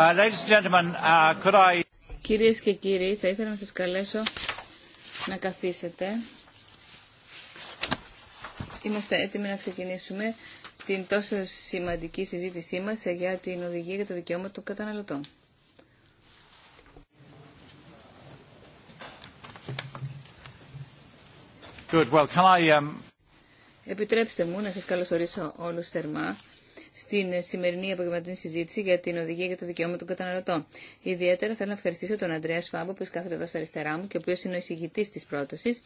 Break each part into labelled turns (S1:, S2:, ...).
S1: Uh, uh,
S2: Κυρίες και κύριοι, θα ήθελα να σας καλέσω να καθίσετε. Είμαστε έτοιμοι να ξεκινήσουμε την τόσο σημαντική συζήτησή μας για την οδηγία για το δικαιώμα των καταναλωτών.
S1: Good. Well, can I, um-
S2: Επιτρέψτε μου να σας καλωσορίσω όλους θερμά στην σημερινή απογευματινή συζήτηση για την οδηγία για το δικαίωμα των καταναλωτών. Ιδιαίτερα θέλω να ευχαριστήσω τον Αντρέα Σφάμπο, που κάθεται εδώ στα αριστερά μου και ο οποίο είναι ο εισηγητή τη πρόταση.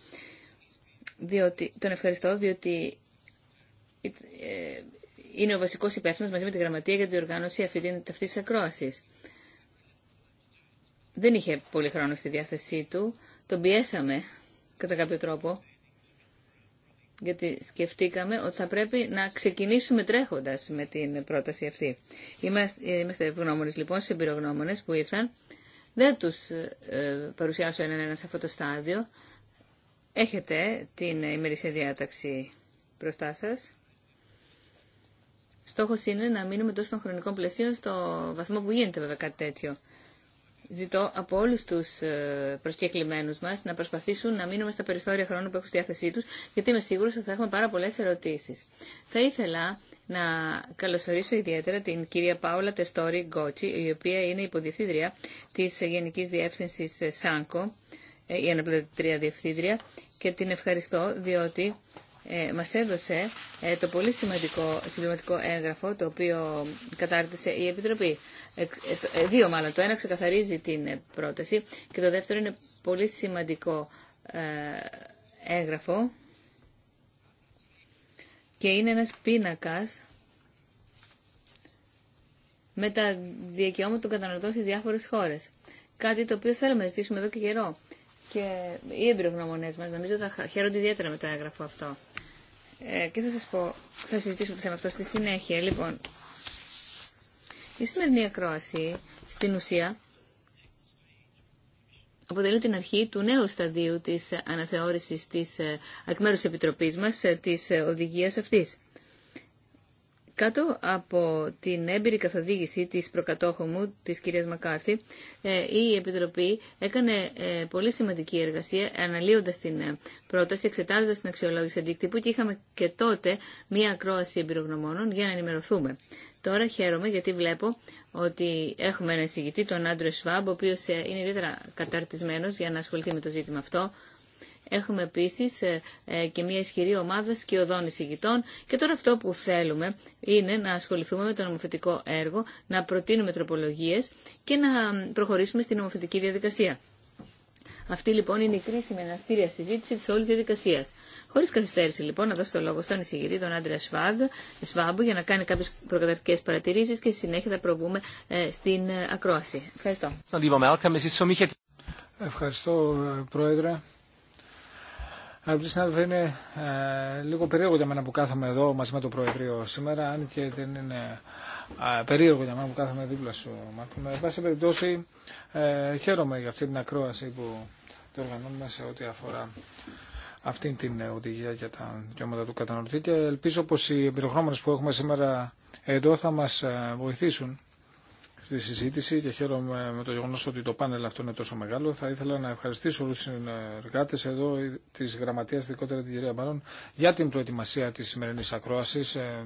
S2: Διότι, τον ευχαριστώ διότι ε, είναι ο βασικό υπεύθυνο μαζί με τη Γραμματεία για την οργάνωση αυτή τη ακρόαση. Δεν είχε πολύ χρόνο στη διάθεσή του. Τον πιέσαμε κατά κάποιο τρόπο γιατί σκεφτήκαμε ότι θα πρέπει να ξεκινήσουμε τρέχοντας με την πρόταση αυτή. Είμαστε, είμαστε λοιπόν, συμπειρογνώμονες που ήρθαν. Δεν τους ε, παρουσιάσω έναν ένα σε αυτό το στάδιο. Έχετε την ημερήσια διάταξη μπροστά σας. Στόχος είναι να μείνουμε τόσο των χρονικών πλαισίων στο βαθμό που γίνεται βέβαια κάτι τέτοιο ζητώ από όλου του ε, προσκεκλημένου μα να προσπαθήσουν να μείνουμε στα περιθώρια χρόνου που έχουν στη διάθεσή του, γιατί είμαι σίγουρο ότι θα έχουμε πάρα πολλέ ερωτήσει. Θα ήθελα να καλωσορίσω ιδιαίτερα την κυρία Πάολα Τεστόρη Γκότσι, η οποία είναι υποδιευθύντρια τη Γενική Διεύθυνση ΣΑΝΚΟ, ε, η αναπληρωτήρια διευθύντρια, και την ευχαριστώ διότι ε, μας έδωσε ε, το πολύ σημαντικό συμπληρωματικό έγγραφο το οποίο κατάρτισε η Επιτροπή. Ε, ε, δύο μάλλον. Το ένα ξεκαθαρίζει την ε, πρόταση και το δεύτερο είναι πολύ σημαντικό έγγραφο και είναι ένας πίνακας με τα δικαιώματα των καταναλωτών στις διάφορες χώρες. Κάτι το οποίο θέλουμε να ζητήσουμε εδώ και καιρό. Και οι εμπειρογνωμονές μας νομίζω θα χαίρονται ιδιαίτερα με το έγγραφο αυτό. Ε, και θα σας πω, θα συζητήσουμε το θέμα αυτό στη συνέχεια. Λοιπόν, η σημερινή ακρόαση, στην ουσία, αποτελεί την αρχή του νέου σταδίου της αναθεώρησης της ακμέρους ε, Επιτροπής μας ε, της ε, οδηγίας αυτής. Κάτω από την έμπειρη καθοδήγηση της προκατόχου μου, της κυρίας Μακάρθη, ε, η Επιτροπή έκανε ε, πολύ σημαντική εργασία αναλύοντας την ε, πρόταση, εξετάζοντας την αξιολόγηση αντίκτυπου και είχαμε και τότε μία ακρόαση εμπειρογνωμόνων για να ενημερωθούμε. Τώρα χαίρομαι γιατί βλέπω ότι έχουμε ένα εισηγητή, τον Άντρε Σβάμπ, ο οποίος είναι ιδιαίτερα καταρτισμένος για να ασχοληθεί με το ζήτημα αυτό. Έχουμε επίσης ε, ε, και μια ισχυρή ομάδα σκιωδών εισηγητών και τώρα αυτό που θέλουμε είναι να ασχοληθούμε με το νομοθετικό έργο, να προτείνουμε τροπολογίες και να προχωρήσουμε στην νομοθετική διαδικασία. Αυτή λοιπόν είναι η κρίσιμη αναρτήρια συζήτηση τη όλη διαδικασία. Χωρί καθυστέρηση λοιπόν, να δώσω το λόγο στον εισηγητή, τον Άντρια Σβάμπου, για να κάνει κάποιε προκαταρκτικέ παρατηρήσει και στη συνέχεια θα προβούμε ε, στην ε, ακρόαση. Ευχαριστώ.
S3: Ευχαριστώ, Πρόεδρε. Αγαπητοί συνάδελφοι, είναι ε, λίγο περίεργο για μένα που κάθομαι εδώ μαζί με το Προεδρείο σήμερα, αν και δεν είναι ε, περίεργο για μένα που κάθομαι δίπλα σου, Μάρκο. με πάση περιπτώσει, ε, χαίρομαι για αυτή την ακρόαση που οργανώνουμε σε ό,τι αφορά αυτή την οδηγία για τα δικαιώματα του καταναλωτή και ελπίζω πως οι εμπειρογνώμονες που έχουμε σήμερα εδώ θα μας βοηθήσουν τη συζήτηση και χαίρομαι με το γεγονό ότι το πάνελ αυτό είναι τόσο μεγάλο. Θα ήθελα να ευχαριστήσω όλου του συνεργάτε εδώ ε, τη Γραμματεία, ειδικότερα την κυρία Μπαρόν, για την προετοιμασία τη σημερινή ακρόαση. Ε,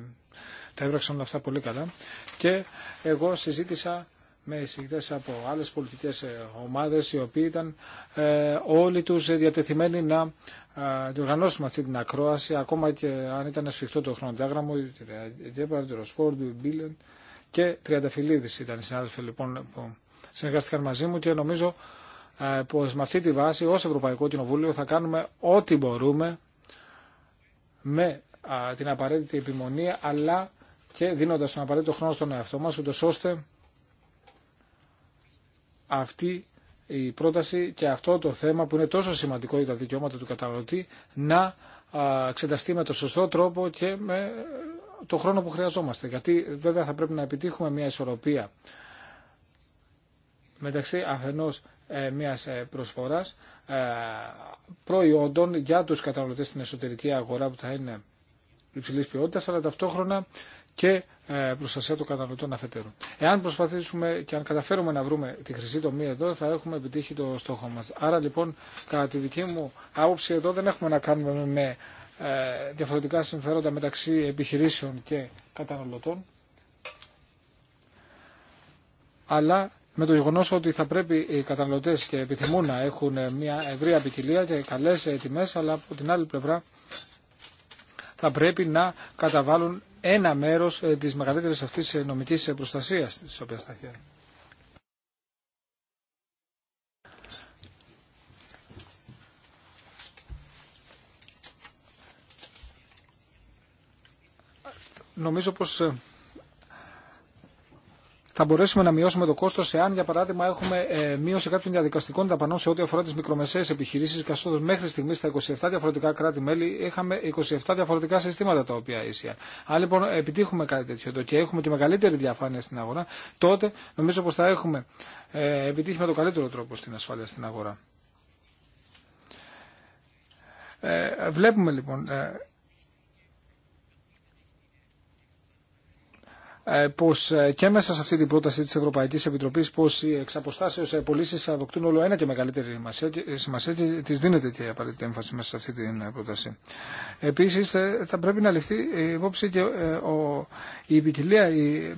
S3: τα έβραξαν αυτά πολύ καλά. Και εγώ συζήτησα με εισηγητέ από άλλε πολιτικέ ε, ομάδε, οι οποίοι ήταν όλοι του διατεθειμένοι να διοργανώσουμε αυτή την ακρόαση, ακόμα και αν ήταν ασφιχτό το χρονοδιάγραμμα, η κυρία και Τριανταφυλλίδης ήταν οι συνάδελφοι λοιπόν που συνεργάστηκαν μαζί μου και νομίζω ε, πως με αυτή τη βάση ω Ευρωπαϊκό Κοινοβούλιο θα κάνουμε ό,τι μπορούμε με την απαραίτητη επιμονή αλλά και δίνοντας τον απαραίτητο χρόνο στον εαυτό μας ούτως ώστε αυτή η πρόταση και αυτό το θέμα που είναι τόσο σημαντικό για τα δικαιώματα του καταναλωτή να εξεταστεί με το σωστό τρόπο και με το χρόνο που χρειαζόμαστε. Γιατί βέβαια θα πρέπει να επιτύχουμε μια ισορροπία μεταξύ αφενός ε, μιας ε, προσφοράς ε, προϊόντων για τους καταναλωτές στην εσωτερική αγορά που θα είναι υψηλή ποιότητα, αλλά ταυτόχρονα και προστασία των καταναλωτών αφετέρου. Εάν προσπαθήσουμε και αν καταφέρουμε να βρούμε τη χρυσή τομή εδώ, θα έχουμε επιτύχει το στόχο μας. Άρα λοιπόν, κατά τη δική μου άποψη εδώ δεν έχουμε να κάνουμε με ε, διαφορετικά συμφέροντα μεταξύ επιχειρήσεων και καταναλωτών, αλλά με το γεγονό ότι θα πρέπει οι καταναλωτέ και επιθυμούν να έχουν μια ευρία ποικιλία και καλέ ε, τιμέ, αλλά από την άλλη πλευρά θα πρέπει να καταβάλουν ένα μέρο ε, τη μεγαλύτερη αυτή νομική προστασία τη οποία θα νομίζω πως ε, θα μπορέσουμε να μειώσουμε το κόστο εάν, για παράδειγμα, έχουμε ε, μείωση κάποιων διαδικαστικών δαπανών σε ό,τι αφορά τι μικρομεσαίε επιχειρήσει. Καθώ μέχρι στιγμή στα 27 διαφορετικά κράτη-μέλη είχαμε 27 διαφορετικά συστήματα τα οποία ίσια. Αν λοιπόν επιτύχουμε κάτι τέτοιο εδώ και έχουμε και μεγαλύτερη διαφάνεια στην αγορά, τότε νομίζω πω θα έχουμε ε, επιτύχει με καλύτερο τρόπο στην ασφάλεια στην αγορά. Βλέπουμε λοιπόν Ε, πως ε, και μέσα σε αυτή την πρόταση της Ευρωπαϊκής Επιτροπής πως οι εξαποστάσεως ε, πωλήσει αποκτούν όλο ένα και μεγαλύτερη σημασία και της δίνεται και η απαραίτητη έμφαση μέσα σε αυτή την πρόταση. Επίσης θα πρέπει να ληφθεί υπόψη και η επικοινία, η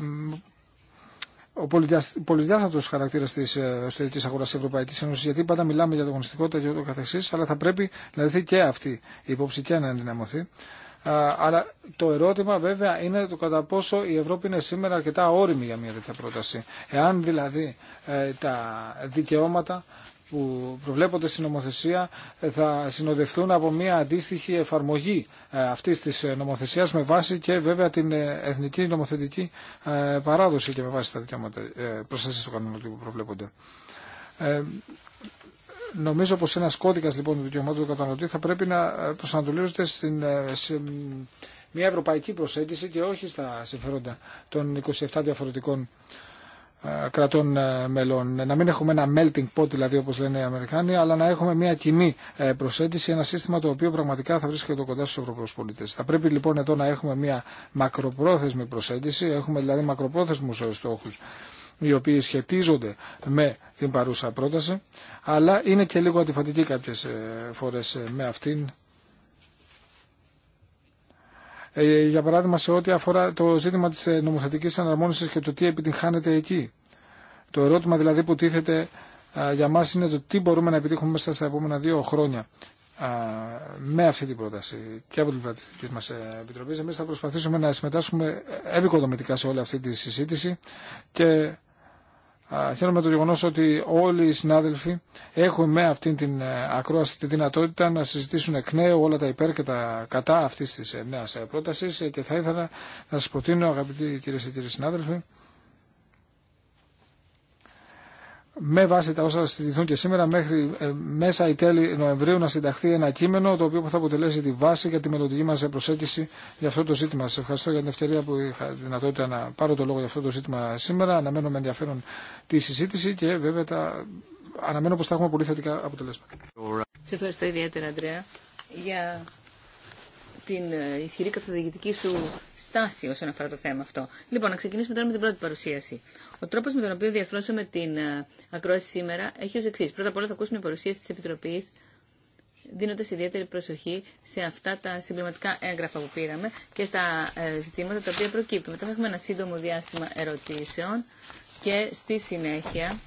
S3: ο πολυδιάστατο χαρακτήρα τη εσωτερική αγορά τη Ευρωπαϊκή Ένωση, γιατί πάντα μιλάμε για το γνωστικότητα και ούτω καθεξή, αλλά θα πρέπει να ληφθεί και αυτή η υπόψη και να ενδυναμωθεί αλλά το ερώτημα βέβαια είναι το κατά πόσο η Ευρώπη είναι σήμερα αρκετά όρημη για μια τέτοια πρόταση. Εάν δηλαδή ε, τα δικαιώματα που προβλέπονται στην νομοθεσία ε, θα συνοδευτούν από μια αντίστοιχη εφαρμογή ε, αυτής της νομοθεσίας με βάση και βέβαια την εθνική νομοθετική παράδοση και με βάση τα δικαιώματα προστασίας του κανονικού που προβλέπονται. Νομίζω πως ένας κώδικας λοιπόν του δικαιωμάτου του καταναλωτή θα πρέπει να ε, προσανατολίζεται ε, σε μια ευρωπαϊκή προσέγγιση και όχι στα συμφέροντα των 27 διαφορετικών ε, κρατών μελών. Να μην έχουμε ένα melting pot δηλαδή όπως λένε οι Αμερικάνοι, αλλά να έχουμε μια κοινή προσέγγιση, ένα σύστημα το οποίο πραγματικά θα βρίσκεται κοντά στους Ευρωπαίους πολίτες. Θα πρέπει λοιπόν εδώ να έχουμε μια μακροπρόθεσμη προσέγγιση, έχουμε δηλαδή μακροπρόθεσμους στόχους οι οποίοι σχετίζονται με την παρούσα πρόταση, αλλά είναι και λίγο αντιφατική κάποιες ε, φορές ε, με αυτήν. Ε, για παράδειγμα, σε ό,τι αφορά το ζήτημα της νομοθετικής αναρμόνισης και το τι επιτυγχάνεται εκεί. Το ερώτημα δηλαδή που τίθεται για μας είναι το τι μπορούμε να επιτύχουμε μέσα στα επόμενα δύο χρόνια με αυτή την πρόταση και από την πλευρά μας μα Επιτροπή. Εμεί θα προσπαθήσουμε να συμμετάσχουμε επικοδομητικά σε όλη αυτή τη συζήτηση και Χαίρομαι το γεγονό ότι όλοι οι συνάδελφοι έχουν με αυτήν την ε, ακρόαση τη δυνατότητα να συζητήσουν εκ νέου όλα τα υπέρ και τα κατά αυτή τη ε, νέα ε, πρόταση και θα ήθελα να σα προτείνω, αγαπητοί κυρίε και κύριοι συνάδελφοι, με βάση τα όσα συζητηθούν και σήμερα μέχρι ε, μέσα η τέλη Νοεμβρίου να συνταχθεί ένα κείμενο το οποίο θα αποτελέσει τη βάση για τη μελλοντική μας προσέγγιση για αυτό το ζήτημα. Σα ευχαριστώ για την ευκαιρία που είχα δυνατότητα να πάρω το λόγο για αυτό το ζήτημα σήμερα. Αναμένω με ενδιαφέρον τη συζήτηση και βέβαια τα... αναμένω πως θα έχουμε πολύ θετικά αποτελέσματα.
S2: για την ε, ισχυρή καθοδηγητική σου στάση όσον αφορά το θέμα αυτό. Λοιπόν, να ξεκινήσουμε τώρα με την πρώτη παρουσίαση. Ο τρόπο με τον οποίο διαθρώσαμε την ε, ακρόαση σήμερα έχει ω εξή. Πρώτα απ' όλα θα ακούσουμε παρουσίαση τη Επιτροπή δίνοντα ιδιαίτερη προσοχή σε αυτά τα συμπληρωματικά έγγραφα που πήραμε και στα ε, ζητήματα τα οποία προκύπτουν. Μετά θα έχουμε ένα σύντομο διάστημα ερωτήσεων και στη συνέχεια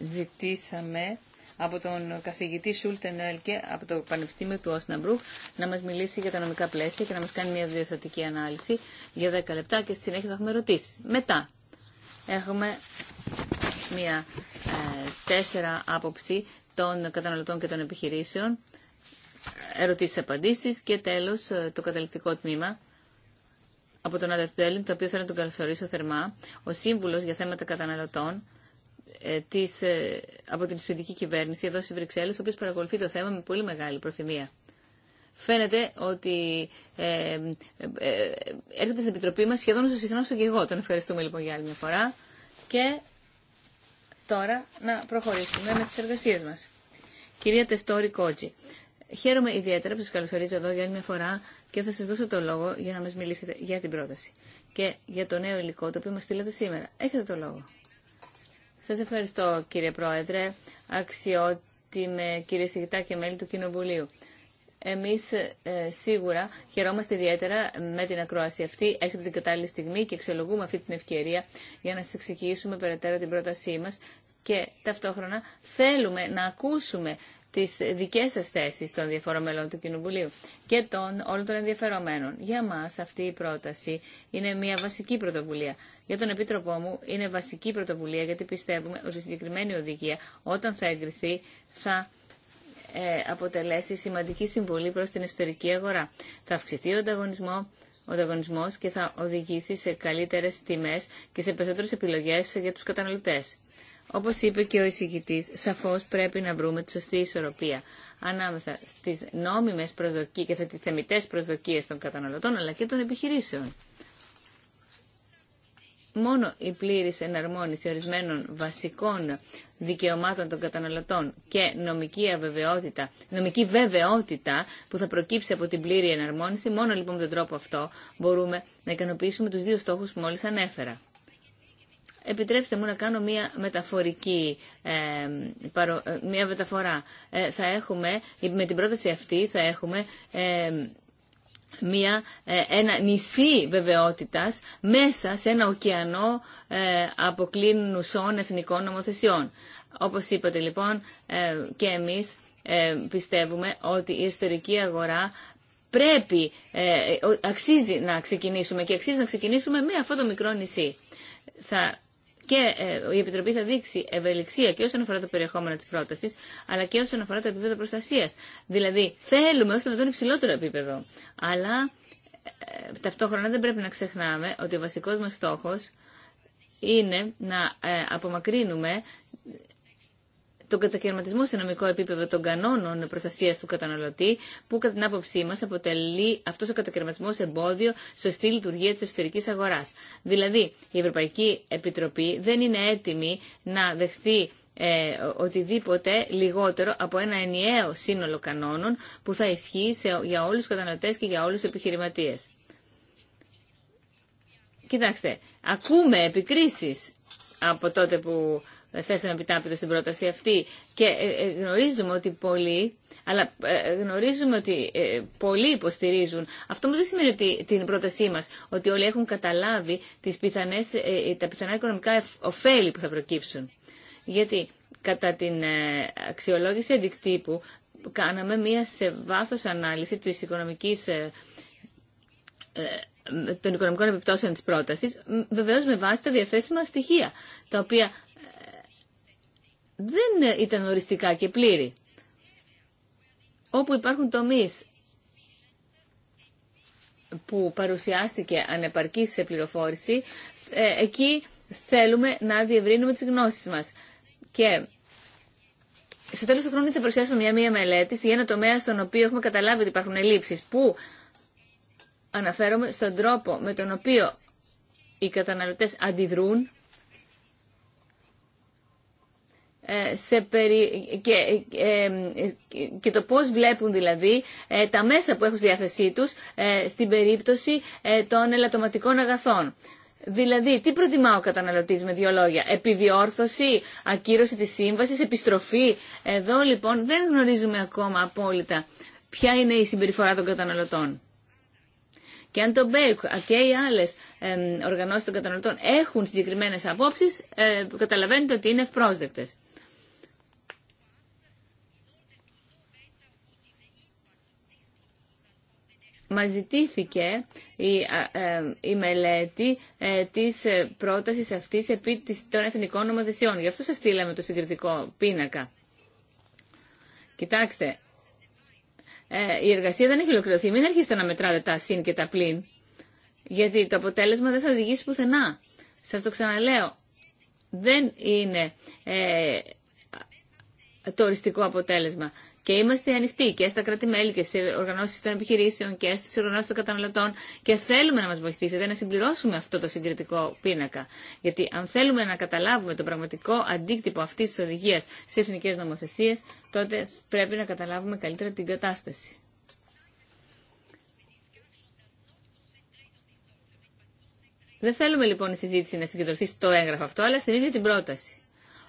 S2: ζητήσαμε από τον καθηγητή Σούλτεν και από το Πανεπιστήμιο του Όσναμπρουκ να μας μιλήσει για τα νομικά πλαίσια και να μας κάνει μια διορθωτική ανάλυση για 10 λεπτά και στη συνέχεια θα έχουμε ερωτήσει. Μετά έχουμε μια ε, τέσσερα άποψη των καταναλωτών και των επιχειρησεων ερωτήσει ερωτήσεις-απαντήσεις και τέλος ε, το καταληκτικό τμήμα από τον Άντερ το οποίο θέλω να τον καλωσορίσω θερμά, ο σύμβουλο για θέματα καταναλωτών ε, της, ε, από την σφιντική κυβέρνηση εδώ στις Βρυξέλλες, ο παρακολουθεί το θέμα με πολύ μεγάλη προθυμία. Φαίνεται ότι ε, ε, έρχεται στην Επιτροπή μας σχεδόν όσο συχνά όσο και εγώ. Τον ευχαριστούμε λοιπόν για άλλη μια φορά. Και τώρα να προχωρήσουμε με τις εργασίες μας. Κυρία Τεστόρη Κότζη, χαίρομαι ιδιαίτερα που σας καλωσορίζω εδώ για άλλη μια φορά και θα σας δώσω το λόγο για να μας μιλήσετε για την πρόταση και για το νέο υλικό το οποίο μας στείλατε σήμερα. Έχετε το λόγο. Σας ευχαριστώ κύριε Πρόεδρε, αξιότιμε κύριε Σιγητά και μέλη του Κοινοβουλίου. Εμείς ε, σίγουρα χαιρόμαστε ιδιαίτερα με την ακρόαση αυτή. Έρχεται την κατάλληλη στιγμή και εξελογούμε αυτή την ευκαιρία για να σας εξηγήσουμε περαιτέρω την πρότασή μας και ταυτόχρονα θέλουμε να ακούσουμε τι δικέ σα θέσει των διαφορών μελών του Κοινοβουλίου και των όλων των ενδιαφερομένων. Για μα αυτή η πρόταση είναι μια βασική πρωτοβουλία. Για τον Επίτροπό μου είναι βασική πρωτοβουλία γιατί πιστεύουμε ότι η συγκεκριμένη οδηγία όταν θα εγκριθεί θα ε, αποτελέσει σημαντική συμβολή προς την ιστορική αγορά. Θα αυξηθεί ο ανταγωνισμό, ο ανταγωνισμός και θα οδηγήσει σε καλύτερες τιμές και σε περισσότερες επιλογές για τους καταναλωτές. Όπως είπε και ο εισηγητής, σαφώς πρέπει να βρούμε τη σωστή ισορροπία ανάμεσα στις νόμιμες προσδοκίες και τις θεμητές προσδοκίες των καταναλωτών αλλά και των επιχειρήσεων. Μόνο η πλήρης εναρμόνιση ορισμένων βασικών δικαιωμάτων των καταναλωτών και νομική, αβεβαιότητα, νομική βεβαιότητα που θα προκύψει από την πλήρη εναρμόνιση, μόνο λοιπόν με τον τρόπο αυτό μπορούμε να ικανοποιήσουμε τους δύο στόχους που μόλις ανέφερα. Επιτρέψτε μου να κάνω μια μεταφορική ε, ε, μια μεταφορά. Ε, θα έχουμε, με την πρόταση αυτή θα έχουμε μια, ένα νησί βεβαιότητας μέσα σε ένα ωκεανό αποκλίνουσών εθνικών νομοθεσιών. Όπως είπατε λοιπόν και εμείς πιστεύουμε ότι η ιστορική αγορά πρέπει, αξίζει να ξεκινήσουμε και αξίζει να ξεκινήσουμε με αυτό το μικρό νησί. Θα και ε, η Επιτροπή θα δείξει ευελιξία και όσον αφορά το περιεχόμενο τη πρόταση, αλλά και όσον αφορά το επίπεδο προστασία. Δηλαδή, θέλουμε ώστε να δουν υψηλότερο επίπεδο. Αλλά ε, ταυτόχρονα δεν πρέπει να ξεχνάμε ότι ο βασικό μα στόχο είναι να ε, απομακρύνουμε τον κατακαιρματισμό σε νομικό επίπεδο των κανόνων προστασία του καταναλωτή, που κατά την άποψή μα αποτελεί αυτό ο κατακαιρματισμό εμπόδιο σωστή λειτουργία τη εσωτερική αγορά. Δηλαδή, η Ευρωπαϊκή Επιτροπή δεν είναι έτοιμη να δεχθεί ε, οτιδήποτε λιγότερο από ένα ενιαίο σύνολο κανόνων που θα ισχύει για όλους τους καταναλωτές και για όλους τους επιχειρηματίες. Κοιτάξτε, ακούμε επικρίσεις από τότε που να επιτάπητο στην πρόταση αυτή. Και ε, ε, γνωρίζουμε ότι πολλοί, αλλά ε, γνωρίζουμε ότι πολλοί υποστηρίζουν. Αυτό μου δεν σημαίνει ότι την πρότασή μας, ότι όλοι έχουν καταλάβει τις πιθανές, τα πιθανά οικονομικά ωφέλη που θα προκύψουν. Γιατί κατά την αξιολόγηση αντικτύπου κάναμε μία σε βάθος ανάλυση της οικονομικής των οικονομικών επιπτώσεων της πρότασης, βεβαίως με βάση τα διαθέσιμα στοιχεία, τα οποία δεν ήταν οριστικά και πλήρη. Όπου υπάρχουν τομείς που παρουσιάστηκε ανεπαρκή σε πληροφόρηση, ε, εκεί θέλουμε να διευρύνουμε τις γνώσεις μας. Και στο τέλος του χρόνου θα παρουσιάσουμε μια μία μελέτη για ένα τομέα στον οποίο έχουμε καταλάβει ότι υπάρχουν ελλείψεις, που αναφέρομαι στον τρόπο με τον οποίο οι καταναλωτές αντιδρούν Ε, ε, και, το πώς βλέπουν δηλαδή ε, τα μέσα που έχουν στη διάθεσή τους στην περίπτωση των ελαττωματικών αγαθών. Δηλαδή, τι προτιμά ο καταναλωτή με δύο λόγια. Επιδιόρθωση, ακύρωση τη σύμβαση, επιστροφή. Εδώ λοιπόν δεν γνωρίζουμε ακόμα απόλυτα ποια είναι η συμπεριφορά των καταναλωτών. Και αν το ΜΠΕΚ και οι άλλε οργανώσει των καταναλωτών έχουν συγκεκριμένε απόψει, ε, καταλαβαίνετε ότι είναι ευπρόσδεκτε. Μας ζητήθηκε η, ε, η μελέτη ε, της ε, πρότασης αυτής επί των εθνικών νομοθεσιών. Γι' αυτό σας στείλαμε το συγκριτικό πίνακα. Κοιτάξτε, η εργασία δεν έχει ολοκληρωθεί. Μην αρχίσετε να μετράτε τα συν και τα πλήν, γιατί το αποτέλεσμα δεν θα οδηγήσει πουθενά. Σας το ξαναλέω, δεν είναι ε, το οριστικό αποτέλεσμα. Και είμαστε ανοιχτοί και στα κράτη-μέλη και στι οργανώσει των επιχειρήσεων και στι οργανώσει των καταναλωτών και θέλουμε να μα βοηθήσετε να συμπληρώσουμε αυτό το συγκριτικό πίνακα. Γιατί αν θέλουμε να καταλάβουμε το πραγματικό αντίκτυπο αυτή τη οδηγία σε εθνικέ νομοθεσίε, τότε πρέπει να καταλάβουμε καλύτερα την κατάσταση. Δεν θέλουμε λοιπόν η συζήτηση να συγκεντρωθεί στο έγγραφο αυτό, αλλά στην ίδια την πρόταση.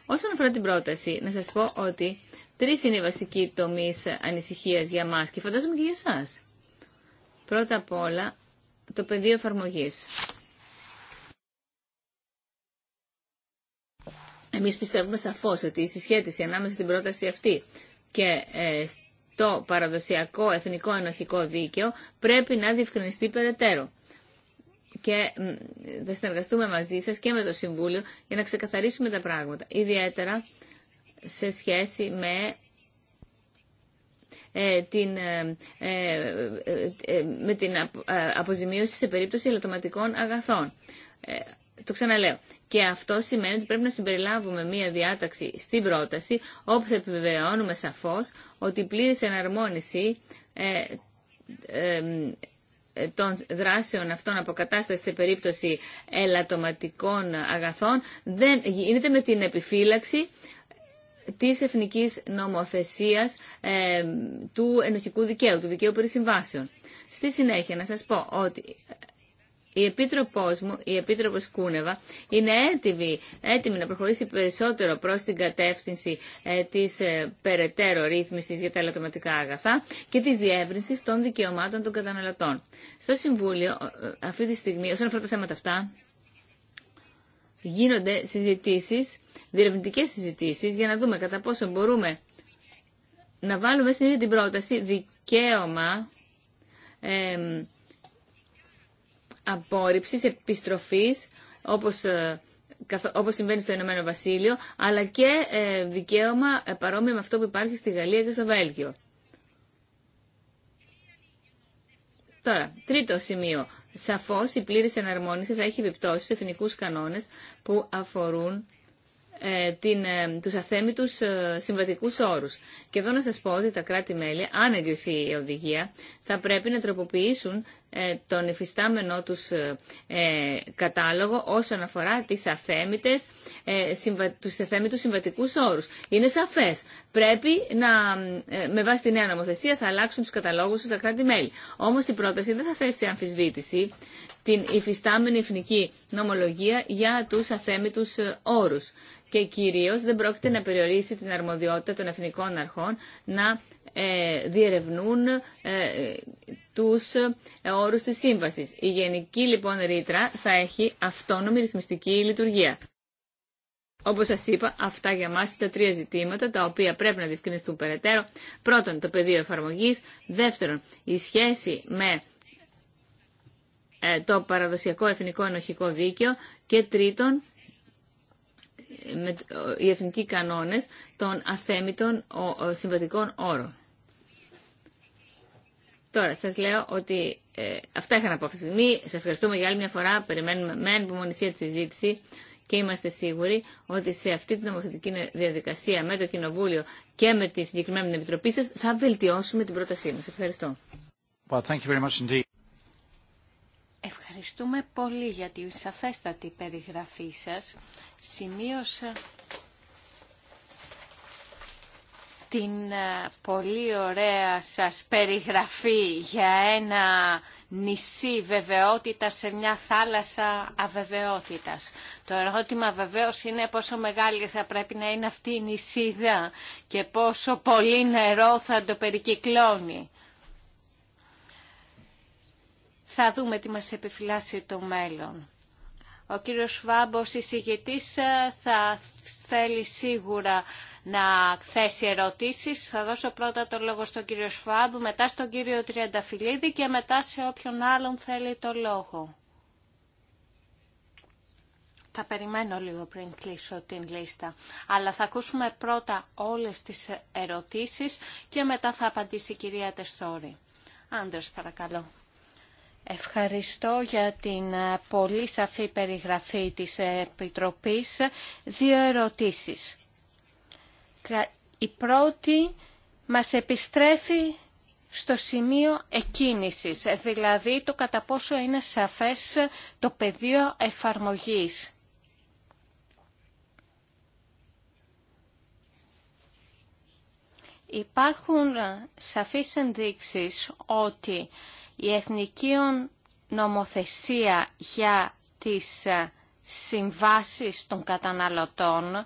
S2: Όσον αφορά την πρόταση, να σας πω ότι τρει είναι οι βασικοί τομεί ανησυχίας για μας και φαντάζομαι και για εσάς. Πρώτα απ' όλα, το πεδίο εφαρμογή. Εμείς πιστεύουμε σαφώς ότι η συσχέτιση ανάμεσα στην πρόταση αυτή και ε, το παραδοσιακό εθνικό ενοχικό δίκαιο πρέπει να διευκρινιστεί περαιτέρω και θα συνεργαστούμε μαζί σας και με το Συμβούλιο για να ξεκαθαρίσουμε τα πράγματα. Ιδιαίτερα σε σχέση με ε, την, ε, ε, με την αποζημίωση σε περίπτωση ελαττωματικών αγαθών. Το ξαναλέω. Και αυτό σημαίνει ότι πρέπει να συμπεριλάβουμε μία διάταξη στην πρόταση, όπου επιβεβαιώνουμε σαφώς ότι η πλήρης εναρμόνιση ε, των δράσεων αυτών αποκατάσταση σε περίπτωση ελαττωματικών αγαθών δεν, γίνεται με την επιφύλαξη της εθνικής νομοθεσίας ε, του ενοχικού δικαίου, του δικαίου περισυμβάσεων. Στη συνέχεια να σας πω ότι η Επίτροπός μου, η Επίτροπος Κούνεβα, είναι έτοιμη, έτοιμη να προχωρήσει περισσότερο προς την κατεύθυνση ε, της ε, περαιτέρω ρύθμισης για τα ελαττωματικά αγαθά και της διεύρυνσης των δικαιωμάτων των καταναλωτών. Στο Συμβούλιο, ε, αυτή τη στιγμή, όσον αφορά τα θέματα αυτά, γίνονται συζητήσεις, διερευνητικές συζητήσεις, για να δούμε κατά πόσο μπορούμε να βάλουμε στην ίδια την πρόταση δικαίωμα απόρριψης, επιστροφής, όπως, ε, όπως συμβαίνει στο Ηνωμένο Βασίλειο, αλλά και ε, δικαίωμα ε, παρόμοιο με αυτό που υπάρχει στη Γαλλία και στο Βέλγιο. Τώρα, τρίτο σημείο. Σαφώ η πλήρη εναρμόνιση θα έχει επιπτώσει στου εθνικού κανόνε που αφορούν την, τους αθέμιτους συμβατικούς όρους. Και εδώ να σας πω ότι τα κράτη-μέλη, αν εγκριθεί η οδηγία, θα πρέπει να τροποποιήσουν ε, τον υφιστάμενό τους ε, ε, κατάλογο όσον αφορά τις αφέμητες, τους αφέμητους συμβατικούς όρους. Είναι σαφές. Πρέπει να, με βάση τη νέα νομοθεσία, θα αλλάξουν τους καταλόγους στα τα κράτη-μέλη. Όμως η πρόταση δεν θα θέσει αμφισβήτηση την υφιστάμενη εθνική νομολογία για τους αθέμητους όρους και κυρίως δεν πρόκειται να περιορίσει την αρμοδιότητα των εθνικών αρχών να ε, διερευνούν ε, τους ε, όρους της σύμβασης. Η γενική λοιπόν ρήτρα θα έχει αυτόνομη ρυθμιστική λειτουργία. Όπως σας είπα, αυτά για μας τα τρία ζητήματα τα οποία πρέπει να διευκρινιστούν περαιτέρω. Πρώτον, το πεδίο εφαρμογής. Δεύτερον, η σχέση με το παραδοσιακό εθνικό ενοχικό δίκαιο. Και τρίτον, οι εθνικοί κανόνες των αθέμητων συμβατικών όρων. Τώρα, σας λέω ότι ε, αυτά είχα να πω αυτή τη στιγμή. Σε ευχαριστούμε για άλλη μια φορά. Περιμένουμε με ανυπομονησία τη συζήτηση και είμαστε σίγουροι ότι σε αυτή την νομοθετική διαδικασία με το Κοινοβούλιο και με τη συγκεκριμένη επιτροπή σας θα βελτιώσουμε την πρότασή μας. Ευχαριστώ.
S1: thank you very much indeed.
S2: Ευχαριστούμε πολύ για τη σαφέστατη
S4: περιγραφή σας. Σημείωσα την ε, πολύ ωραία σας περιγραφή για ένα νησί βεβαιότητα σε μια θάλασσα αβεβαιότητας. Το ερώτημα βεβαίως είναι πόσο μεγάλη θα πρέπει να είναι αυτή η νησίδα και πόσο πολύ νερό θα το περικυκλώνει. Θα δούμε τι μας επιφυλάσσει το μέλλον. Ο κύριος η εισηγητής, ε, θα θέλει σίγουρα να θέσει ερωτήσεις. Θα δώσω πρώτα το λόγο στον κύριο Σφάμπ, μετά στον κύριο Τριανταφυλλίδη και μετά σε όποιον άλλον θέλει το λόγο. Θα περιμένω λίγο πριν κλείσω την λίστα. Αλλά θα ακούσουμε πρώτα όλες τις ερωτήσεις και μετά θα απαντήσει η κυρία Τεστόρη. Άντρες, παρακαλώ. Ευχαριστώ για την πολύ σαφή περιγραφή της Επιτροπής. Δύο ερωτήσεις η πρώτη μας επιστρέφει στο σημείο εκκίνησης, ε, δηλαδή το κατά πόσο είναι σαφές το πεδίο εφαρμογής. Υπάρχουν ε, σαφείς ενδείξεις ότι η εθνική νομοθεσία για τις ε, συμβάσεις των καταναλωτών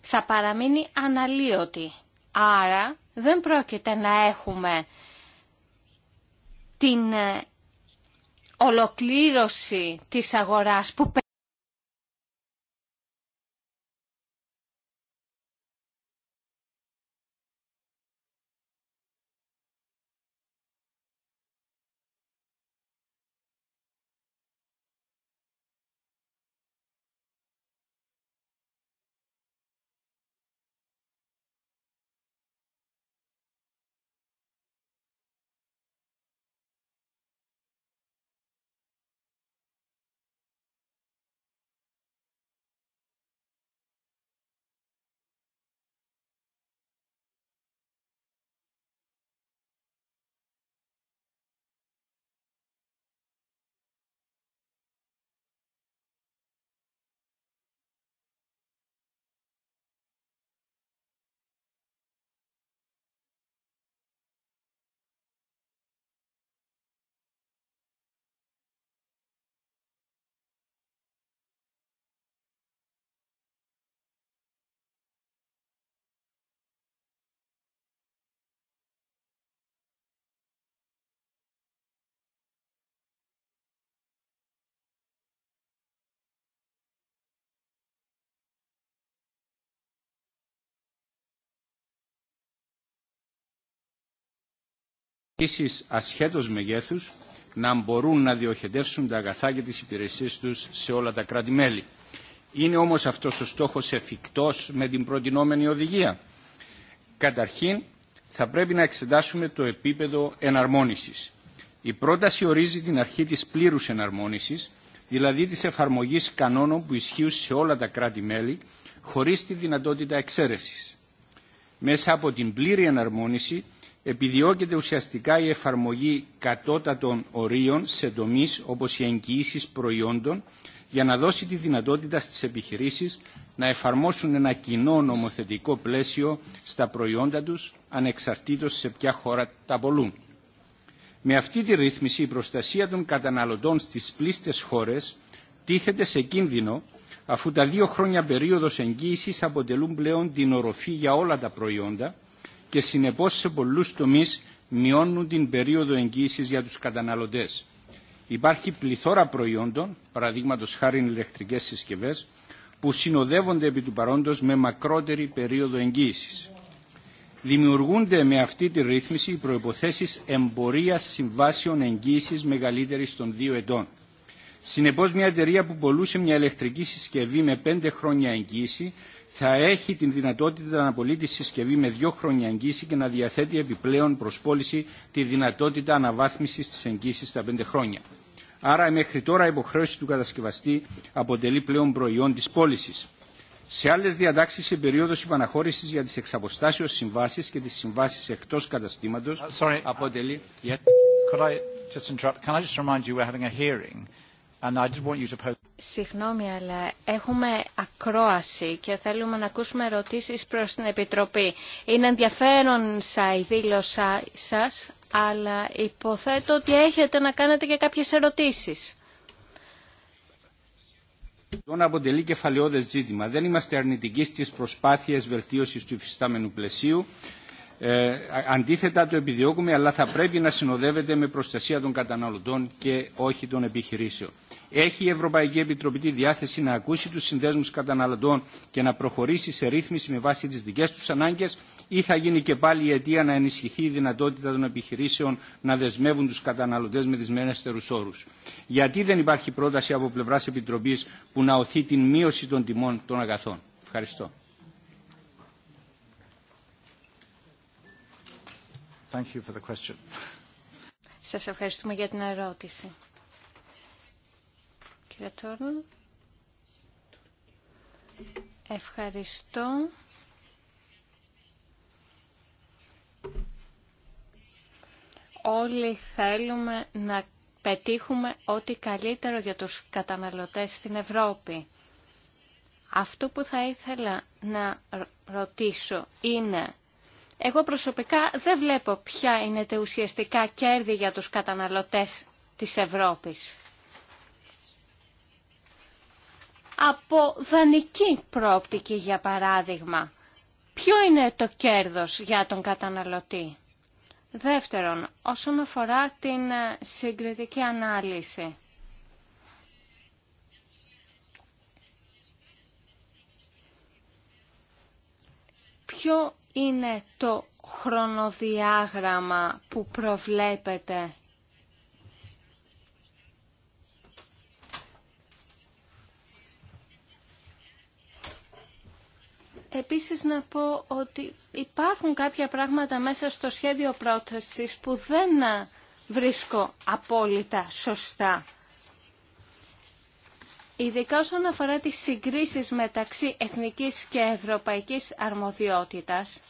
S4: θα παραμείνει αναλύωτη. Άρα δεν πρόκειται να έχουμε την ε, ολοκλήρωση της αγοράς που
S1: Επίση, ασχέτως μεγέθους, να μπορούν να διοχετεύσουν τα αγαθά και τις υπηρεσίες τους σε όλα τα κράτη-μέλη. Είναι όμως αυτός ο στόχος εφικτός με την προτινόμενη οδηγία. Καταρχήν, θα πρέπει να εξετάσουμε το επίπεδο εναρμόνισης. Η πρόταση ορίζει την αρχή της πλήρους εναρμόνισης, δηλαδή της εφαρμογής κανόνων που ισχύουν σε όλα τα κράτη-μέλη, χωρίς τη δυνατότητα εξαίρεσης. Μέσα από την πλήρη εναρμόνιση επιδιώκεται ουσιαστικά η εφαρμογή κατώτατων ορίων σε τομείς όπως οι εγγυήσει προϊόντων για να δώσει τη δυνατότητα στις επιχειρήσεις να εφαρμόσουν ένα κοινό νομοθετικό πλαίσιο στα προϊόντα τους ανεξαρτήτως σε ποια χώρα τα πολλούν. Με αυτή τη ρύθμιση η προστασία των καταναλωτών στις πλήστες χώρες τίθεται σε κίνδυνο αφού τα δύο χρόνια περίοδος εγγύησης αποτελούν πλέον την οροφή για όλα τα προϊόντα και συνεπώς σε πολλούς τομείς μειώνουν την περίοδο εγγύησης για τους καταναλωτές. Υπάρχει πληθώρα προϊόντων, παραδείγματο χάρη ηλεκτρικές συσκευές, που συνοδεύονται επί του παρόντος με μακρότερη περίοδο εγγύησης. Δημιουργούνται με αυτή τη ρύθμιση οι προϋποθέσεις εμπορίας συμβάσεων εγγύησης μεγαλύτερης των δύο ετών. Συνεπώς μια εταιρεία που πολλούσε μια ηλεκτρική συσκευή με πέντε χρόνια εγγύηση θα έχει την δυνατότητα να απολύει τη συσκευή με δύο χρόνια εγγύηση και να διαθέτει επιπλέον προς πώληση τη δυνατότητα αναβάθμισης της εγγύησης στα πέντε χρόνια. Άρα μέχρι τώρα η υποχρέωση του κατασκευαστή αποτελεί πλέον προϊόν της πώληση. Σε άλλε διατάξει, σε περίοδο υπαναχώρησης για τι εξαποστάσεω συμβάσει και τι συμβάσει εκτό καταστήματο, αποτελεί.
S4: Συγγνώμη, αλλά έχουμε ακρόαση και θέλουμε να ακούσουμε ερωτήσεις προς την Επιτροπή. Είναι ενδιαφέρον η δήλωσή σας, αλλά υποθέτω ότι έχετε να κάνετε και κάποιες ερωτήσεις.
S1: αποτελεί κεφαλαιόδες ζήτημα. Δεν είμαστε αρνητικοί στις προσπάθειες βελτίωσης του υφιστάμενου πλαισίου. Ε, αντίθετα το επιδιώκουμε, αλλά θα πρέπει να συνοδεύεται με προστασία των καταναλωτών και όχι των επιχειρήσεων. Έχει η Ευρωπαϊκή Επιτροπή τη διάθεση να ακούσει του συνδέσμους καταναλωτών και να προχωρήσει σε ρύθμιση με βάση τι δικέ του ανάγκε ή θα γίνει και πάλι η αιτία να ενισχυθεί η δυνατότητα των επιχειρήσεων να δεσμεύουν του καταναλωτέ με δυσμενέστερου όρου. Γιατί δεν υπάρχει πρόταση από πλευρά Επιτροπή που να οθεί την μείωση των τιμών των αγαθών. Ευχαριστώ.
S4: Σας ευχαριστούμε για την ερώτηση. Ευχαριστώ. Όλοι θέλουμε να πετύχουμε ό,τι καλύτερο για τους καταναλωτές στην Ευρώπη. Αυτό που θα ήθελα να ρωτήσω είναι, εγώ προσωπικά δεν βλέπω ποια είναι τα ουσιαστικά κέρδη για τους καταναλωτές της Ευρώπης. από δανεική πρόπτικη για παράδειγμα. Ποιο είναι το κέρδος για τον καταναλωτή. Δεύτερον, όσον αφορά την ε, συγκριτική ανάλυση. Ποιο είναι το χρονοδιάγραμμα που προβλέπετε επίσης να πω ότι υπάρχουν κάποια πράγματα μέσα στο σχέδιο πρότασης που δεν βρίσκω απόλυτα σωστά. Ειδικά όσον αφορά τις συγκρίσεις μεταξύ εθνικής και ευρωπαϊκής αρμοδιότητας,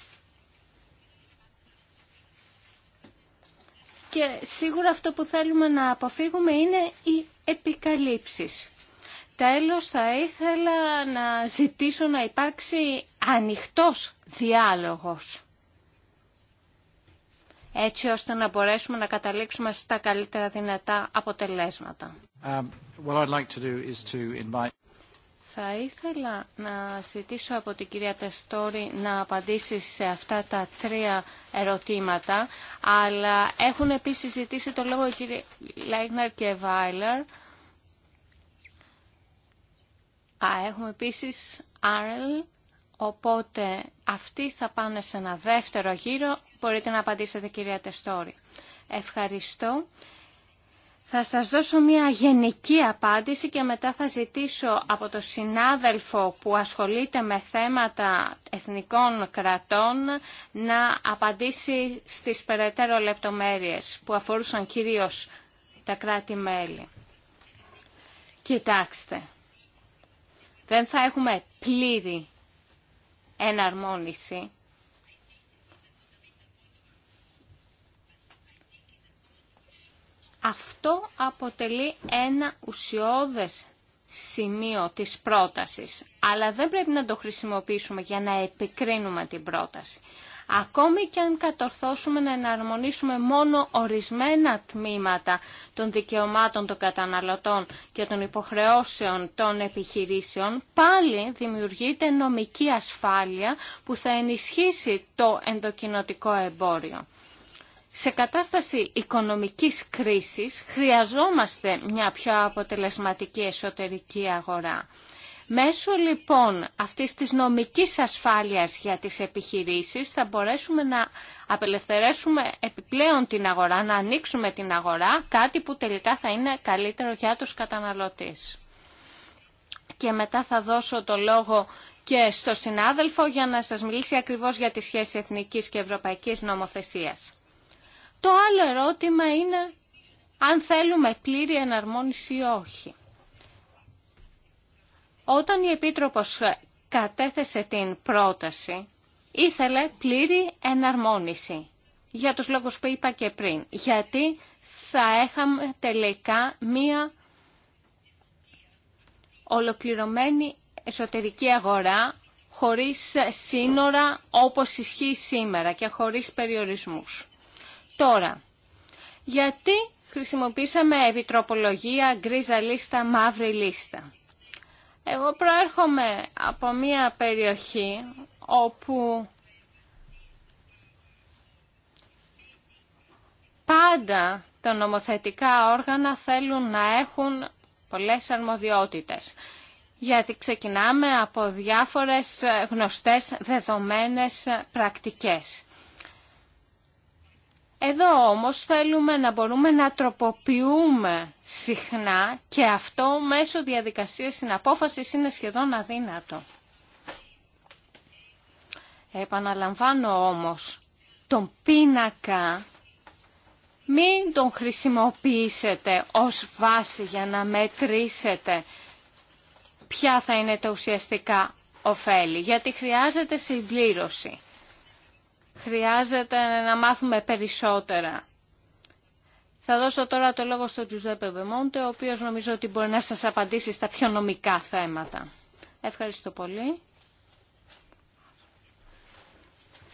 S4: και σίγουρα αυτό που θέλουμε να αποφύγουμε είναι οι επικαλύψεις. Τέλος, θα ήθελα να ζητήσω να υπάρξει ανοιχτός διάλογος έτσι ώστε να μπορέσουμε να καταλήξουμε στα καλύτερα δυνατά αποτελέσματα. Um, θα ήθελα να ζητήσω από την κυρία Τεστόρη να απαντήσει σε αυτά τα τρία ερωτήματα, αλλά έχουν επίσης ζητήσει το λόγο οι κύριοι Λάιγναρ και Βάιλερ. Α, έχουμε επίσης RL, οπότε αυτοί θα πάνε σε ένα δεύτερο γύρο. Μπορείτε να απαντήσετε κυρία Τεστόρη. Ευχαριστώ. Θα σας δώσω μια γενική απάντηση και μετά θα ζητήσω από το συνάδελφο που ασχολείται με θέματα εθνικών κρατών να απαντήσει στις περαιτέρω λεπτομέρειες που αφορούσαν κυρίως τα κράτη-μέλη. Κοιτάξτε, δεν θα έχουμε πλήρη εναρμόνιση. Αυτό αποτελεί ένα ουσιώδες σημείο της πρότασης, αλλά δεν πρέπει να το χρησιμοποιήσουμε για να επικρίνουμε την πρόταση. Ακόμη και αν κατορθώσουμε να εναρμονίσουμε μόνο ορισμένα τμήματα των δικαιωμάτων των καταναλωτών και των υποχρεώσεων των επιχειρήσεων, πάλι δημιουργείται νομική ασφάλεια που θα ενισχύσει το ενδοκινοτικό εμπόριο. Σε κατάσταση οικονομικής κρίσης χρειαζόμαστε μια πιο αποτελεσματική εσωτερική αγορά. Μέσω λοιπόν αυτής της νομικής ασφάλειας για τις επιχειρήσεις θα μπορέσουμε να απελευθερέσουμε επιπλέον την αγορά, να ανοίξουμε την αγορά, κάτι που τελικά θα είναι καλύτερο για τους καταναλωτές. Και μετά θα δώσω το λόγο και στο συνάδελφο για να σας μιλήσει ακριβώς για τη σχέση εθνικής και ευρωπαϊκής νομοθεσίας. Το άλλο ερώτημα είναι αν θέλουμε πλήρη εναρμόνιση ή όχι. Όταν η Επίτροπος κατέθεσε την πρόταση, ήθελε πλήρη εναρμόνιση. Για τους λόγους που είπα και πριν. Γιατί θα έχαμε τελικά μία ολοκληρωμένη εσωτερική αγορά χωρίς σύνορα όπως ισχύει σήμερα και χωρίς περιορισμούς. Τώρα, γιατί χρησιμοποίησαμε επιτροπολογία, γκρίζα λίστα, μαύρη λίστα. Εγώ προέρχομαι από μια περιοχή όπου πάντα τα νομοθετικά όργανα θέλουν να έχουν πολλές αρμοδιότητες. Γιατί ξεκινάμε από διάφορες γνωστές δεδομένες πρακτικές. Εδώ όμως θέλουμε να μπορούμε να τροποποιούμε συχνά και αυτό μέσω διαδικασίας συναπόφασης είναι σχεδόν αδύνατο. Επαναλαμβάνω όμως, τον πίνακα μην τον χρησιμοποιήσετε ως βάση για να μετρήσετε ποια θα είναι τα ουσιαστικά ωφέλη, γιατί χρειάζεται συμπλήρωση. Χρειάζεται να μάθουμε περισσότερα. Θα δώσω τώρα το λόγο στον Τζουζέπε Βεμόντε, ο οποίος νομίζω ότι μπορεί να σας απαντήσει στα πιο νομικά θέματα. Ευχαριστώ πολύ.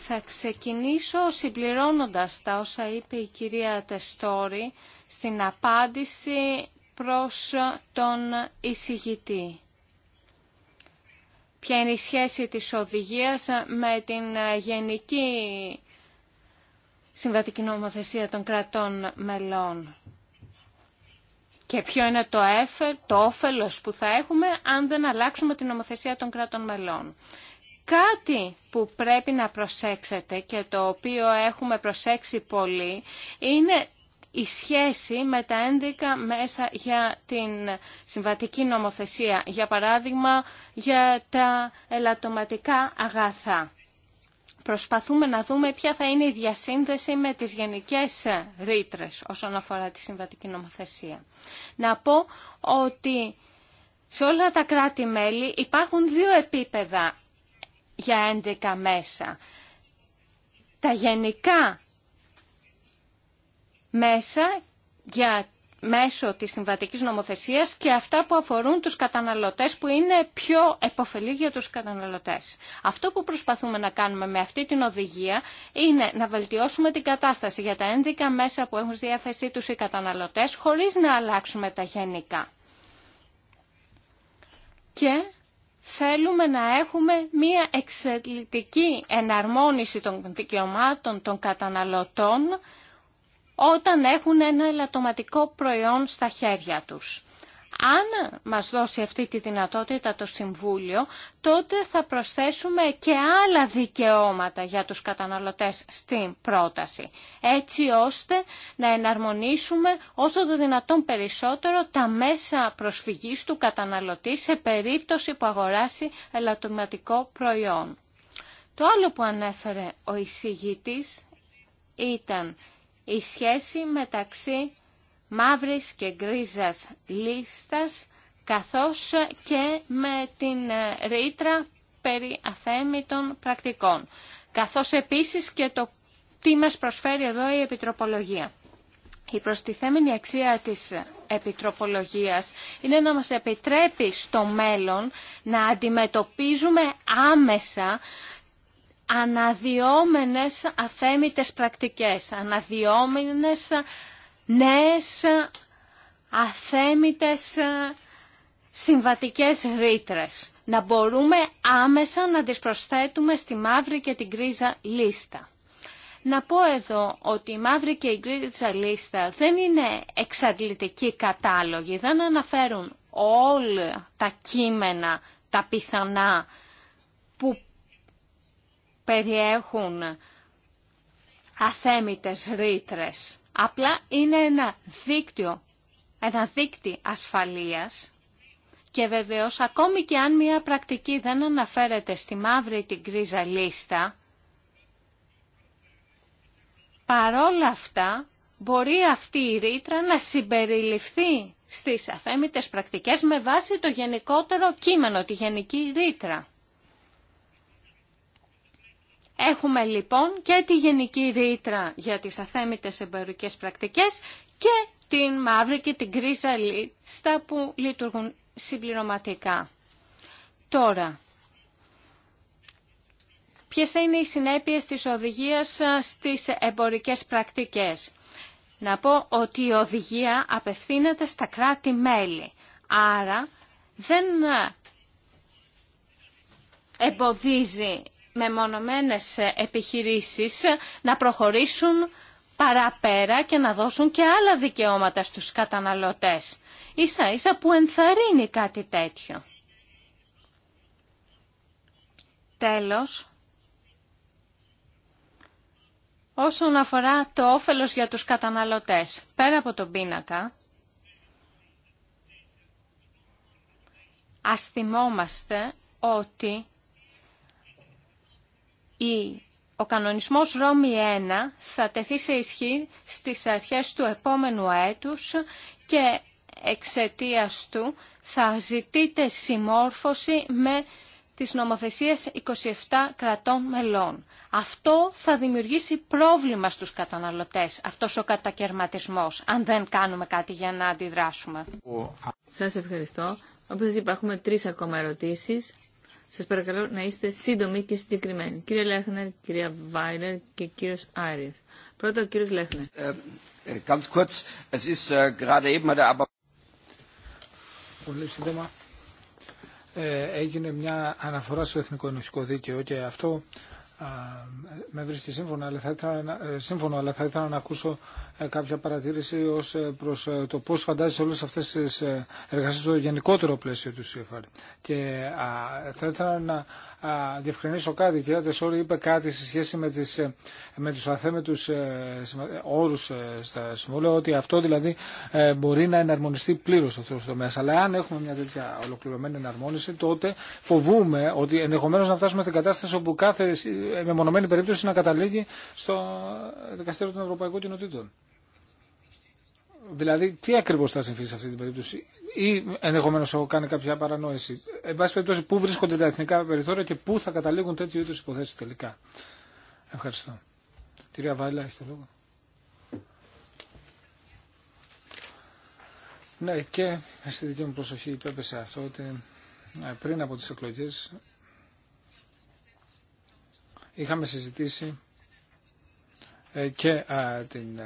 S4: Θα ξεκινήσω συμπληρώνοντας τα όσα είπε η κυρία Τεστόρη στην απάντηση προς τον εισηγητή ποια είναι η σχέση της οδηγίας με την ε, γενική συμβατική νομοθεσία των κρατών μελών. Και ποιο είναι το, έφε, το όφελος που θα έχουμε αν δεν αλλάξουμε την νομοθεσία των κρατών μελών. Κάτι που πρέπει να προσέξετε και το οποίο έχουμε προσέξει πολύ είναι η σχέση με τα ένδικα μέσα για την συμβατική νομοθεσία, για παράδειγμα για τα ελαττωματικά αγαθά. Προσπαθούμε να δούμε ποια θα είναι η διασύνδεση με τις γενικές ρήτρε όσον αφορά τη συμβατική νομοθεσία. Να πω ότι σε όλα τα κράτη-μέλη υπάρχουν δύο επίπεδα για ένδικα μέσα. Τα γενικά μέσα για μέσω της συμβατικής νομοθεσίας και αυτά που αφορούν τους καταναλωτές που είναι πιο επωφελή για τους καταναλωτές. Αυτό που προσπαθούμε να κάνουμε με αυτή την οδηγία είναι να βελτιώσουμε την κατάσταση για τα ένδικα μέσα που έχουν στη διάθεσή τους οι καταναλωτές χωρίς να αλλάξουμε τα γενικά. Και θέλουμε να έχουμε μία εξελιτική εναρμόνιση των δικαιωμάτων των καταναλωτών όταν έχουν ένα ελαττωματικό προϊόν στα χέρια τους. Αν μας δώσει αυτή τη δυνατότητα το Συμβούλιο, τότε θα προσθέσουμε και άλλα δικαιώματα για τους καταναλωτές στην πρόταση, έτσι ώστε να εναρμονίσουμε όσο το δυνατόν περισσότερο τα μέσα προσφυγής του καταναλωτή σε περίπτωση που αγοράσει ελαττωματικό προϊόν. Το άλλο που ανέφερε ο εισηγητής ήταν η σχέση μεταξύ μαύρης και γκρίζας λίστας καθώς και με την ε, ρήτρα περί αθέμητων πρακτικών. Καθώς επίσης και το τι μας προσφέρει εδώ η Επιτροπολογία. Η προστιθέμενη αξία της επιτροπολογίας είναι να μας επιτρέπει στο μέλλον να αντιμετωπίζουμε άμεσα αναδιόμενες αθέμητες πρακτικές, αναδιόμενες νέες αθέμητες συμβατικές ρήτρες. Να μπορούμε άμεσα να τις προσθέτουμε στη μαύρη και την γκρίζα λίστα. Να πω εδώ ότι η μαύρη και η γκρίζα λίστα δεν είναι εξαντλητικοί κατάλογοι, δεν αναφέρουν όλα τα κείμενα, τα πιθανά περιέχουν αθέμητες ρήτρε. Απλά είναι ένα δίκτυο, ένα δίκτυ ασφαλείας και βεβαίως ακόμη και αν μια πρακτική δεν αναφέρεται στη μαύρη την κρίζα λίστα, παρόλα αυτά μπορεί αυτή η ρήτρα να συμπεριληφθεί στις αθέμητες πρακτικές με βάση το γενικότερο κείμενο, τη γενική ρήτρα. Έχουμε λοιπόν και τη γενική ρήτρα για τις αθέμητες εμπορικές πρακτικές και την μαύρη και την κρίζα λίστα που λειτουργούν συμπληρωματικά. Τώρα, ποιες θα είναι οι συνέπειες της οδηγίας στις εμπορικές πρακτικές. Να πω ότι η οδηγία απευθύνεται στα κράτη-μέλη, άρα δεν εμποδίζει μεμονωμένες επιχειρήσεις να προχωρήσουν παραπέρα και να δώσουν και άλλα δικαιώματα στους καταναλωτές. Ίσα ίσα που ενθαρρύνει κάτι τέτοιο. Τέλος, όσον αφορά το όφελος για τους καταναλωτές, πέρα από τον πίνακα, ας θυμόμαστε ότι ο κανονισμός Ρώμη 1 θα τεθεί σε ισχύ στις αρχές του επόμενου έτους και εξαιτίας του θα ζητείτε συμμόρφωση με τις νομοθεσίες 27 κρατών μελών. Αυτό θα δημιουργήσει πρόβλημα στους καταναλωτές, αυτός ο κατακαιρματισμός, αν δεν
S2: κάνουμε κάτι για να αντιδράσουμε. Σας ευχαριστώ. Όπως σας είπα, έχουμε τρεις ακόμα ερωτήσεις. Σας παρακαλώ να είστε σύντομοι και συγκεκριμένοι. Κύριε Λέχνερ, κυρία Βάιλερ και κύριος Άριος. Πρώτα ο κύριος Λέχνερ. Ε,
S1: ε, ganz kurz, es ist äh, gerade eben er
S2: Πολύ σύντομα.
S3: Ε, έγινε μια αναφορά στο Εθνικό Ενωσικό Δίκαιο και αυτό με βρίσκει αλλά θα σύμφωνο, αλλά θα ήθελα να ακούσω κάποια παρατήρηση ω ε, προ ε, το πώ φαντάζεσαι όλε αυτέ τι ε, εργασίε στο γενικότερο πλαίσιο του CFR. Και α, θα ήθελα να διευκρινίσω κάτι. Η κυρία Τεσόρη είπε κάτι σε σχέση με, τις, με τους αθέμετους όρους στα συμβόλαια, ότι αυτό δηλαδή μπορεί να εναρμονιστεί πλήρω σε αυτό το τομέα. Αλλά αν έχουμε μια τέτοια ολοκληρωμένη εναρμόνιση, τότε φοβούμε ότι ενδεχομένω να φτάσουμε στην κατάσταση όπου κάθε μεμονωμένη περίπτωση να καταλήγει στο δικαστήριο των Ευρωπαϊκών Κοινοτήτων. Δηλαδή, τι ακριβώ θα συμφίσει σε αυτή την περίπτωση, ή ενδεχομένω έχω κάνει κάποια παρανόηση. Εν πάση περιπτώσει, πού βρίσκονται τα εθνικά περιθώρια και πού θα καταλήγουν τέτοιου είδου υποθέσει τελικά. Ευχαριστώ. Κυρία Βάιλα, έχετε λόγο. Ναι, και στη δική μου προσοχή υπέπεσε αυτό ότι ε, πριν από τι εκλογές είχαμε συζητήσει ε, και ε, την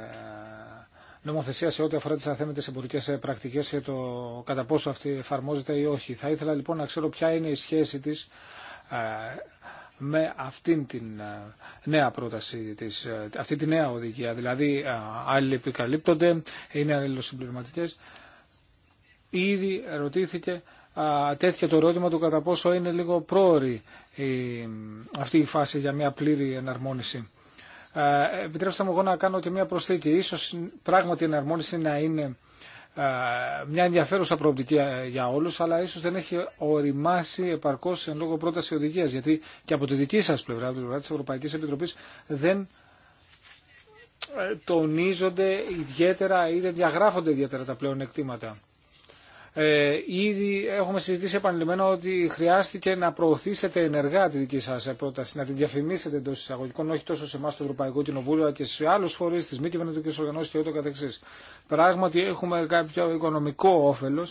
S3: νομοθεσία σε ό,τι αφορά τι αθέμητε εμπορικέ ε, πρακτικέ και το κατά πόσο αυτή εφαρμόζεται ή όχι. Θα ήθελα λοιπόν να ξέρω ποια είναι η σχέση τη ε, με αυτήν την ε, νέα πρόταση, της, αυτή τη νέα οδηγία. Δηλαδή, άλλοι επικαλύπτονται, είναι αλληλοσυμπληρωματικέ. Ήδη ρωτήθηκε τέτοια το ερώτημα του κατά πόσο είναι λίγο πρόωρη αυτή η φάση για μια πλήρη εναρμόνιση ε, επιτρέψτε μου εγώ να κάνω και μια προσθήκη. Ίσως πράγματι η εναρμόνιση να είναι ε, μια ενδιαφέρουσα προοπτική ε, για όλους, αλλά ίσως δεν έχει οριμάσει επαρκώς εν λόγω πρόταση οδηγίας, γιατί και από τη δική σας πλευρά, από πλευρά της Ευρωπαϊκής Επιτροπής, δεν τονίζονται ιδιαίτερα ή δεν διαγράφονται ιδιαίτερα τα πλέον εκτήματα. Ε, ήδη έχουμε συζητήσει επανειλημμένα ότι χρειάστηκε να προωθήσετε ενεργά τη δική σα πρόταση, να την διαφημίσετε εντό εισαγωγικών, όχι τόσο σε εμά το Ευρωπαϊκό Κοινοβούλιο, αλλά και σε άλλου φορεί, τη μη κυβερνητικέ οργανώσει και ούτω καθεξή. Πράγματι έχουμε κάποιο οικονομικό όφελο,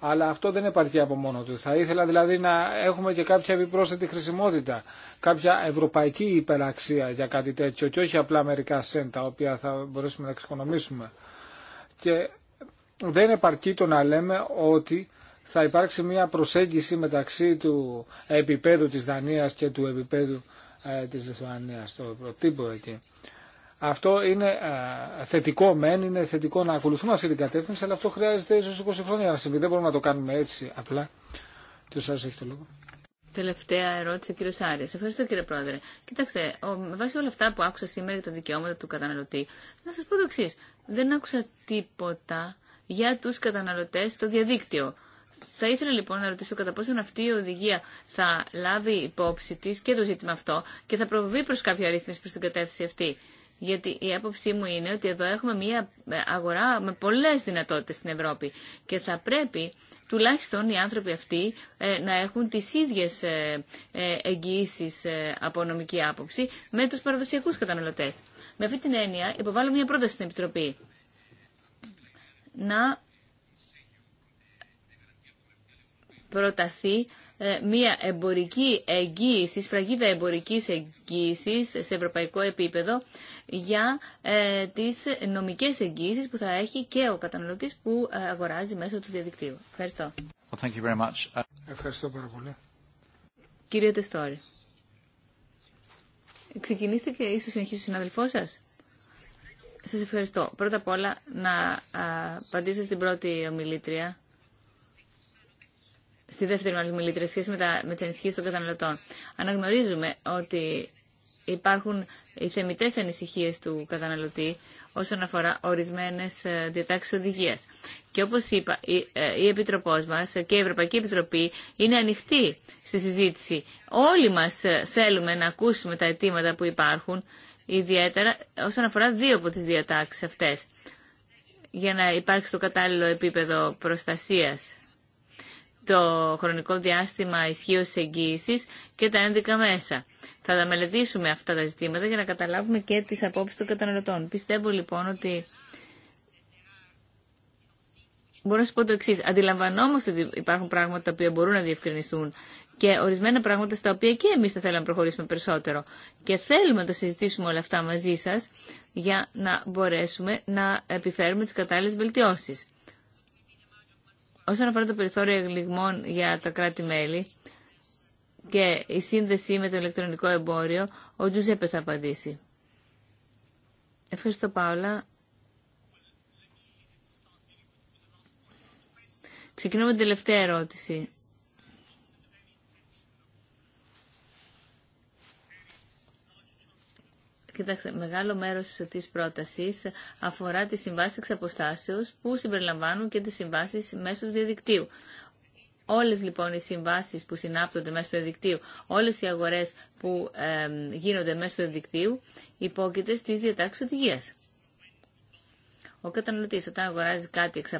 S3: αλλά αυτό δεν επαρκεί από μόνο του. Θα ήθελα δηλαδή να έχουμε και κάποια επιπρόσθετη χρησιμότητα, κάποια ευρωπαϊκή υπεραξία για κάτι τέτοιο και όχι απλά μερικά σέντα, οποία θα μπορέσουμε να εξοικονομήσουμε. Και δεν επαρκεί το να λέμε ότι θα υπάρξει μια προσέγγιση μεταξύ του επίπεδου της Δανίας και του επίπεδου ε, της Λιθουανίας, στο προτύπο εκεί. Αυτό είναι ε, θετικό μεν, είναι θετικό να ακολουθούμε αυτή την κατεύθυνση, αλλά αυτό χρειάζεται ίσως 20 χρόνια να συμβεί. Δεν μπορούμε να το κάνουμε έτσι απλά. Τι σα έχει το λόγο.
S2: Τελευταία ερώτηση, ο κύριο Άρη. Ευχαριστώ, κύριε Πρόεδρε. Κοιτάξτε, με βάση όλα αυτά που άκουσα σήμερα για τα δικαιώματα του καταναλωτή, να σα πω το εξή. Δεν άκουσα τίποτα για τους καταναλωτές στο διαδίκτυο. Θα ήθελα λοιπόν να ρωτήσω κατά πόσον αυτή η οδηγία θα λάβει υπόψη της και το ζήτημα αυτό και θα προβεί προς κάποια ρύθμιση προς την κατεύθυνση αυτή. Γιατί η άποψή μου είναι ότι εδώ έχουμε μια αγορά με πολλές δυνατότητες στην Ευρώπη και θα πρέπει τουλάχιστον οι άνθρωποι αυτοί ε, να έχουν τις ίδιες ε, ε, εγγυήσεις από νομική άποψη με τους παραδοσιακούς καταναλωτές. Με αυτή την έννοια υποβάλλω μια πρόταση στην Επιτροπή να προταθεί ε, μια εμπορική εγγύηση, σφραγίδα εμπορικής εγγύησης σε ευρωπαϊκό επίπεδο για ε, τις νομικές εγγύησεις που θα έχει και ο καταναλωτής που ε, αγοράζει μέσω του διαδικτύου. Ευχαριστώ.
S3: Well, thank you uh, Ευχαριστώ πάρα πολύ.
S2: Κύριε Τεστόρη, ξεκινήστε και ίσως συνεχίσει ο συναδελφός σας. Σα ευχαριστώ. Πρώτα απ' όλα να απαντήσω στην πρώτη ομιλήτρια, στη δεύτερη μάλλον ομιλήτρια, σχέση με, τα, με τις ανησυχίες των καταναλωτών. Αναγνωρίζουμε ότι υπάρχουν οι θεμητές ανησυχίες του καταναλωτή όσον αφορά ορισμένες ε, διατάξεις οδηγίας. Και όπως είπα, ε, η Επιτροπός μας και η Ευρωπαϊκή Επιτροπή είναι ανοιχτή στη συζήτηση. Όλοι μας ε, θέλουμε να ακούσουμε τα αιτήματα που υπάρχουν ιδιαίτερα όσον αφορά δύο από τις διατάξεις αυτές, για να υπάρξει το κατάλληλο επίπεδο προστασίας το χρονικό διάστημα ισχύω εγγύηση και τα ένδικα μέσα. Θα τα μελετήσουμε αυτά τα ζητήματα για να καταλάβουμε και τι απόψει των καταναλωτών. Πιστεύω λοιπόν ότι Μπορώ να σα πω το εξή. Αντιλαμβανόμαστε ότι υπάρχουν πράγματα τα οποία μπορούν να διευκρινιστούν και ορισμένα πράγματα στα οποία και εμείς θα θέλαμε να προχωρήσουμε περισσότερο. Και θέλουμε να τα συζητήσουμε όλα αυτά μαζί σας για να μπορέσουμε να επιφέρουμε τις κατάλληλες βελτιώσεις. Όσον αφορά το περιθώριο εγκληγμών για τα κράτη-μέλη και η σύνδεση με το ηλεκτρονικό εμπόριο, ο Τζουζέπε θα απαντήσει. Ευχαριστώ, Πάολα. Ξεκινούμε με την τελευταία ερώτηση. Κοιτάξτε, μεγάλο μέρος της πρότασης αφορά τις συμβάσεις εξ που συμπεριλαμβάνουν και τις συμβάσεις μέσω του διαδικτύου. Όλες λοιπόν οι συμβάσεις που συνάπτονται μέσω του διαδικτύου, όλες οι αγορές που γίνονται μέσω του διαδικτύου υπόκειται στις διατάξεις οδηγίας. Ο καταναλωτής όταν αγοράζει κάτι εξ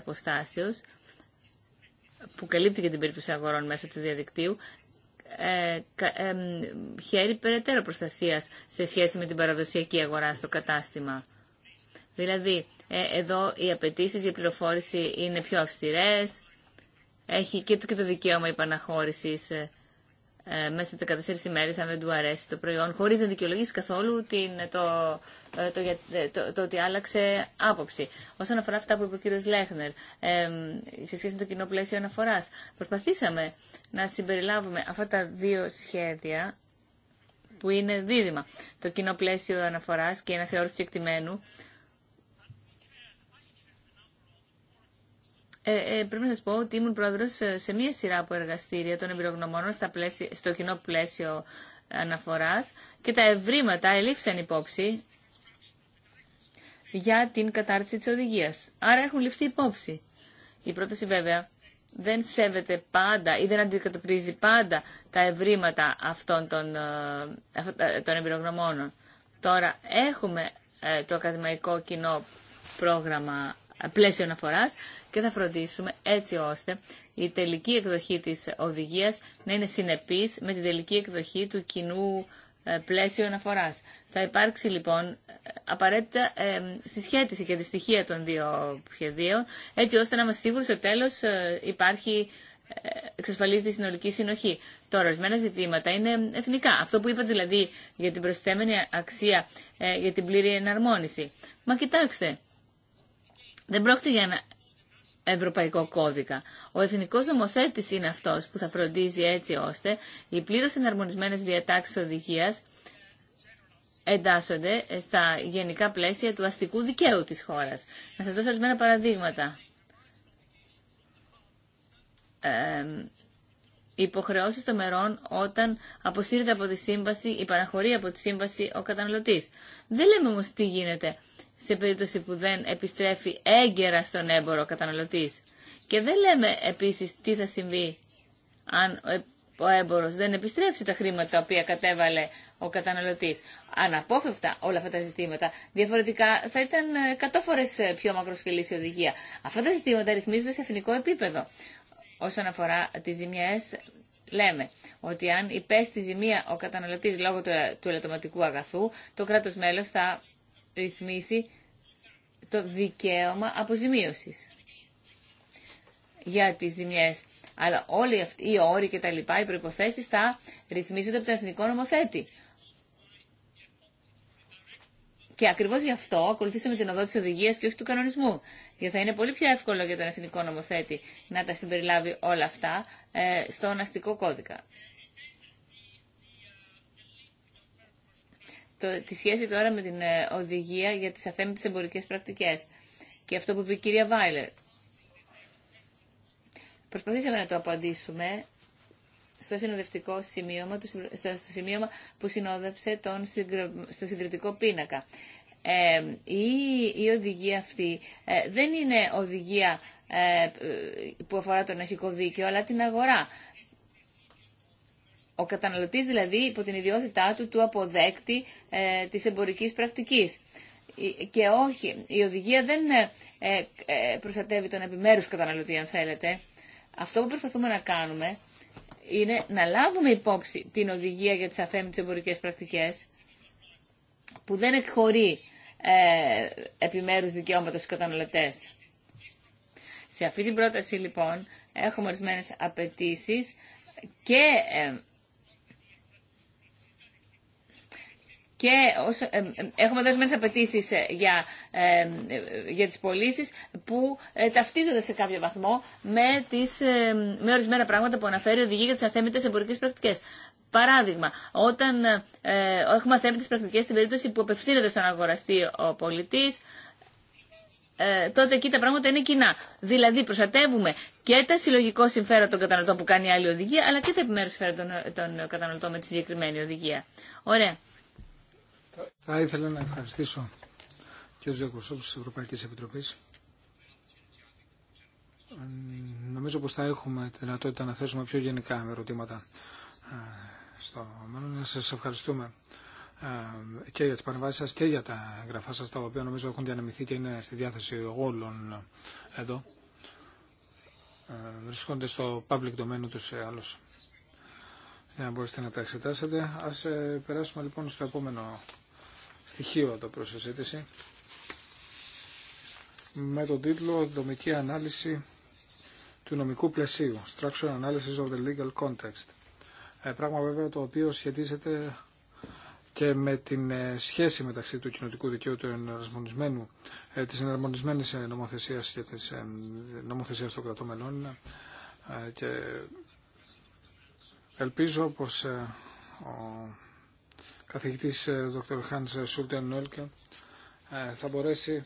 S2: που καλύπτει και την περίπτωση αγορών μέσω του διαδικτύου, ε, ε, χέρι περαιτέρω προστασίας σε σχέση με την παραδοσιακή αγορά στο κατάστημα. Δηλαδή, ε, εδώ οι απαιτήσει για πληροφόρηση είναι πιο αυστηρές, έχει και το, και το δικαίωμα υπαναχώρησης ε, μέσα σε 14 ημέρες αν δεν του αρέσει το προϊόν, χωρίς να δικαιολογήσει καθόλου την, το, το, το, το, ότι άλλαξε άποψη. Όσον αφορά αυτά που είπε ο κ. Λέχνερ, ε, σε σχέση με το κοινό πλαίσιο αναφοράς, προσπαθήσαμε να συμπεριλάβουμε αυτά τα δύο σχέδια που είναι δίδυμα. Το κοινό πλαίσιο αναφοράς και ένα αναθεώρηση του εκτιμένου. Ε, ε, πρέπει να σας πω ότι ήμουν πρόεδρος σε μία σειρά από εργαστήρια των εμπειρογνωμόνων στο κοινό πλαίσιο αναφοράς και τα ευρήματα ελήφθησαν υπόψη για την κατάρτιση της οδηγίας. Άρα έχουν ληφθεί υπόψη. Η πρόταση βέβαια δεν σέβεται πάντα ή δεν αντικατοπτρίζει πάντα τα ευρήματα αυτών των, ε, ε, των εμπειρογνωμόνων. Τώρα έχουμε ε, το ακαδημαϊκό κοινό πρόγραμμα πλαίσιο αναφορά και θα φροντίσουμε έτσι ώστε η τελική εκδοχή της οδηγίας να είναι συνεπής με την τελική εκδοχή του κοινού ε, πλαίσιο αναφορά. Θα υπάρξει λοιπόν απαραίτητα ε, συσχέτιση και στοιχεία των δύο σχεδίων, έτσι ώστε να είμαστε σίγουροι στο τέλο ε, υπάρχει ε, εξασφαλίζει η συνολική συνοχή. Τώρα, ορισμένα ζητήματα είναι εθνικά. Αυτό που είπατε δηλαδή για την προσθέμενη αξία, για την πλήρη εναρμόνιση. Μα κοιτάξτε, δεν πρόκειται για ένα Ευρωπαϊκό κώδικα. Ο εθνικό νομοθέτης είναι αυτό που θα φροντίζει έτσι ώστε οι πλήρω εναρμονισμένε διατάξει οδηγία εντάσσονται στα γενικά πλαίσια του αστικού δικαίου της χώρας. Να σας δώσω ορισμένα παραδείγματα. Ε, υποχρεώσεις των μερών όταν αποσύρεται από τη σύμβαση, η παραχωρία από τη σύμβαση ο καταναλωτής. Δεν λέμε όμως τι γίνεται σε περίπτωση που δεν επιστρέφει έγκαιρα στον έμπορο καταναλωτής. Και δεν λέμε επίσης τι θα συμβεί αν ο έμπορος δεν επιστρέψει τα χρήματα τα οποία κατέβαλε ο καταναλωτής. Αναπόφευκτα όλα αυτά τα ζητήματα. Διαφορετικά θα ήταν 100 ε, φορές ε, πιο μακροσκελής η οδηγία. Αυτά τα ζητήματα ρυθμίζονται σε εθνικό επίπεδο. Όσον αφορά τις ζημιές, λέμε ότι αν υπέστη ζημία ο καταναλωτής λόγω του ε, ελαττωματικού αγαθού, το κράτος μέλος θα ρυθμίσει το δικαίωμα αποζημίωσης για τις ζημιές. Αλλά όλοι αυτοί οι όροι και τα λοιπά, οι προϋποθέσεις θα ρυθμίζονται από τον εθνικό νομοθέτη. Και ακριβώ γι' αυτό ακολουθήσαμε την οδό τη οδηγία και όχι του κανονισμού. Γιατί θα είναι πολύ πιο εύκολο για τον εθνικό νομοθέτη να τα συμπεριλάβει όλα αυτά ε, στον αστικό κώδικα. το, τη σχέση τώρα με την ε, οδηγία για τις αθέμητες εμπορικές πρακτικές και αυτό που είπε η κυρία Βάιλερ. Προσπαθήσαμε να το απαντήσουμε στο συνοδευτικό σημείωμα, στο σημείωμα που συνόδευσε τον στο συγκριτικό πίνακα. Ε, η, η οδηγία αυτή ε, δεν είναι οδηγία που αφορά τον αρχικό δίκαιο, αλλά την αγορά. Ο καταναλωτής δηλαδή υπό την ιδιότητά του του αποδέκτη ε, της εμπορικής πρακτικής. Και όχι, η οδηγία δεν ε, ε, προστατεύει τον επιμέρους καταναλωτή αν θέλετε. Αυτό που προσπαθούμε να κάνουμε είναι να λάβουμε υπόψη την οδηγία για τις αφέμιτες εμπορικές πρακτικές που δεν εκχωρεί ε, επιμέρους δικαιώματα στους καταναλωτές. Σε αυτή την πρόταση λοιπόν έχουμε ορισμένε απαιτήσει και ε, και ε, ε, έχουμε δώσει μέσα απαιτήσει ε, για, για τις πωλήσει που ταυτίζονται σε κάποιο βαθμό με, τις, με ορισμένα πράγματα που αναφέρει η οδηγία για τις αθέμητες εμπορικές πρακτικές. Παράδειγμα, όταν ε, έχουμε αθέμητες πρακτικές στην περίπτωση που απευθύνεται στον αγοραστή ο πολιτής, ε, τότε εκεί τα πράγματα είναι κοινά. Δηλαδή προστατεύουμε και τα συλλογικό συμφέρον των καταναλωτών που κάνει η άλλη οδηγία, αλλά και τα επιμέρους συμφέρον των, των καταναλωτών με τη συγκεκριμένη οδηγία. Ωραία.
S3: Θα ήθελα να ευχαριστήσω και τους εκπροσώπους της Ευρωπαϊκής Επιτροπής. Νομίζω πως θα έχουμε τη δυνατότητα να θέσουμε πιο γενικά ερωτήματα ε, στο μέλλον. Να σας ευχαριστούμε ε, και για τις παρεμβάσεις σας και για τα εγγραφά σας τα οποία νομίζω έχουν διανεμηθεί και είναι στη διάθεση όλων εδώ. Ε, βρίσκονται στο public domain τους άλλους για να μπορέσετε να τα εξετάσετε. Ας περάσουμε λοιπόν στο επόμενο στοιχείο το προσεζήτηση με τον τίτλο «Δομική ανάλυση του νομικού πλαισίου» «Structural Analysis of the Legal Context» ε, πράγμα βέβαια το οποίο σχετίζεται και με την ε, σχέση μεταξύ του κοινοτικού δικαίου του εναρμονισμένου, ε, της εναρμονισμένης νομοθεσίας και της νομοθεσίας των κρατών και ελπίζω πως ο καθηγητής ε, Δ. Hans Σούλτεν Nolke ε, θα μπορέσει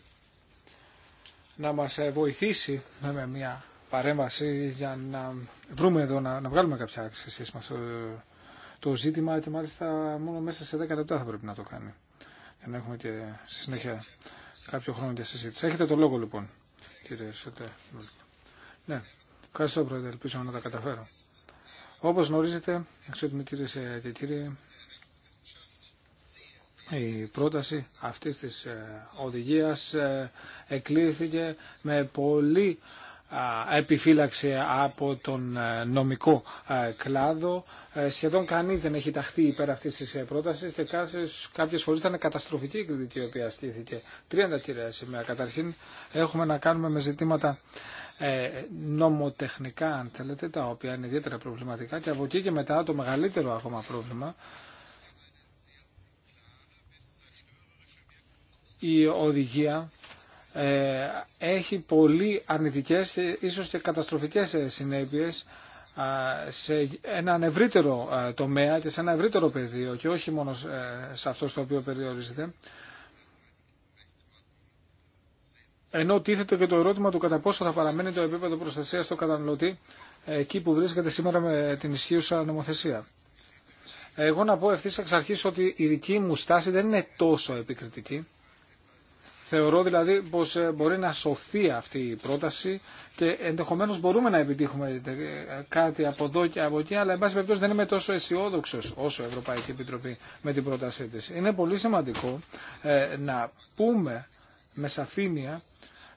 S3: να μας ε, βοηθήσει με μια παρέμβαση για να βρούμε εδώ, να, βγάλουμε κάποια άξιση σχέση με αυτό το ζήτημα και μάλιστα μόνο μέσα σε 10 λεπτά θα πρέπει να το κάνει για να έχουμε και στη συνέχεια κάποιο χρόνο για συζήτηση. Έχετε το λόγο λοιπόν κύριε Σωτέ. Ναι, ευχαριστώ πρόεδρε, ελπίζω να τα καταφέρω. Όπως γνωρίζετε, εξωτιμητήρες και κύριοι, η πρόταση αυτής της ε, οδηγίας ε, εκλήθηκε με πολύ επιφύλαξη από τον ε, νομικό κλάδο. Σχεδόν κανείς δεν έχει ταχθεί υπέρ αυτής της πρότασης και κάποιες φορές ήταν καταστροφική η κριτική η οποία στήθηκε. Τρίαντα κυρία σήμερα. Καταρχήν έχουμε να κάνουμε με ζητήματα νομοτεχνικά αν θέλετε τα οποία είναι ιδιαίτερα προβληματικά και από εκεί και μετά το μεγαλύτερο ακόμα πρόβλημα η οδηγία ε, έχει πολύ αρνητικές, ίσως και καταστροφικές ε, συνέπειες ε, σε έναν ευρύτερο τομέα και σε ένα ευρύτερο πεδίο και όχι μόνο σε αυτό στο οποίο περιορίζεται. Ενώ τίθεται και το ερώτημα του κατά πόσο θα παραμένει το επίπεδο προστασία στο καταναλωτή εκεί που βρίσκεται σήμερα με την ισχύουσα νομοθεσία. Εγώ να πω ευθύ εξ αρχή ότι η δική μου στάση δεν είναι τόσο επικριτική. Θεωρώ δηλαδή πως ε, μπορεί να σωθεί αυτή η πρόταση και ενδεχομένως μπορούμε να επιτύχουμε ε, κάτι από εδώ και από εκεί, αλλά εν πάση περιπτώσει δεν είμαι τόσο αισιόδοξο όσο η Ευρωπαϊκή Επιτροπή με την πρότασή της. Είναι πολύ σημαντικό ε, να πούμε με σαφήνεια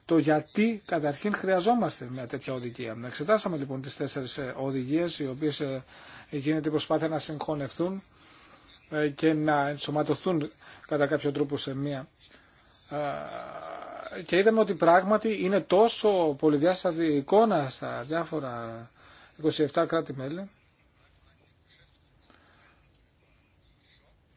S3: το γιατί καταρχήν χρειαζόμαστε μια τέτοια οδηγία. Να εξετάσαμε λοιπόν τις τέσσερις οδηγίες οι οποίες γίνεται η προσπάθεια να συγχωνευτούν και να ενσωματωθούν κατά κάποιο τρόπο σε μια και είδαμε ότι πράγματι είναι τόσο πολυδιάστατη εικόνα στα διάφορα 27 κράτη-μέλη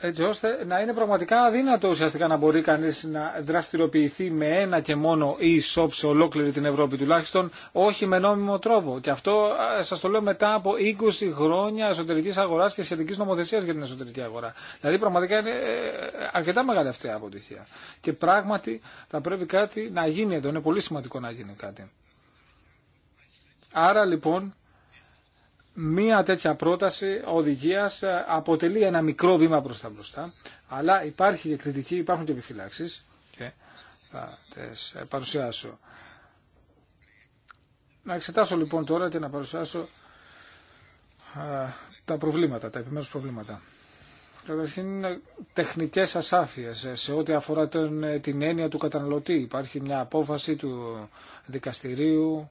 S3: έτσι ώστε να είναι πραγματικά αδύνατο ουσιαστικά να μπορεί κανείς να δραστηριοποιηθεί με ένα και μόνο e-shop σε ολόκληρη την Ευρώπη τουλάχιστον, όχι με νόμιμο τρόπο. Και αυτό σας το λέω μετά από 20 χρόνια εσωτερικής αγοράς και σχετικής νομοθεσίας για την εσωτερική αγορά. Δηλαδή πραγματικά είναι ε, ε, αρκετά μεγάλη αυτή η αποτυχία. Και πράγματι θα πρέπει κάτι να γίνει εδώ, είναι πολύ σημαντικό να γίνει κάτι. Άρα λοιπόν μία τέτοια πρόταση οδηγίας ε, αποτελεί ένα μικρό βήμα προς τα μπροστά, αλλά υπάρχει και κριτική, υπάρχουν και επιφυλάξεις και θα τις ε, παρουσιάσω. Να εξετάσω λοιπόν τώρα και να παρουσιάσω ε, τα προβλήματα, τα επιμέρους προβλήματα. Καταρχήν τεχνικές ασάφειες σε ό,τι αφορά τον, την έννοια του καταναλωτή. Υπάρχει μια απόφαση του δικαστηρίου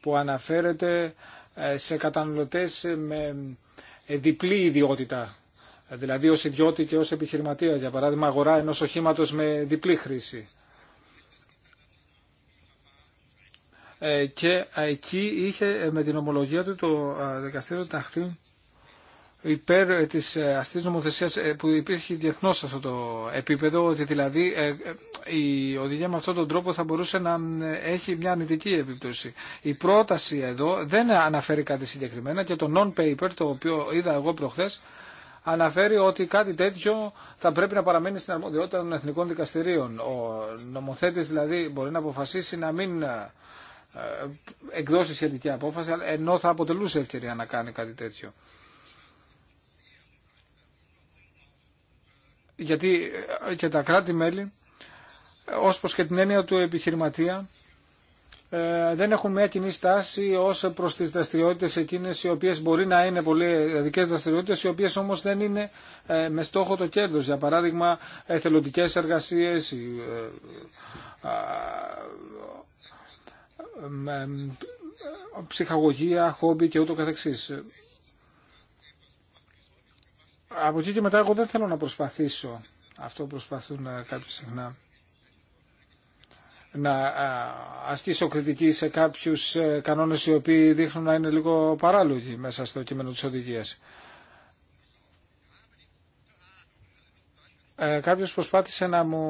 S3: που αναφέρεται ε, σε καταναλωτές με ε, διπλή ιδιότητα. Δηλαδή ως ιδιώτη και ως επιχειρηματία, για παράδειγμα αγορά ενός οχήματος με διπλή χρήση. Ε, και εκεί είχε με την ομολογία του το δικαστήριο Ταχτή υπέρ ε, της ε, αστής νομοθεσίας ε, που υπήρχε διεθνώς σε αυτό το επίπεδο, ότι δηλαδή η οδηγία με αυτόν τον τρόπο θα μπορούσε να έχει μια ανητική επίπτωση. Η πρόταση εδώ δεν αναφέρει κάτι συγκεκριμένα και το non-paper, το οποίο είδα εγώ προχθές, αναφέρει ότι κάτι τέτοιο θα πρέπει να παραμένει στην αρμοδιότητα των εθνικών δικαστηρίων. Ο νομοθέτης δηλαδή μπορεί να αποφασίσει να μην εκδώσει σχετική απόφαση, ενώ θα αποτελούσε ευκαιρία να κάνει κάτι τέτοιο. γιατί ε, και τα κράτη-μέλη, ως προς και την έννοια του επιχειρηματία, ε, δεν έχουν μια κοινή στάση ως προς τις δραστηριότητες εκείνες οι οποίες μπορεί να είναι πολύ δικές δραστηριότητες, οι οποίες όμως δεν είναι ε, με στόχο το κέρδος. Για παράδειγμα, εθελοντικές εργασίες, ψυχαγωγία, χόμπι και ούτω καθεξής από εκεί και μετά εγώ δεν θέλω να προσπαθήσω. Αυτό προσπαθούν ε, κάποιοι συχνά. Να ε, ασκήσω κριτική σε κάποιους ε, κανόνες οι οποίοι δείχνουν να είναι λίγο παράλογοι μέσα στο κείμενο της οδηγίας. Κάποιος προσπάθησε να μου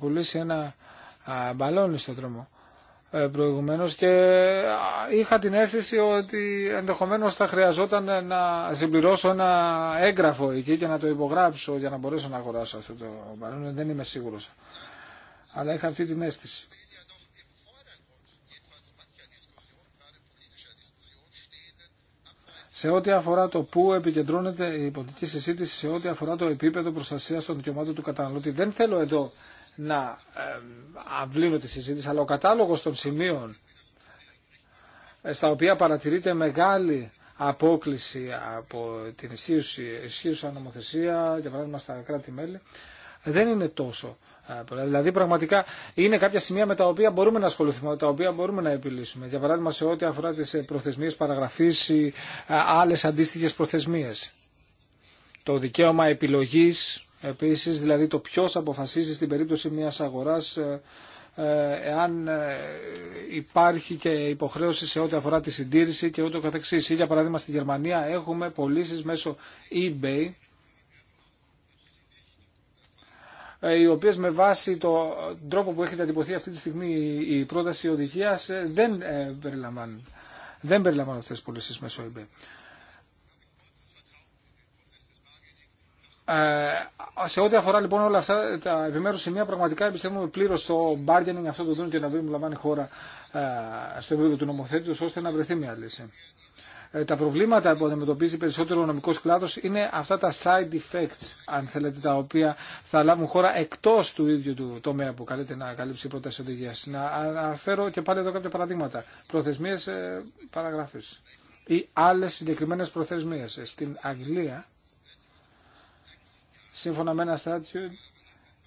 S3: πουλήσει ένα μπαλόνι στο δρόμο. Ε, προηγουμένως και είχα την αίσθηση ότι ενδεχομένως θα χρειαζόταν να συμπληρώσω ένα έγγραφο εκεί και να το υπογράψω για να μπορέσω να αγοράσω αυτό το παρόν. Δεν είμαι σίγουρος. Αλλά είχα αυτή την αίσθηση. σε ό,τι αφορά το πού επικεντρώνεται η υποτική συζήτηση, σε ό,τι αφορά το επίπεδο προστασία των δικαιωμάτων του καταναλωτή. Δεν θέλω εδώ να αυλύνω τη συζήτηση, αλλά ο κατάλογος των σημείων ε, στα οποία παρατηρείται μεγάλη απόκληση από την ισχύουσα νομοθεσία, για παράδειγμα στα κράτη-μέλη, δεν είναι τόσο. Ε, δηλαδή πραγματικά είναι κάποια σημεία με τα οποία μπορούμε να ασχοληθούμε, τα οποία μπορούμε να επιλύσουμε. Για παράδειγμα σε ό,τι αφορά τις ε, προθεσμίες παραγραφής ή άλλες αντίστοιχες προθεσμίες. Το δικαίωμα επιλογής Επίσης, δηλαδή το ποιος αποφασίζει στην περίπτωση μιας αγοράς ε, ε, εάν ε, υπάρχει και υποχρέωση σε ό,τι αφορά τη συντήρηση και ούτω καθεξής. Ή για παράδειγμα στη Γερμανία έχουμε πωλήσει μέσω eBay οι οποίες με βάση τον τρόπο που έχει διατυπωθεί αυτή τη στιγμή η πρόταση οδηγίας δεν περιλαμβάνουν. Δεν περιλαμβάνουν αυτές τις πωλήσει μέσω eBay. Ε, σε ό,τι αφορά λοιπόν όλα αυτά τα επιμέρους σημεία, πραγματικά εμπιστεύουμε πλήρω στο bargaining αυτό το δουν και να βρει που λαμβάνει η χώρα ε, στο επίπεδο του νομοθέτητος ώστε να βρεθεί μια λύση. Ε, τα προβλήματα που αντιμετωπίζει περισσότερο ο νομικό κλάδο είναι αυτά τα side effects, αν θέλετε, τα οποία θα λάβουν χώρα εκτό του ίδιου του τομέα που καλείται να καλύψει η πρόταση οδηγία. Να αναφέρω και πάλι εδώ κάποια παραδείγματα. Προθεσμίε παραγραφή ή άλλε συγκεκριμένε προθεσμίε. Στην Αγγλία, σύμφωνα με ένα στάτιο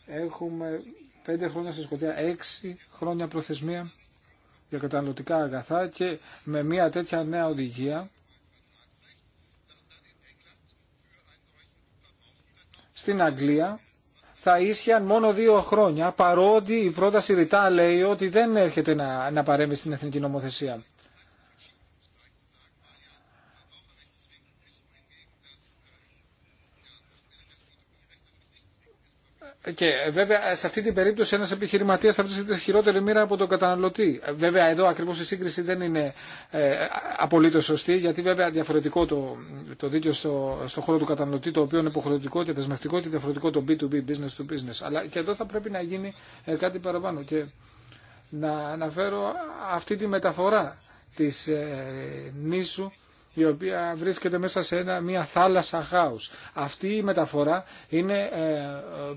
S3: έχουμε 5 χρόνια στη Σκοτία, 6 χρόνια προθεσμία για καταναλωτικά αγαθά και με μια τέτοια νέα οδηγία στην Αγγλία θα ίσχυαν μόνο δύο χρόνια παρότι η πρόταση ρητά λέει ότι δεν έρχεται να, να παρέμβει στην εθνική νομοθεσία. Και βέβαια σε αυτή την περίπτωση ένας επιχειρηματίας θα βρίσκεται σε χειρότερη μοίρα από τον καταναλωτή. Βέβαια εδώ ακριβώς η σύγκριση δεν είναι ε, απολύτως σωστή γιατί βέβαια διαφορετικό το, το δίκαιο στο, στο χώρο του καταναλωτή το οποίο είναι υποχρεωτικό και δεσμευτικό και διαφορετικό το B2B, business to business. Αλλά και εδώ θα πρέπει να γίνει ε, κάτι παραπάνω και να αναφέρω αυτή τη μεταφορά της ε, νήσου η οποία βρίσκεται μέσα σε ένα, μια θάλασσα χάους. Αυτή η μεταφορά είναι ε,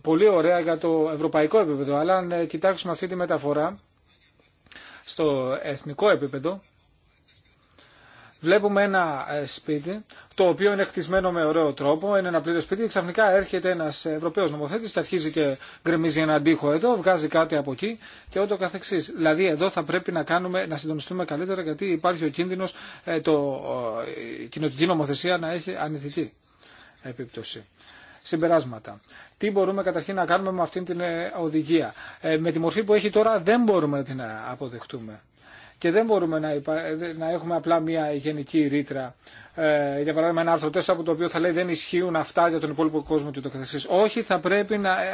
S3: πολύ ωραία για το ευρωπαϊκό επίπεδο, αλλά αν ε, κοιτάξουμε αυτή τη μεταφορά στο εθνικό επίπεδο, βλέπουμε ένα ε, σπίτι το οποίο είναι χτισμένο με ωραίο τρόπο, είναι ένα πλήρες σπίτι και ξαφνικά έρχεται ένας Ευρωπαίος νομοθέτης, αρχίζει και γκρεμίζει έναν τοίχο εδώ, βγάζει κάτι από εκεί και ό,τι καθεξής. Δηλαδή εδώ θα πρέπει να, κάνουμε, να συντονιστούμε καλύτερα γιατί υπάρχει ο κίνδυνος ε, το, η κοινοτική νομοθεσία να έχει ανηθική επίπτωση. Συμπεράσματα. Τι μπορούμε καταρχήν να κάνουμε με αυτήν την ε, οδηγία. με τη μορφή που έχει τώρα δεν μπορούμε να την αποδεχτούμε και δεν μπορούμε να, να έχουμε απλά μια γενική ρήτρα. Ε, για παράδειγμα, ένα άρθρο 4 από το οποίο θα λέει δεν ισχύουν αυτά για τον υπόλοιπο κόσμο και το Όχι, θα πρέπει να ε,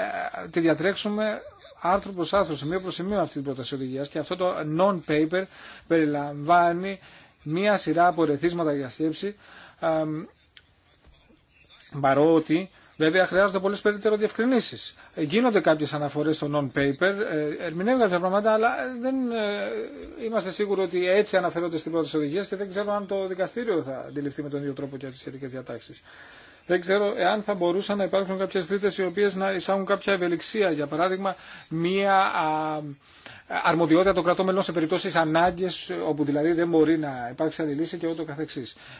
S3: τη διατρέξουμε άρθρο προς άρθρο, σημείο προς σημείο αυτή την πρόταση οδηγία και αυτό το non-paper περιλαμβάνει μία σειρά από ρεθίσματα για σκέψη παρότι Βέβαια, χρειάζονται πολλέ περαιτέρω διευκρινήσει. Γίνονται κάποιε αναφορέ στο non-paper, ε, ερμηνεύουν κάποια πράγματα, αλλά ε, δεν ε, είμαστε σίγουροι ότι έτσι αναφέρονται στην πρώτη οδηγία και δεν ξέρω αν το δικαστήριο θα αντιληφθεί με τον ίδιο τρόπο και τι σχετικέ διατάξει. Δεν ξέρω εάν θα μπορούσαν να υπάρξουν κάποιε τρίτε οι οποίε να εισάγουν κάποια ευελιξία. Για παράδειγμα, μία αρμοδιότητα των κρατών μελών σε περιπτώσει ανάγκε, όπου δηλαδή δεν μπορεί να υπάρξει άλλη λύση και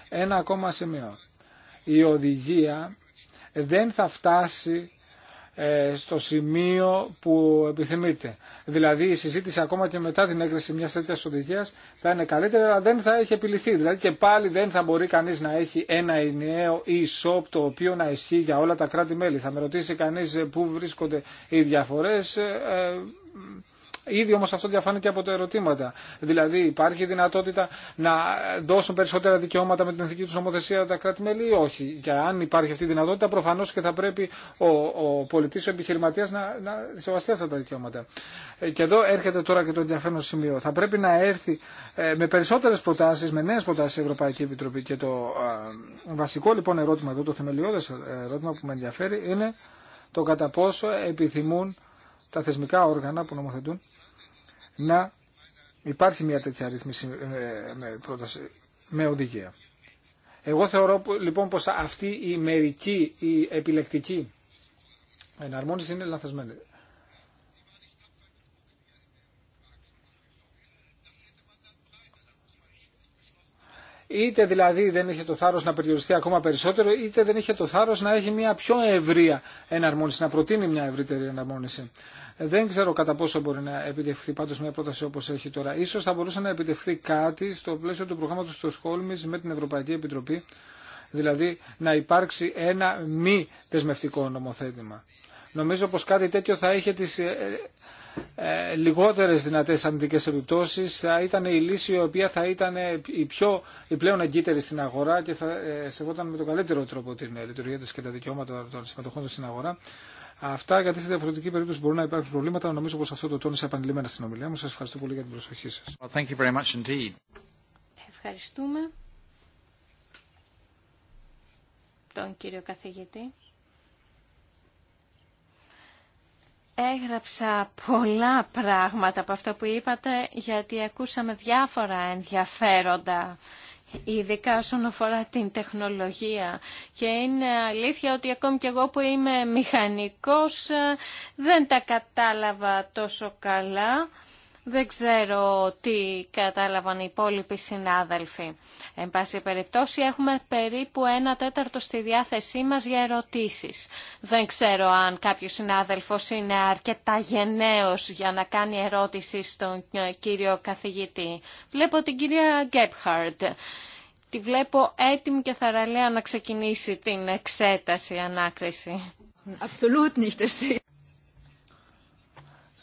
S3: Ένα ακόμα σημείο. Η οδηγία δεν θα φτάσει ε, στο σημείο που επιθυμείτε. Δηλαδή η συζήτηση ακόμα και μετά την έγκριση μιας τέτοιας οδηγίας θα είναι καλύτερη αλλά δεν θα έχει επιληθεί. Δηλαδή και πάλι δεν θα μπορεί κανείς να έχει ένα ενιαίο e-shop το οποίο να ισχύει για όλα τα κράτη-μέλη. Θα με ρωτήσει κανείς ε, πού βρίσκονται οι διαφορές. Ε, Ήδη όμω αυτό διαφάνηκε από τα ερωτήματα. Δηλαδή υπάρχει δυνατότητα να δώσουν περισσότερα δικαιώματα με την εθνική του νομοθεσία τα κράτη-μέλη ή όχι. Και αν υπάρχει αυτή η δυνατότητα προφανώ και θα πρέπει ο, ο πολιτής, ο επιχειρηματίας να, να σεβαστεί αυτά τα δικαιώματα. Ε, και εδώ έρχεται τώρα και το ενδιαφέρον σημείο. Θα πρέπει να έρθει ε, με περισσότερε προτάσει, με νέε προτάσει η Ευρωπαϊκή Επιτροπή. Και το ε, βασικό λοιπόν ερώτημα εδώ, το θεμελιώδε ερώτημα που με ενδιαφέρει είναι το κατά πόσο επιθυμούν τα θεσμικά όργανα που νομοθετούν να υπάρχει μια τέτοια ρύθμιση ε, με, πρόταση, με οδηγία. Εγώ θεωρώ λοιπόν πως αυτή η μερική, η επιλεκτική εναρμόνιση είναι λανθασμένη. Είτε δηλαδή δεν είχε το θάρρος να περιοριστεί ακόμα περισσότερο, είτε δεν είχε το θάρρος να έχει μια πιο ευρεία εναρμόνιση, να προτείνει μια ευρύτερη εναρμόνιση. Δεν ξέρω κατά πόσο μπορεί να επιτευχθεί πάντω μια πρόταση όπω έχει τώρα. σω θα μπορούσε να επιτευχθεί κάτι στο πλαίσιο του προγράμματο του Στοχόλμη με την Ευρωπαϊκή Επιτροπή, δηλαδή να υπάρξει ένα μη δεσμευτικό νομοθέτημα. Νομίζω πω κάτι τέτοιο θα είχε τι ε, ε, λιγότερες δυνατές αμυντικές επιπτώσεις θα ήταν η λύση η οποία θα ήταν η, πιο, η πλέον εγκύτερη στην αγορά και θα ε, σεβόταν με τον καλύτερο τρόπο την ε, λειτουργία της και τα δικαιώματα των συμμετοχών στην αγορά. Αυτά γιατί σε διαφορετική περίπτωση μπορούν να υπάρξουν προβλήματα. Νομίζω πως αυτό το τόνισε επανειλημμένα στην ομιλία μου. Σας ευχαριστώ πολύ για την προσοχή σας.
S4: Well,
S1: thank you very much indeed.
S4: Ευχαριστούμε τον κύριο καθηγητή. Έγραψα πολλά πράγματα από αυτό που είπατε, γιατί ακούσαμε διάφορα ενδιαφέροντα, ειδικά όσον αφορά την τεχνολογία. Και είναι αλήθεια ότι ακόμη και εγώ που είμαι μηχανικός ε, δεν τα κατάλαβα τόσο καλά. Δεν ξέρω τι κατάλαβαν οι υπόλοιποι συνάδελφοι. Εν πάση περιπτώσει έχουμε περίπου ένα τέταρτο στη διάθεσή μας για ερωτήσεις. Δεν ξέρω αν κάποιος συνάδελφος είναι αρκετά γενναίος για να κάνει ερώτηση στον κύριο καθηγητή. Βλέπω την κυρία Γκέπχαρντ. Τη βλέπω έτοιμη και θαραλέα να ξεκινήσει την εξέταση, ανάκριση. Absolut
S2: nicht,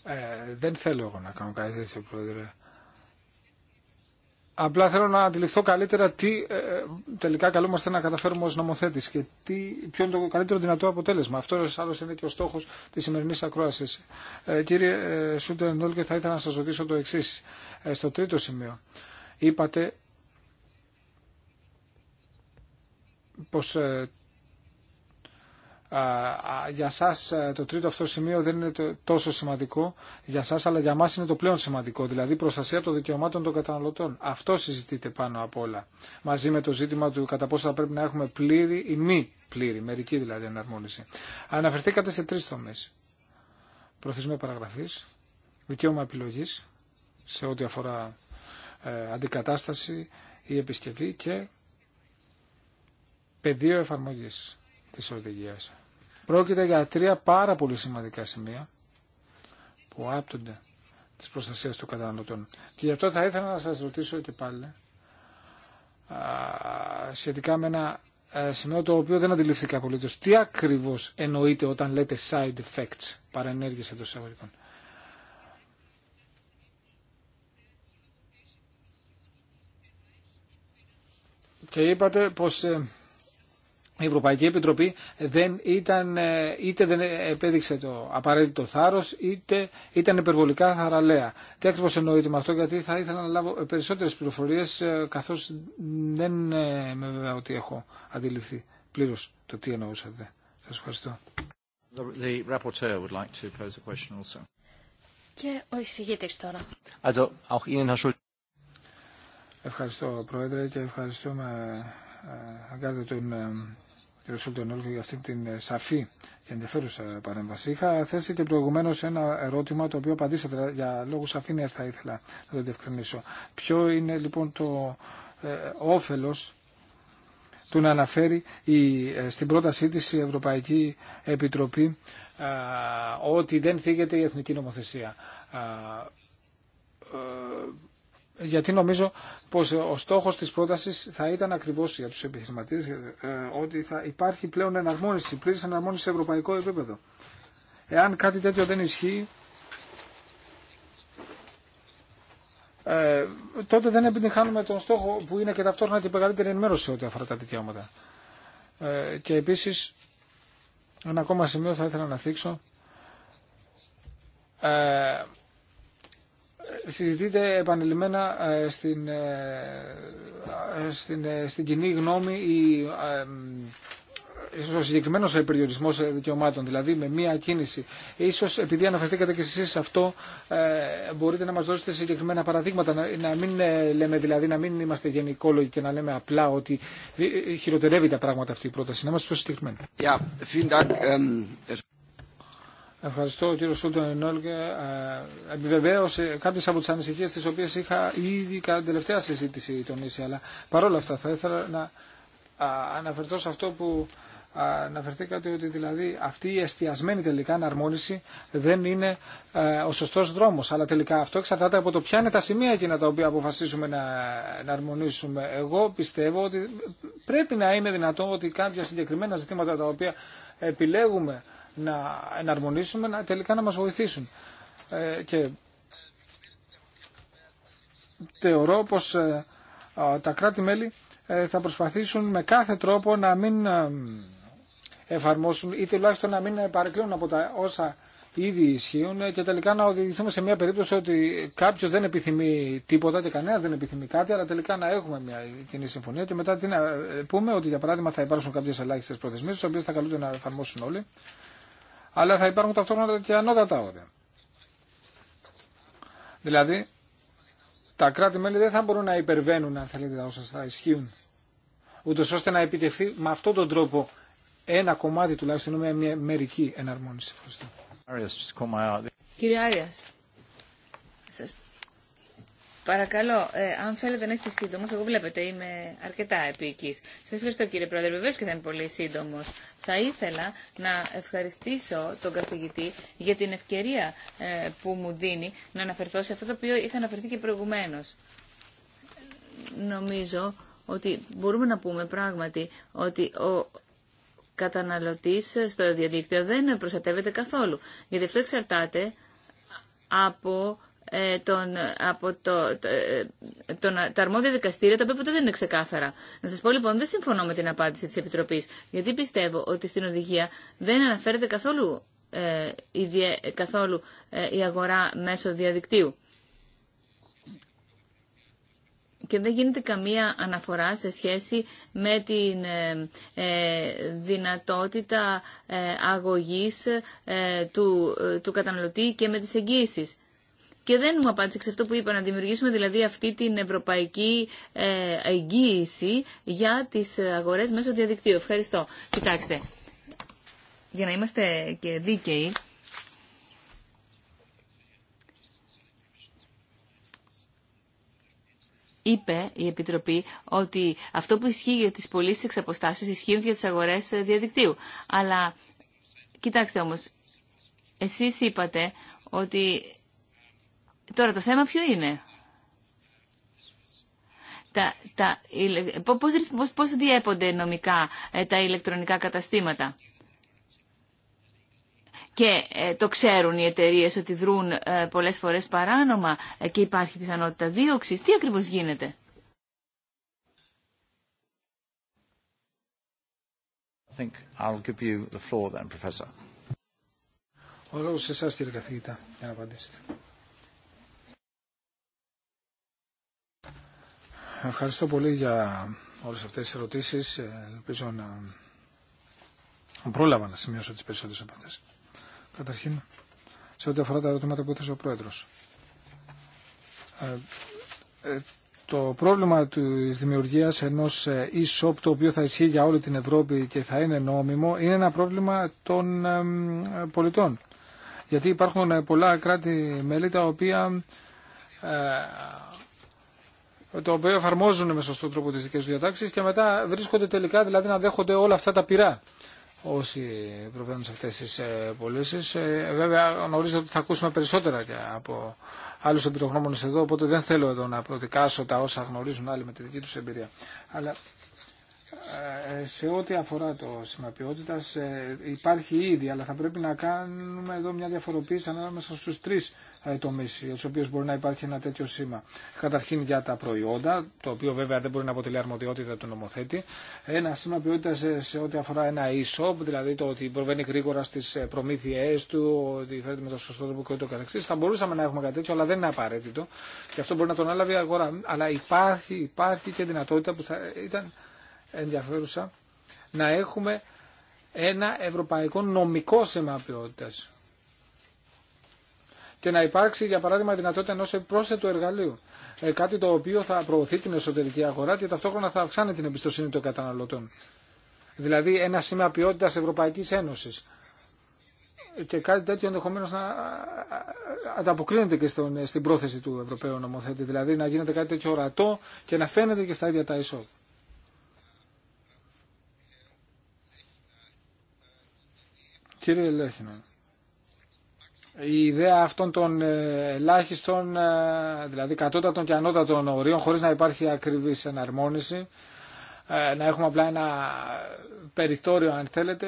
S3: ε, δεν θέλω εγώ να κάνω κάτι τέτοιο, Πρόεδρε. Απλά θέλω να αντιληφθώ καλύτερα τι ε, τελικά καλούμαστε να καταφέρουμε ως νομοθέτη και τι, ποιο είναι το καλύτερο δυνατό αποτέλεσμα. Αυτό άλλωστε είναι και ο στόχο τη σημερινή ακρόαση. Ε, κύριε ε, Σούντερ Νόλκε, θα ήθελα να σας ρωτήσω το εξή. στο τρίτο σημείο, είπατε πως για σας ε, το τρίτο αυτό σημείο δεν είναι τόσο σημαντικό για σας, αλλά για μας είναι το πλέον σημαντικό, δηλαδή προστασία των δικαιωμάτων των καταναλωτών. Αυτό συζητείται πάνω απ' όλα, μαζί με το ζήτημα του κατά πόσο θα πρέπει να έχουμε πλήρη ή μη πλήρη, μερική δηλαδή εναρμόνιση. Αναφερθήκατε σε τρεις τομείς. Προθεσμία παραγραφής, δικαίωμα επιλογής, σε ό,τι αφορά ε, αντικατάσταση ή επισκευή και πεδίο εφαρμογής της οδηγίας. Πρόκειται για τρία πάρα πολύ σημαντικά σημεία που άπτονται της προστασίας των καταναλωτών. Και γι' αυτό θα ήθελα να σας ρωτήσω και πάλι σχετικά με ένα ε, σημείο το οποίο δεν αντιληφθήκα απολύτω. Τι ακριβώ εννοείται όταν λέτε side effects, παρενέργειε εντό εισαγωγικών. Και είπατε πως ε, η Ευρωπαϊκή Επιτροπή δεν ήταν, ε, είτε δεν επέδειξε το απαραίτητο θάρρο, είτε ήταν υπερβολικά θαραλέα. Τι ακριβώ εννοείται με αυτό, γιατί θα ήθελα να λάβω ε, περισσότερε πληροφορίε ε, καθώ δεν με βέβαια ότι έχω αντιληφθεί πλήρω το τι εννοούσατε. Σα ευχαριστώ.
S1: The rapporteur
S4: Και ο τώρα.
S3: Ευχαριστώ, Πρόεδρε, και ευχαριστούμε, τον Κύριο Σουλτονόλου για αυτή την ε, σαφή και ενδιαφέρουσα παρέμβαση. Είχα θέσει και προηγουμένω ένα ερώτημα το οποίο απαντήσατε για λόγου σαφήνεια θα ήθελα να το διευκρινίσω. Ποιο είναι λοιπόν το ε, όφελο του να αναφέρει η, ε, στην πρότασή της η Ευρωπαϊκή Επιτροπή ότι δεν θίγεται η εθνική νομοθεσία. Ε, γιατί νομίζω πως ο στόχος της πρότασης θα ήταν ακριβώς για τους επιχειρηματίες ε, ότι θα υπάρχει πλέον εναρμόνιση, πλήρης εναρμόνιση σε ευρωπαϊκό επίπεδο. Εάν κάτι τέτοιο δεν ισχύει, ε, τότε δεν επιτυχάνουμε τον στόχο που είναι και ταυτόχρονα την μεγαλύτερη ενημέρωση ό,τι αφορά τα δικαιώματα. Ε, και επίσης, ένα ακόμα σημείο θα ήθελα να θίξω, Συζητείτε επανειλημμένα ε, στην, ε, ε, στην, στην κοινή γνώμη η, ο συγκεκριμένο περιορισμό δικαιωμάτων, δηλαδή με μία κίνηση. σω επειδή αναφερθήκατε και εσεί σε αυτό, μπορείτε να μα δώσετε συγκεκριμένα παραδείγματα. Να, μην λέμε δηλαδή, να μην είμαστε γενικόλογοι και να λέμε απλά ότι χειροτερεύει τα πράγματα αυτή η πρόταση. Να είμαστε πιο συγκεκριμένοι. Ευχαριστώ ο Σούλτον Ενόλ και ε, επιβεβαίωσε κάποιε από τι ανησυχίε τι οποίε είχα ήδη κατά την τελευταία συζήτηση τονίσει, αλλά παρόλα αυτά θα ήθελα να αναφερθώ σε αυτό που αναφερθήκατε ότι δηλαδή αυτή η εστιασμένη τελικά αναρμόνιση δεν είναι ε, ο σωστό δρόμο. Αλλά τελικά αυτό εξαρτάται από το ποια είναι τα σημεία εκείνα τα οποία αποφασίσουμε να, να Εγώ πιστεύω ότι πρέπει να είναι δυνατό ότι κάποια συγκεκριμένα ζητήματα τα οποία επιλέγουμε να εναρμονίσουμε να, τελικά να μας βοηθήσουν. Ε, και θεωρώ πως ε, τα κράτη-μέλη ε, θα προσπαθήσουν με κάθε τρόπο να μην εφαρμόσουν ή τουλάχιστον να μην παρεκκλίνουν από τα όσα ήδη ισχύουν και τελικά να οδηγηθούμε σε μια περίπτωση ότι κάποιο δεν επιθυμεί τίποτα και κανένα δεν επιθυμεί κάτι, αλλά τελικά να έχουμε μια κοινή συμφωνία και μετά τι να πούμε, ότι για παράδειγμα θα υπάρξουν κάποιε ελάχιστε προθεσμίε, τι οποίε θα καλούνται να εφαρμόσουν όλοι αλλά θα υπάρχουν ταυτόχρονα και ανώτατα όρια. Δηλαδή, τα κράτη-μέλη δεν θα μπορούν να υπερβαίνουν, αν θέλετε, τα όσα θα ισχύουν, ούτως ώστε να επιτευχθεί με αυτόν τον τρόπο ένα κομμάτι τουλάχιστον με μια μερική εναρμόνιση.
S2: Κύριε Άριας, σας Παρακαλώ, ε, αν θέλετε να είστε σύντομο, εγώ βλέπετε είμαι αρκετά επίκη. Σα ευχαριστώ κύριε Πρόεδρε, βεβαίω και θα είμαι πολύ σύντομο. Θα ήθελα να ευχαριστήσω τον καθηγητή για την ευκαιρία ε, που μου δίνει να αναφερθώ σε αυτό το οποίο είχα αναφερθεί και προηγουμένω. Νομίζω ότι μπορούμε να πούμε πράγματι ότι ο, καταναλωτής στο διαδίκτυο δεν προστατεύεται καθόλου. Γιατί αυτό εξαρτάται από ε, τον, από το, ε, τον, τα αρμόδια δικαστήρια, τα οποία ποτέ δεν είναι ξεκάθαρα. Να σα πω λοιπόν, δεν συμφωνώ με την απάντηση τη Επιτροπή, γιατί πιστεύω ότι στην οδηγία δεν αναφέρεται καθόλου, ε, η, καθόλου ε, η αγορά μέσω διαδικτύου. Και δεν γίνεται καμία αναφορά σε σχέση με την ε, δυνατότητα αγωγής του, του καταναλωτή και με τις εγγύησεις. Και δεν μου απάντησε σε αυτό που είπα, να δημιουργήσουμε δηλαδή αυτή την ευρωπαϊκή ε, εγγύηση για τις αγορές μέσω διαδικτύου. Ευχαριστώ. Κοιτάξτε, για να είμαστε και δίκαιοι, είπε η Επιτροπή ότι αυτό που ισχύει για τις πωλήσει εξ αποστάσεως ισχύει και για τις αγορές διαδικτύου. Αλλά, κοιτάξτε όμως, εσείς είπατε ότι Τώρα το θέμα ποιο είναι. Τα, τα, πώς, πώς, πώς διέπονται νομικά ε, τα ηλεκτρονικά καταστήματα. Και ε, το ξέρουν οι εταιρείε ότι δρούν ε, πολλές φορές παράνομα ε, και υπάρχει πιθανότητα δίωξης. Τι ακριβώς γίνεται.
S1: I think I'll give you the floor then, Professor.
S3: Ο λόγος σε εσάς, κύριε καθηγητά, για να απαντήσετε. Ευχαριστώ πολύ για όλες αυτές τις ερωτήσεις. Ε, ελπίζω να πρόλαβα να σημειώσω τις περισσότερες από αυτές. Καταρχήν, σε ό,τι αφορά τα ερωτήματα που έθεσε ο Πρόεδρος. Ε, ε, το πρόβλημα της δημιουργίας ενός e-shop το οποίο θα ισχύει για όλη την Ευρώπη και θα είναι νόμιμο είναι ένα πρόβλημα των πολιτών. Γιατί υπάρχουν πολλά κράτη-μέλη τα οποία το οποίο εφαρμόζουν με σωστό τρόπο τις δικέ του διατάξεις και μετά βρίσκονται τελικά δηλαδή να δέχονται όλα αυτά τα πειρά όσοι προβαίνουν σε αυτές τις ε, πωλήσει. Ε, βέβαια γνωρίζω ότι θα ακούσουμε περισσότερα από άλλου εμπειρογνώμονε εδώ, οπότε δεν θέλω εδώ να προδικάσω τα όσα γνωρίζουν άλλοι με τη δική του εμπειρία. Αλλά ε, σε ό,τι αφορά το σήμα υπάρχει ήδη, αλλά θα πρέπει να κάνουμε εδώ μια διαφοροποίηση ανάμεσα στου τρει ε, τομεί, για του οποίου μπορεί να υπάρχει ένα τέτοιο σήμα. Καταρχήν για τα προϊόντα, το οποίο βέβαια δεν μπορεί να αποτελεί αρμοδιότητα του νομοθέτη. Ένα σήμα ποιότητα σε, σε ό,τι αφορά ένα e-shop, δηλαδή το ότι προβαίνει γρήγορα στι ε, προμήθειέ του, ότι φέρεται με το σωστό τρόπο και ούτω καθεξή. Θα μπορούσαμε να έχουμε κάτι τέτοιο, αλλά δεν είναι απαραίτητο. Και αυτό μπορεί να τον έλαβε η αγορά. Αλλά υπάρχει, υπάρχει και δυνατότητα που θα ήταν ενδιαφέρουσα να έχουμε ένα ευρωπαϊκό νομικό σήμα και να υπάρξει για παράδειγμα δυνατότητα ενός πρόσθετου εργαλείου. Ε, κάτι το οποίο θα προωθεί την εσωτερική αγορά και ταυτόχρονα θα αυξάνει την εμπιστοσύνη των καταναλωτών. Δηλαδή ένα σήμα ποιότητα Ευρωπαϊκής Ένωσης. Και κάτι τέτοιο ενδεχομένω να ανταποκρίνεται και στον, ε, στην πρόθεση του Ευρωπαίου νομοθέτη. Δηλαδή να γίνεται κάτι τέτοιο ορατό και να φαίνεται και στα ίδια τα ΙΣΟΒ. Κύριε Λέχινα, η ιδέα αυτών των ε, ελάχιστων, ε, δηλαδή κατώτατων και ανώτατων ορίων, χωρίς να υπάρχει ακριβής εναρμόνιση, ε, να έχουμε απλά ένα περιθώριο αν θέλετε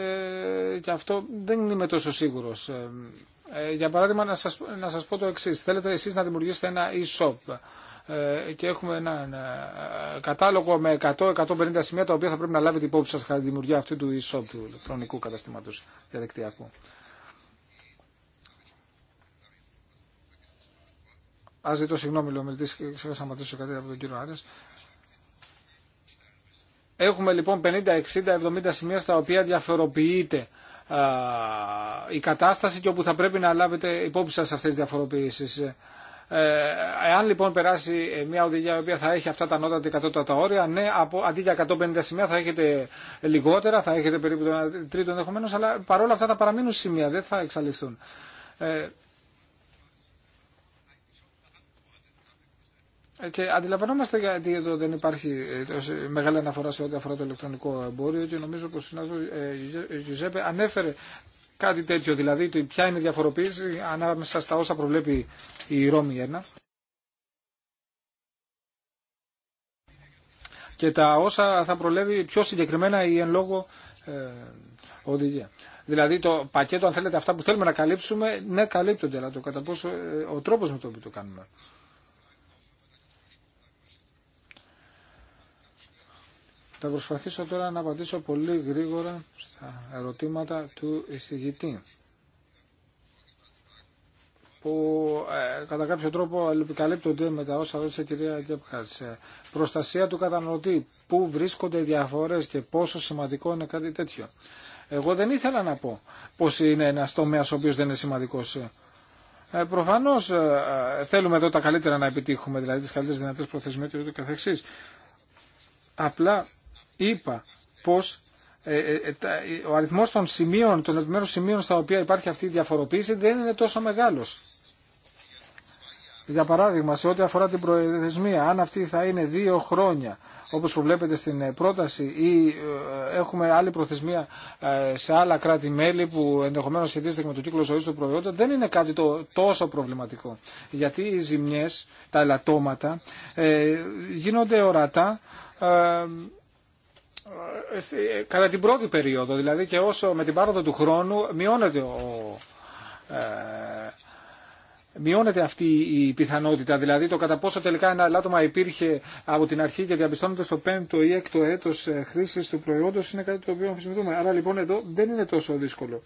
S3: και αυτό δεν είμαι τόσο σίγουρος. Για παράδειγμα να σας, να σας πω το εξής, θέλετε εσείς να δημιουργήσετε ένα e-shop και έχουμε ένα κατάλογο με 100-150 σημεία τα οποία θα πρέπει να λάβετε υπόψη σας κατά τη δημιουργία αυτού του e-shop του ηλεκτρονικού καταστήματος διαδικτυακού. Α, ζητώ συγγνώμη, λέω και ξέχασα να κατά κάτι από τον κύριο Άρε. Έχουμε λοιπόν 50, 60, 70 σημεία στα οποία διαφοροποιείται η κατάσταση και όπου θα πρέπει να λάβετε υπόψη σας αυτές τις διαφοροποιήσεις. Ε, εάν λοιπόν περάσει μια οδηγία η οποία θα έχει αυτά τα ανώτατα 100 τα όρια, ναι, από, αντί για 150 σημεία θα έχετε λιγότερα, θα έχετε περίπου το τρίτο ενδεχομένω, αλλά παρόλα αυτά θα παραμείνουν σημεία, δεν θα εξαλειφθούν. Ε, Και αντιλαμβανόμαστε γιατί εδώ δεν υπάρχει ε, μεγάλη αναφορά σε ό,τι αφορά το ηλεκτρονικό εμπόριο και νομίζω πως ο συνάδελφος ε, ε, Γιουζέπε ανέφερε κάτι τέτοιο, δηλαδή ποια είναι η διαφοροποίηση ανάμεσα στα όσα προβλέπει η Ρώμη 1. και τα όσα θα προβλέπει πιο συγκεκριμένα η εν λόγω ε, οδηγία. Δηλαδή το πακέτο, αν θέλετε, αυτά που θέλουμε να καλύψουμε, ναι καλύπτονται, αλλά το κατά πόσο ε, ο τρόπος με τον οποίο το κάνουμε. Θα προσπαθήσω τώρα να απαντήσω πολύ γρήγορα στα ερωτήματα του εισηγητή που ε, κατά κάποιο τρόπο επικαλύπτονται με τα όσα ρώτησε η κυρία Γκέπχαρτς. Ε, προστασία του καταναλωτή. Πού βρίσκονται οι διαφορέ και πόσο σημαντικό είναι κάτι τέτοιο. Εγώ δεν ήθελα να πω πώ είναι ένα τομέα ο οποίο δεν είναι σημαντικό. Ε, προφανώς ε, θέλουμε εδώ τα καλύτερα να επιτύχουμε, δηλαδή τι καλύτερες δυνατές προθεσμίε και ούτω καθεξή. Απλά είπα πως ε, ε, ε, ο αριθμός των σημείων, των επιμέρους σημείων στα οποία υπάρχει αυτή η διαφοροποίηση δεν είναι τόσο μεγάλος. Για παράδειγμα, σε ό,τι αφορά την προεδρεσμία, αν αυτή θα είναι δύο χρόνια, όπως βλέπετε στην πρόταση, ή έχουμε άλλη προθεσμία σε άλλα κράτη-μέλη που ενδεχομένως σχετίζεται με το κύκλο ζωής του προϊόντα, δεν είναι κάτι τόσο προβληματικό. Γιατί οι ζημιές, τα ελαττώματα, γίνονται ορατά κατά την πρώτη περίοδο, δηλαδή και όσο με την πάροδο του χρόνου μειώνεται ο, ε, μειώνεται αυτή η πιθανότητα, δηλαδή το κατά πόσο τελικά ένα λάτωμα υπήρχε από την αρχή και διαπιστώνεται στο 5ο ή έκτο ο έτος ε, χρήσης του προϊόντος είναι κάτι το οποίο αμφισβητούμε. Άρα λοιπόν εδώ δεν είναι τόσο δύσκολο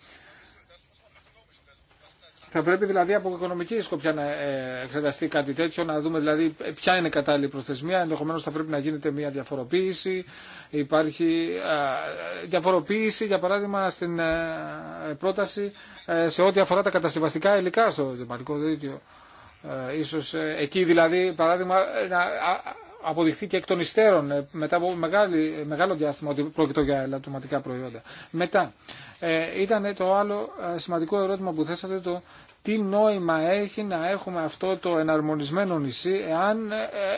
S3: θα πρέπει δηλαδή από οικονομική σκοπιά να ε, εξεταστεί κάτι τέτοιο, να δούμε δηλαδή ποια είναι η κατάλληλη προθεσμία. Ενδεχομένω θα πρέπει να γίνεται μια διαφοροποίηση. Υπάρχει διαφοροποίηση, για παράδειγμα, στην ε, πρόταση ε, σε ό,τι αφορά τα κατασκευαστικά υλικά στο δημοτικό δίκαιο. Ίσως εκεί δηλαδή, παράδειγμα, να αποδειχθεί και εκ των υστέρων ε, μετά από ε, μεγάλο διάστημα ότι πρόκειται για ελαττωματικά προϊόντα. Μετά, ε, ήταν ε, το άλλο σημαντικό ερώτημα που θέσατε το τι νόημα έχει να έχουμε αυτό το εναρμονισμένο νησί εάν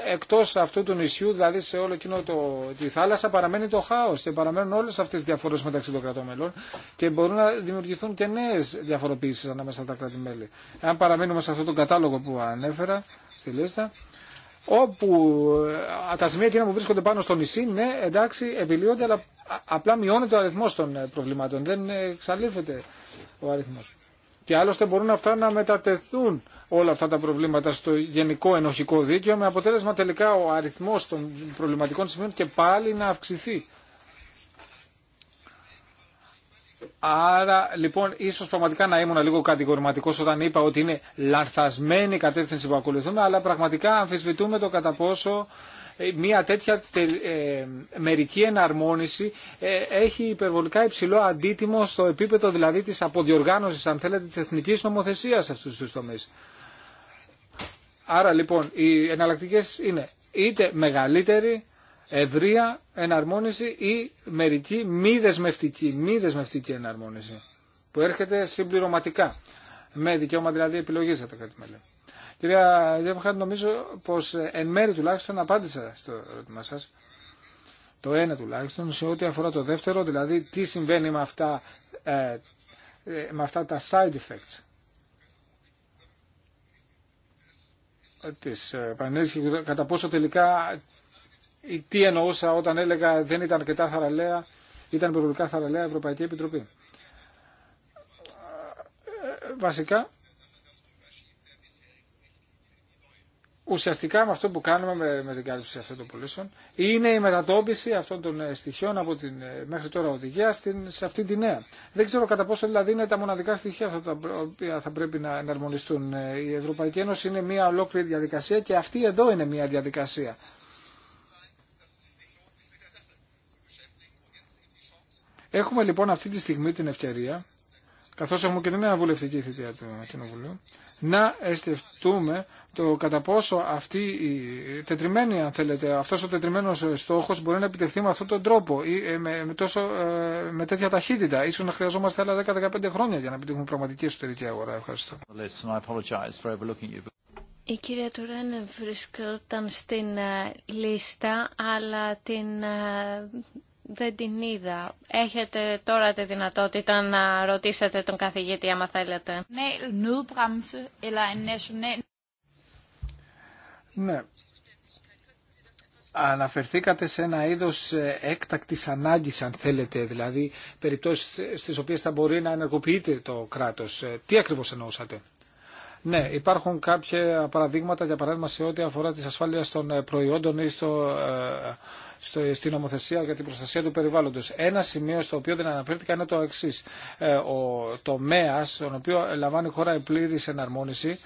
S3: εκτός αυτού του νησιού, δηλαδή σε όλο εκείνο το, τη θάλασσα παραμένει το χάος και παραμένουν όλες αυτές οι διαφορές μεταξύ των κρατών μελών και μπορούν να δημιουργηθούν και νέες διαφοροποιήσεις ανάμεσα στα κράτη-μέλη. Εάν παραμένουμε σε αυτό τον κατάλογο που ανέφερα στη λίστα, όπου ε, τα σημεία εκείνα που βρίσκονται πάνω στο νησί, ναι, εντάξει, επιλύονται, αλλά απλά μειώνεται ο αριθμό των ε, προβλημάτων, δεν εξαλείφεται ο αριθμός. Και άλλωστε μπορούν αυτά να μετατεθούν όλα αυτά τα προβλήματα στο γενικό ενοχικό δίκαιο με αποτέλεσμα τελικά ο αριθμός των προβληματικών σημείων και πάλι να αυξηθεί. Άρα λοιπόν ίσως πραγματικά να ήμουν λίγο κατηγορηματικός όταν είπα ότι είναι λανθασμένη η κατεύθυνση που ακολουθούμε αλλά πραγματικά αμφισβητούμε το κατά πόσο ε, μια τέτοια ε, μερική εναρμόνιση ε, έχει υπερβολικά υψηλό αντίτιμο στο επίπεδο δηλαδή της αποδιοργάνωσης αν θέλετε της εθνικής νομοθεσίας σε αυτούς τους τομείς. Άρα λοιπόν οι εναλλακτικέ είναι είτε μεγαλύτεροι, ευρεία εναρμόνιση ή μερική μη δεσμευτική, μη δεσμευτική εναρμόνιση που έρχεται συμπληρωματικά με δικαίωμα δηλαδή επιλογής για τα με Κυρία Γεύχαρη, νομίζω πως εν μέρη τουλάχιστον απάντησα στο ερώτημα σας. Το ένα τουλάχιστον σε ό,τι αφορά το δεύτερο, δηλαδή τι συμβαίνει με αυτά, ε, με αυτά τα side effects της ε, πανέργειας και κατά πόσο τελικά ε, τι εννοούσα όταν έλεγα δεν ήταν αρκετά θαραλέα, ήταν υπερβολικά θαραλέα η Ευρωπαϊκή Επιτροπή. Ε, βασικά, ουσιαστικά με αυτό που κάνουμε με, με την κάλυψη αυτών των πολίσεων είναι η μετατόπιση αυτών των ε, στοιχείων από την μέχρι τώρα οδηγία στην, σε αυτή τη νέα. Δεν ξέρω κατά πόσο δηλαδή είναι τα μοναδικά στοιχεία αυτά τα οποία θα πρέπει να εναρμονιστούν. Η Ευρωπαϊκή Ένωση είναι μια ολόκληρη διαδικασία και αυτή εδώ είναι μια διαδικασία Έχουμε λοιπόν αυτή τη στιγμή την ευκαιρία, καθώς έχουμε και την νέα βουλευτική θητεία του Κοινοβουλίου, να εστιαστούμε το κατά πόσο αυτή η τετριμένη, αν θέλετε, αυτός ο τετριμένος στόχος μπορεί να επιτευχθεί με αυτόν τον τρόπο ή ε, με, τόσο, ε, με τέτοια ταχύτητα. Ίσως να χρειαζόμαστε άλλα 10-15 χρόνια για να επιτύχουμε πραγματική εσωτερική αγορά. Ευχαριστώ.
S4: Η κυρία Τουρέν βρισκόταν στην ε, λίστα, αλλά την δεν την είδα. Έχετε τώρα τη δυνατότητα να ρωτήσετε τον καθηγητή άμα θέλετε.
S3: Ναι. Αναφερθήκατε σε ένα είδος ε, έκτακτης ανάγκης αν θέλετε, δηλαδή περιπτώσεις στις οποίες θα μπορεί να ενεργοποιείται το κράτος. Ε, τι ακριβώς εννοούσατε. Ναι, υπάρχουν κάποια παραδείγματα, για παράδειγμα σε ό,τι αφορά τις ασφάλειες των ε, προϊόντων ή στο, στην νομοθεσία για την προστασία του περιβάλλοντος. Ένα σημείο στο οποίο δεν αναφέρθηκα είναι το εξή. Ε, ο τομέας, στον οποίο λαμβάνει η χώρα η πλήρης εναρμόνιση,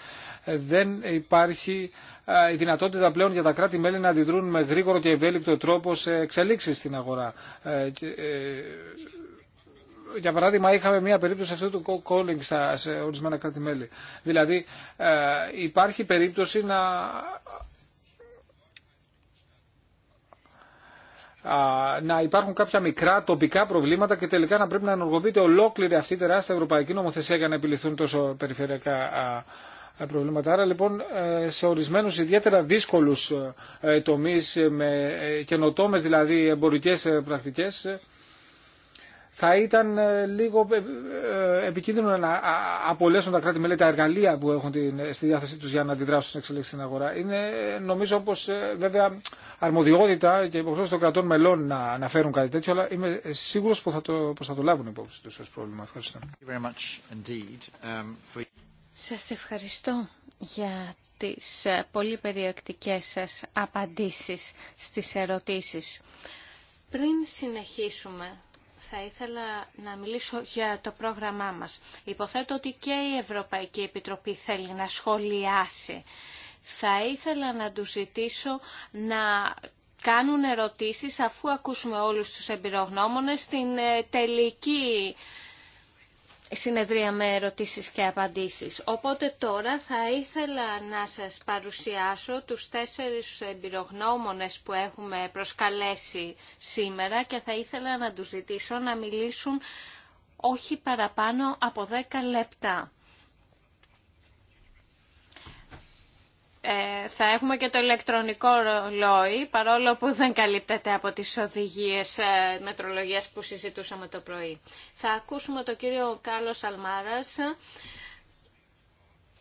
S3: ε, δεν υπάρχει ε, η δυνατότητα πλέον για τα κράτη-μέλη να αντιδρούν με γρήγορο και ευέλικτο τρόπο σε εξελίξεις στην αγορά. Για παράδειγμα, είχαμε μία περίπτωση αυτού του calling στα, σε ορισμένα κράτη-μέλη. Δηλαδή, υπάρχει περίπτωση να να υπάρχουν κάποια μικρά τοπικά προβλήματα και τελικά να πρέπει να ενεργοποιείται ολόκληρη αυτή η τεράστια ευρωπαϊκή νομοθεσία για να επιληθούν τόσο περιφερειακά προβλήματα. Άρα λοιπόν ε, σε ορισμένους ιδιαίτερα δύσκολους ε, τομεί ε, με καινοτόμε δηλαδή εμπορικές πρακτικές θα ήταν ε, λίγο ε, ε, επικίνδυνο να απολέσουν τα κρατη τα εργαλεία που έχουν στη διάθεσή τους για να αντιδράσουν στην εξέλιξη στην αγορά. Είναι νομίζω όπως βέβαια αρμοδιότητα και υποχρέωση των κρατών μελών να αναφέρουν κάτι τέτοιο, αλλά είμαι σίγουρος πως θα το, πως θα το λάβουν υπόψη τους ως πρόβλημα. Ευχαριστώ. Um,
S4: σας ευχαριστώ για τις πολύ περιεκτικές σας απαντήσεις στις ερωτήσεις. Πριν συνεχίσουμε, θα ήθελα να μιλήσω για το πρόγραμμά μας. Υποθέτω ότι και η Ευρωπαϊκή Επιτροπή θέλει να σχολιάσει. Θα ήθελα να του ζητήσω να κάνουν ερωτήσεις αφού ακούσουμε όλους τους εμπειρογνώμονες στην ε, τελική συνεδρία με ερωτήσεις και απαντήσεις. Οπότε τώρα θα ήθελα να σας παρουσιάσω τους τέσσερις εμπειρογνώμονες που έχουμε προσκαλέσει σήμερα και θα ήθελα να τους ζητήσω να μιλήσουν όχι παραπάνω από δέκα λεπτά. Ε, θα έχουμε και το ηλεκτρονικό ρολόι, παρόλο που δεν καλύπτεται από τις οδηγίες ε, μετρολογίας που συζητούσαμε το πρωί. Θα ακούσουμε τον κύριο Κάρλος Αλμάρας,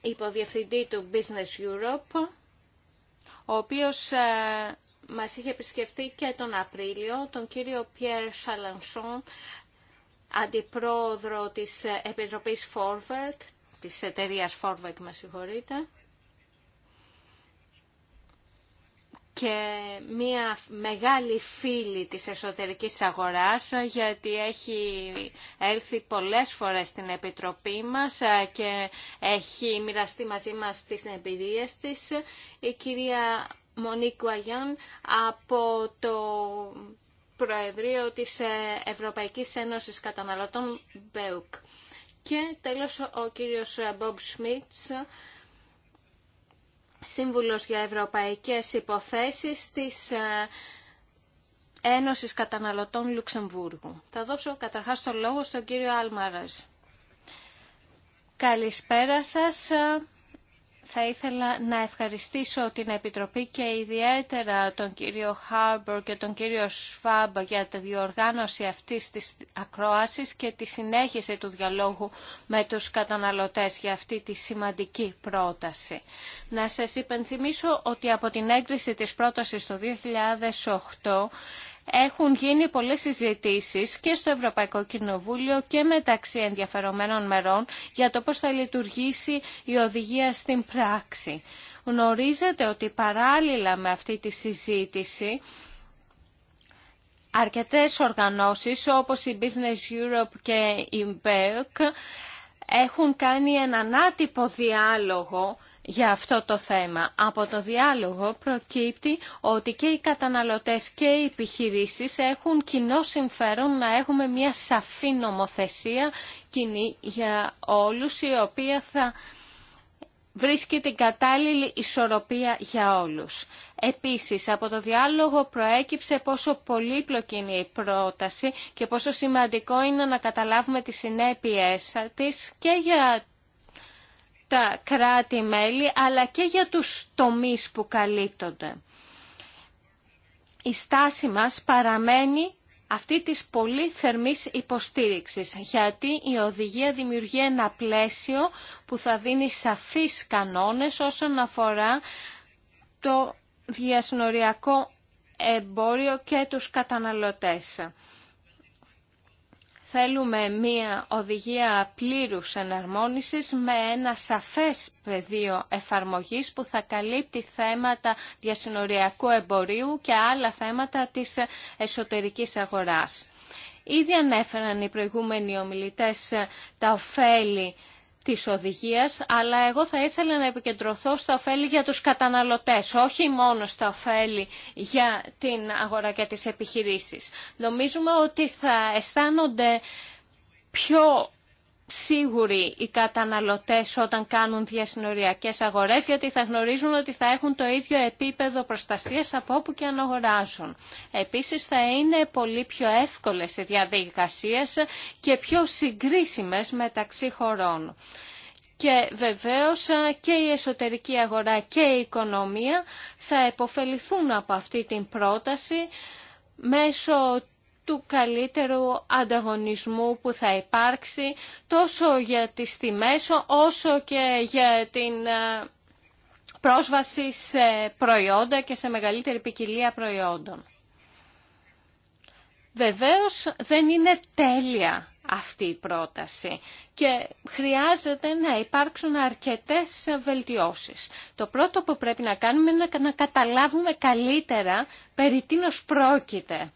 S4: υποδιευθυντή του Business Europe, ο οποίος ε, μας είχε επισκεφτεί και τον Απρίλιο, τον κύριο Πιέρ Σαλανσόν, αντιπρόεδρο της Επιτροπής Forward, της εταιρείας Forward, με συγχωρείτε, και μία μεγάλη φίλη της εσωτερικής αγοράς γιατί έχει έρθει πολλές φορές στην Επιτροπή μας και έχει μοιραστεί μαζί μας τις εμπειρίες της η κυρία Μονίκου Αγιάν από το Προεδρείο της Ευρωπαϊκής Ένωσης Καταναλωτών ΜΠΕΟΚ. Και τέλος ο κύριος Μπομπ Σμίτς Σύμβουλος για Ευρωπαϊκές Υποθέσεις της ε, Ένωσης Καταναλωτών Λουξεμβούργου. Θα δώσω καταρχάς τον λόγο στον κύριο Άλμαρας. Καλησπέρα σας. Θα ήθελα να ευχαριστήσω την Επιτροπή και ιδιαίτερα τον κύριο Χάρμπορ και τον κύριο Σφάμπ για τη διοργάνωση αυτής της ακρόασης και τη συνέχιση του διαλόγου με τους καταναλωτές για αυτή τη σημαντική πρόταση. Να σας υπενθυμίσω ότι από την έγκριση της πρότασης το 2008 έχουν γίνει πολλές συζητήσεις και στο Ευρωπαϊκό Κοινοβούλιο και μεταξύ ενδιαφερομένων μερών για το πώς θα λειτουργήσει η οδηγία στην πράξη. Γνωρίζετε ότι παράλληλα με αυτή τη συζήτηση αρκετές οργανώσεις όπως η Business Europe και η BERC έχουν κάνει έναν άτυπο διάλογο για αυτό το θέμα. Από το διάλογο προκύπτει ότι και οι καταναλωτές και οι επιχειρήσεις έχουν κοινό συμφέρον να έχουμε μια σαφή νομοθεσία κοινή για όλους η οποία θα βρίσκει την κατάλληλη ισορροπία για όλους. Επίσης, από το διάλογο προέκυψε πόσο πολύπλοκη είναι η πρόταση και πόσο σημαντικό είναι να καταλάβουμε τις συνέπειες της και για τα κράτη-μέλη, αλλά και για τους τομείς που καλύπτονται. Η στάση μας παραμένει αυτή της πολύ θερμής υποστήριξης, γιατί η οδηγία δημιουργεί ένα πλαίσιο που θα δίνει σαφείς κανόνες όσον αφορά το διασυνοριακό εμπόριο και τους καταναλωτές. Θέλουμε μία οδηγία πλήρους εναρμόνισης με ένα σαφές πεδίο εφαρμογής που θα καλύπτει θέματα διασυνοριακού εμπορίου και άλλα θέματα της εσωτερικής αγοράς. Ήδη ανέφεραν οι προηγούμενοι ομιλητές τα ωφέλη της οδηγίας, αλλά εγώ θα ήθελα να επικεντρωθώ στα ωφέλη για τους καταναλωτές, όχι μόνο στα ωφέλη για την αγορά και τις επιχειρήσεις. Νομίζουμε ότι θα αισθάνονται πιο σίγουροι οι καταναλωτές όταν κάνουν διασυνοριακές αγορές γιατί θα γνωρίζουν ότι θα έχουν το ίδιο επίπεδο προστασίας από όπου και αν αγοράζουν. Επίσης θα είναι πολύ πιο εύκολες οι διαδικασίες και πιο συγκρίσιμες μεταξύ χωρών. Και βεβαίως και η εσωτερική αγορά και η οικονομία θα επωφεληθούν από αυτή την πρόταση μέσω του καλύτερου ανταγωνισμού που θα υπάρξει τόσο για τις τιμές όσο και για την ε, πρόσβαση σε προϊόντα και σε μεγαλύτερη ποικιλία προϊόντων. Βεβαίως δεν είναι τέλεια αυτή η πρόταση και χρειάζεται να υπάρξουν αρκετές βελτιώσεις. Το πρώτο που πρέπει να κάνουμε είναι να καταλάβουμε καλύτερα περί τίνος πρόκειται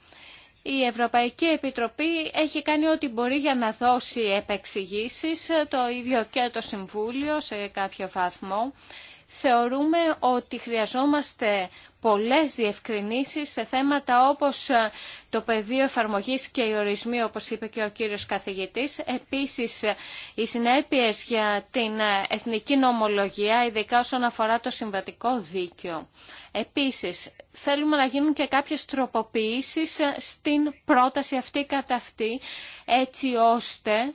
S4: η Ευρωπαϊκή Επιτροπή έχει κάνει ό,τι μπορεί για να δώσει επεξηγήσεις, το ίδιο και το Συμβούλιο σε κάποιο βαθμό. Θεωρούμε ότι χρειαζόμαστε πολλές διευκρινήσεις σε θέματα όπως ε, το πεδίο εφαρμογής και οι ορισμοί, όπως είπε και ο κύριος καθηγητής. Επίσης, ε, οι συνέπειες για την ε, εθνική νομολογία, ειδικά όσον αφορά το συμβατικό δίκαιο. Επίσης, θέλουμε να γίνουν και κάποιες τροποποιήσεις στην πρόταση αυτή κατά αυτή, έτσι ώστε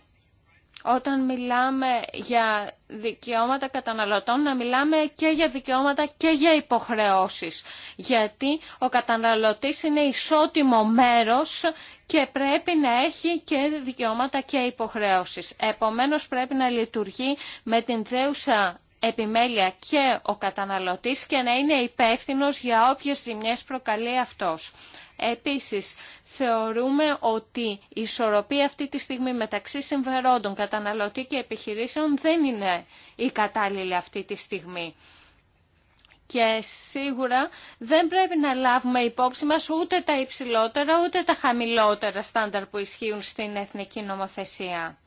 S4: όταν μιλάμε για δικαιώματα καταναλωτών να μιλάμε και για δικαιώματα και για υποχρεώσεις. Γιατί ο καταναλωτής είναι ισότιμο μέρος και πρέπει να έχει και δικαιώματα και υποχρεώσεις. Επομένως πρέπει να λειτουργεί με την δέουσα επιμέλεια και ο καταναλωτής και να είναι υπεύθυνος για όποιες ζημιές προκαλεί αυτός. Επίσης, θεωρούμε ότι η ισορροπία αυτή τη στιγμή μεταξύ συμφερόντων καταναλωτή και επιχειρήσεων δεν είναι η κατάλληλη αυτή τη στιγμή. Και σίγουρα δεν πρέπει να λάβουμε υπόψη μας ούτε τα υψηλότερα ούτε τα χαμηλότερα στάνταρ που ισχύουν στην εθνική νομοθεσία.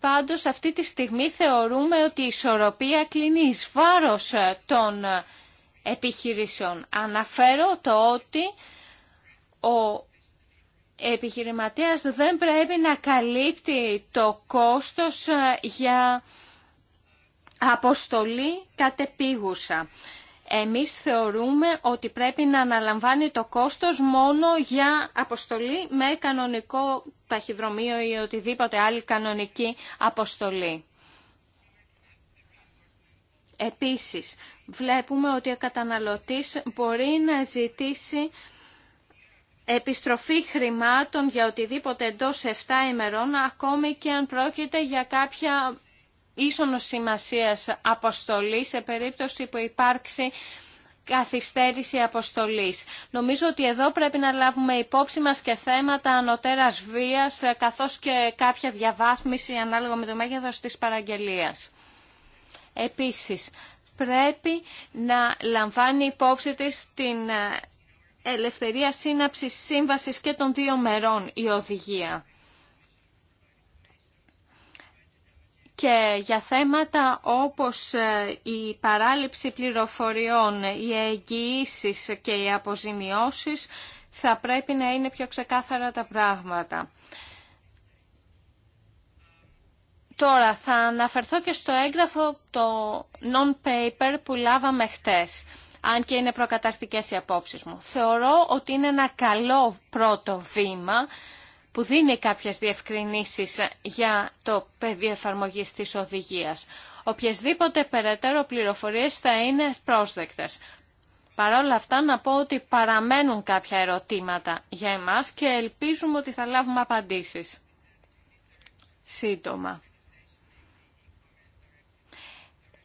S4: Πάντως αυτή τη στιγμή θεωρούμε ότι η ισορροπία κλείνει εις βάρος ε, των επιχειρήσεων. Αναφέρω το ότι ο επιχειρηματίας δεν πρέπει να καλύπτει το κόστος ε, για αποστολή κατεπίγουσα. Εμείς θεωρούμε ότι πρέπει να αναλαμβάνει το κόστος μόνο για αποστολή με κανονικό ταχυδρομείο ή οτιδήποτε άλλη κανονική αποστολή. Επίσης, βλέπουμε ότι ο καταναλωτής μπορεί να ζητήσει επιστροφή χρημάτων για οτιδήποτε εντό 7 ημερών, ακόμη και αν πρόκειται για κάποια ίσονο σημασίας αποστολή σε περίπτωση που υπάρξει καθυστέρηση αποστολής. Νομίζω ότι εδώ πρέπει να λάβουμε υπόψη μας και θέματα ανωτέρας βίας, καθώς και κάποια διαβάθμιση ανάλογα με το μέγεθος της παραγγελίας. Επίσης, πρέπει να λαμβάνει υπόψη της την ε, ελευθερία σύναψης σύμβασης και των δύο μερών η οδηγία. Και για θέματα όπως ε, η παράληψη πληροφοριών, οι εγγυήσει και οι αποζημιώσεις θα πρέπει να είναι πιο ξεκάθαρα τα πράγματα. Τώρα θα αναφερθώ και στο έγγραφο το non-paper που λάβαμε χτες, αν και είναι προκαταρκτικές οι απόψεις μου. Θεωρώ ότι είναι ένα καλό πρώτο βήμα που δίνει κάποιες διευκρινήσεις για το πεδίο εφαρμογής της οδηγίας. Οποιασδήποτε περαιτέρω πληροφορίες θα είναι πρόσδεκτες. Παρ' όλα αυτά να πω ότι παραμένουν κάποια ερωτήματα για εμάς και ελπίζουμε ότι θα λάβουμε απαντήσεις. Σύντομα.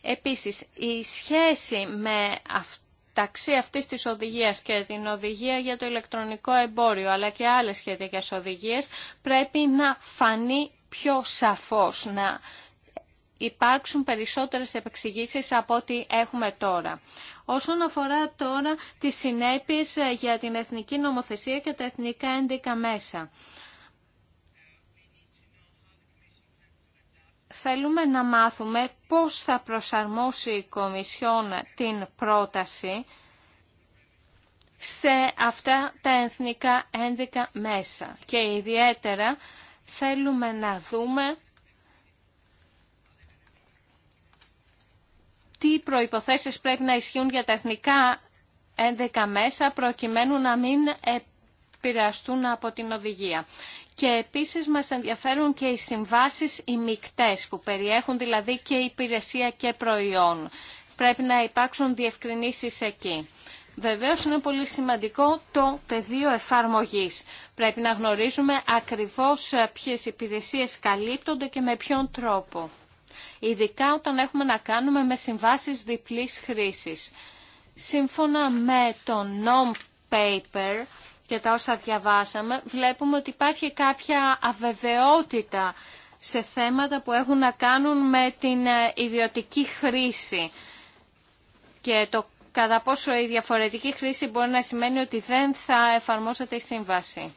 S4: Επίσης, η σχέση με αυτό ταξί αυτής της οδηγίας και την οδηγία για το ηλεκτρονικό εμπόριο αλλά και άλλες σχετικές οδηγίες πρέπει να φανεί πιο σαφώς, να υπάρξουν περισσότερες επεξηγήσεις από ό,τι έχουμε τώρα. Όσον αφορά τώρα τις συνέπειες ε, για την εθνική νομοθεσία και τα εθνικά ένδικα μέσα. θέλουμε να μάθουμε πώς θα προσαρμόσει η Κομισιόν την πρόταση σε αυτά τα εθνικά ένδικα μέσα. Και ιδιαίτερα θέλουμε να δούμε τι προϋποθέσεις πρέπει να ισχύουν για τα εθνικά ένδικα μέσα προκειμένου να μην επηρεαστούν από την οδηγία και επίσης μας ενδιαφέρουν και οι συμβάσεις ημικτές που περιέχουν δηλαδή και υπηρεσία και προϊόν. Πρέπει να υπάρξουν διευκρινήσεις εκεί. Βεβαίως είναι πολύ σημαντικό το πεδίο εφαρμογής. Πρέπει να γνωρίζουμε ακριβώς ε, ποιες υπηρεσίες καλύπτονται και με ποιον τρόπο. Ειδικά όταν έχουμε να κάνουμε με συμβάσεις διπλής χρήσης. Σύμφωνα με το non-paper, και τα όσα διαβάσαμε, βλέπουμε ότι υπάρχει κάποια αβεβαιότητα σε θέματα που έχουν να κάνουν με την ε, ιδιωτική χρήση και το κατά πόσο η διαφορετική χρήση μπορεί να σημαίνει ότι δεν θα εφαρμόσετε η σύμβαση.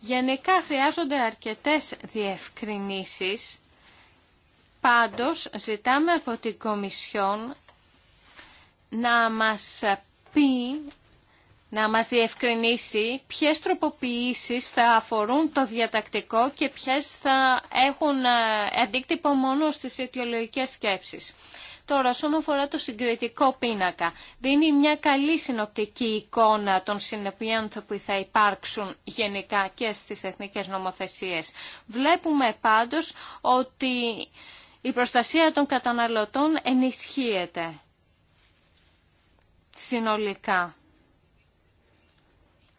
S4: Γενικά χρειάζονται αρκετές διευκρινήσεις, πάντως ζητάμε από την Κομισιόν να μας πει να μας διευκρινίσει ποιες τροποποιήσεις θα αφορούν το διατακτικό και ποιες θα έχουν ε, αντίκτυπο μόνο στις αιτιολογικές σκέψεις. Τώρα, όσον αφορά το συγκριτικό πίνακα, δίνει μια καλή συνοπτική εικόνα των συνεπειών που θα υπάρξουν γενικά και στις εθνικές νομοθεσίες. Βλέπουμε πάντως ότι η προστασία των καταναλωτών ενισχύεται συνολικά.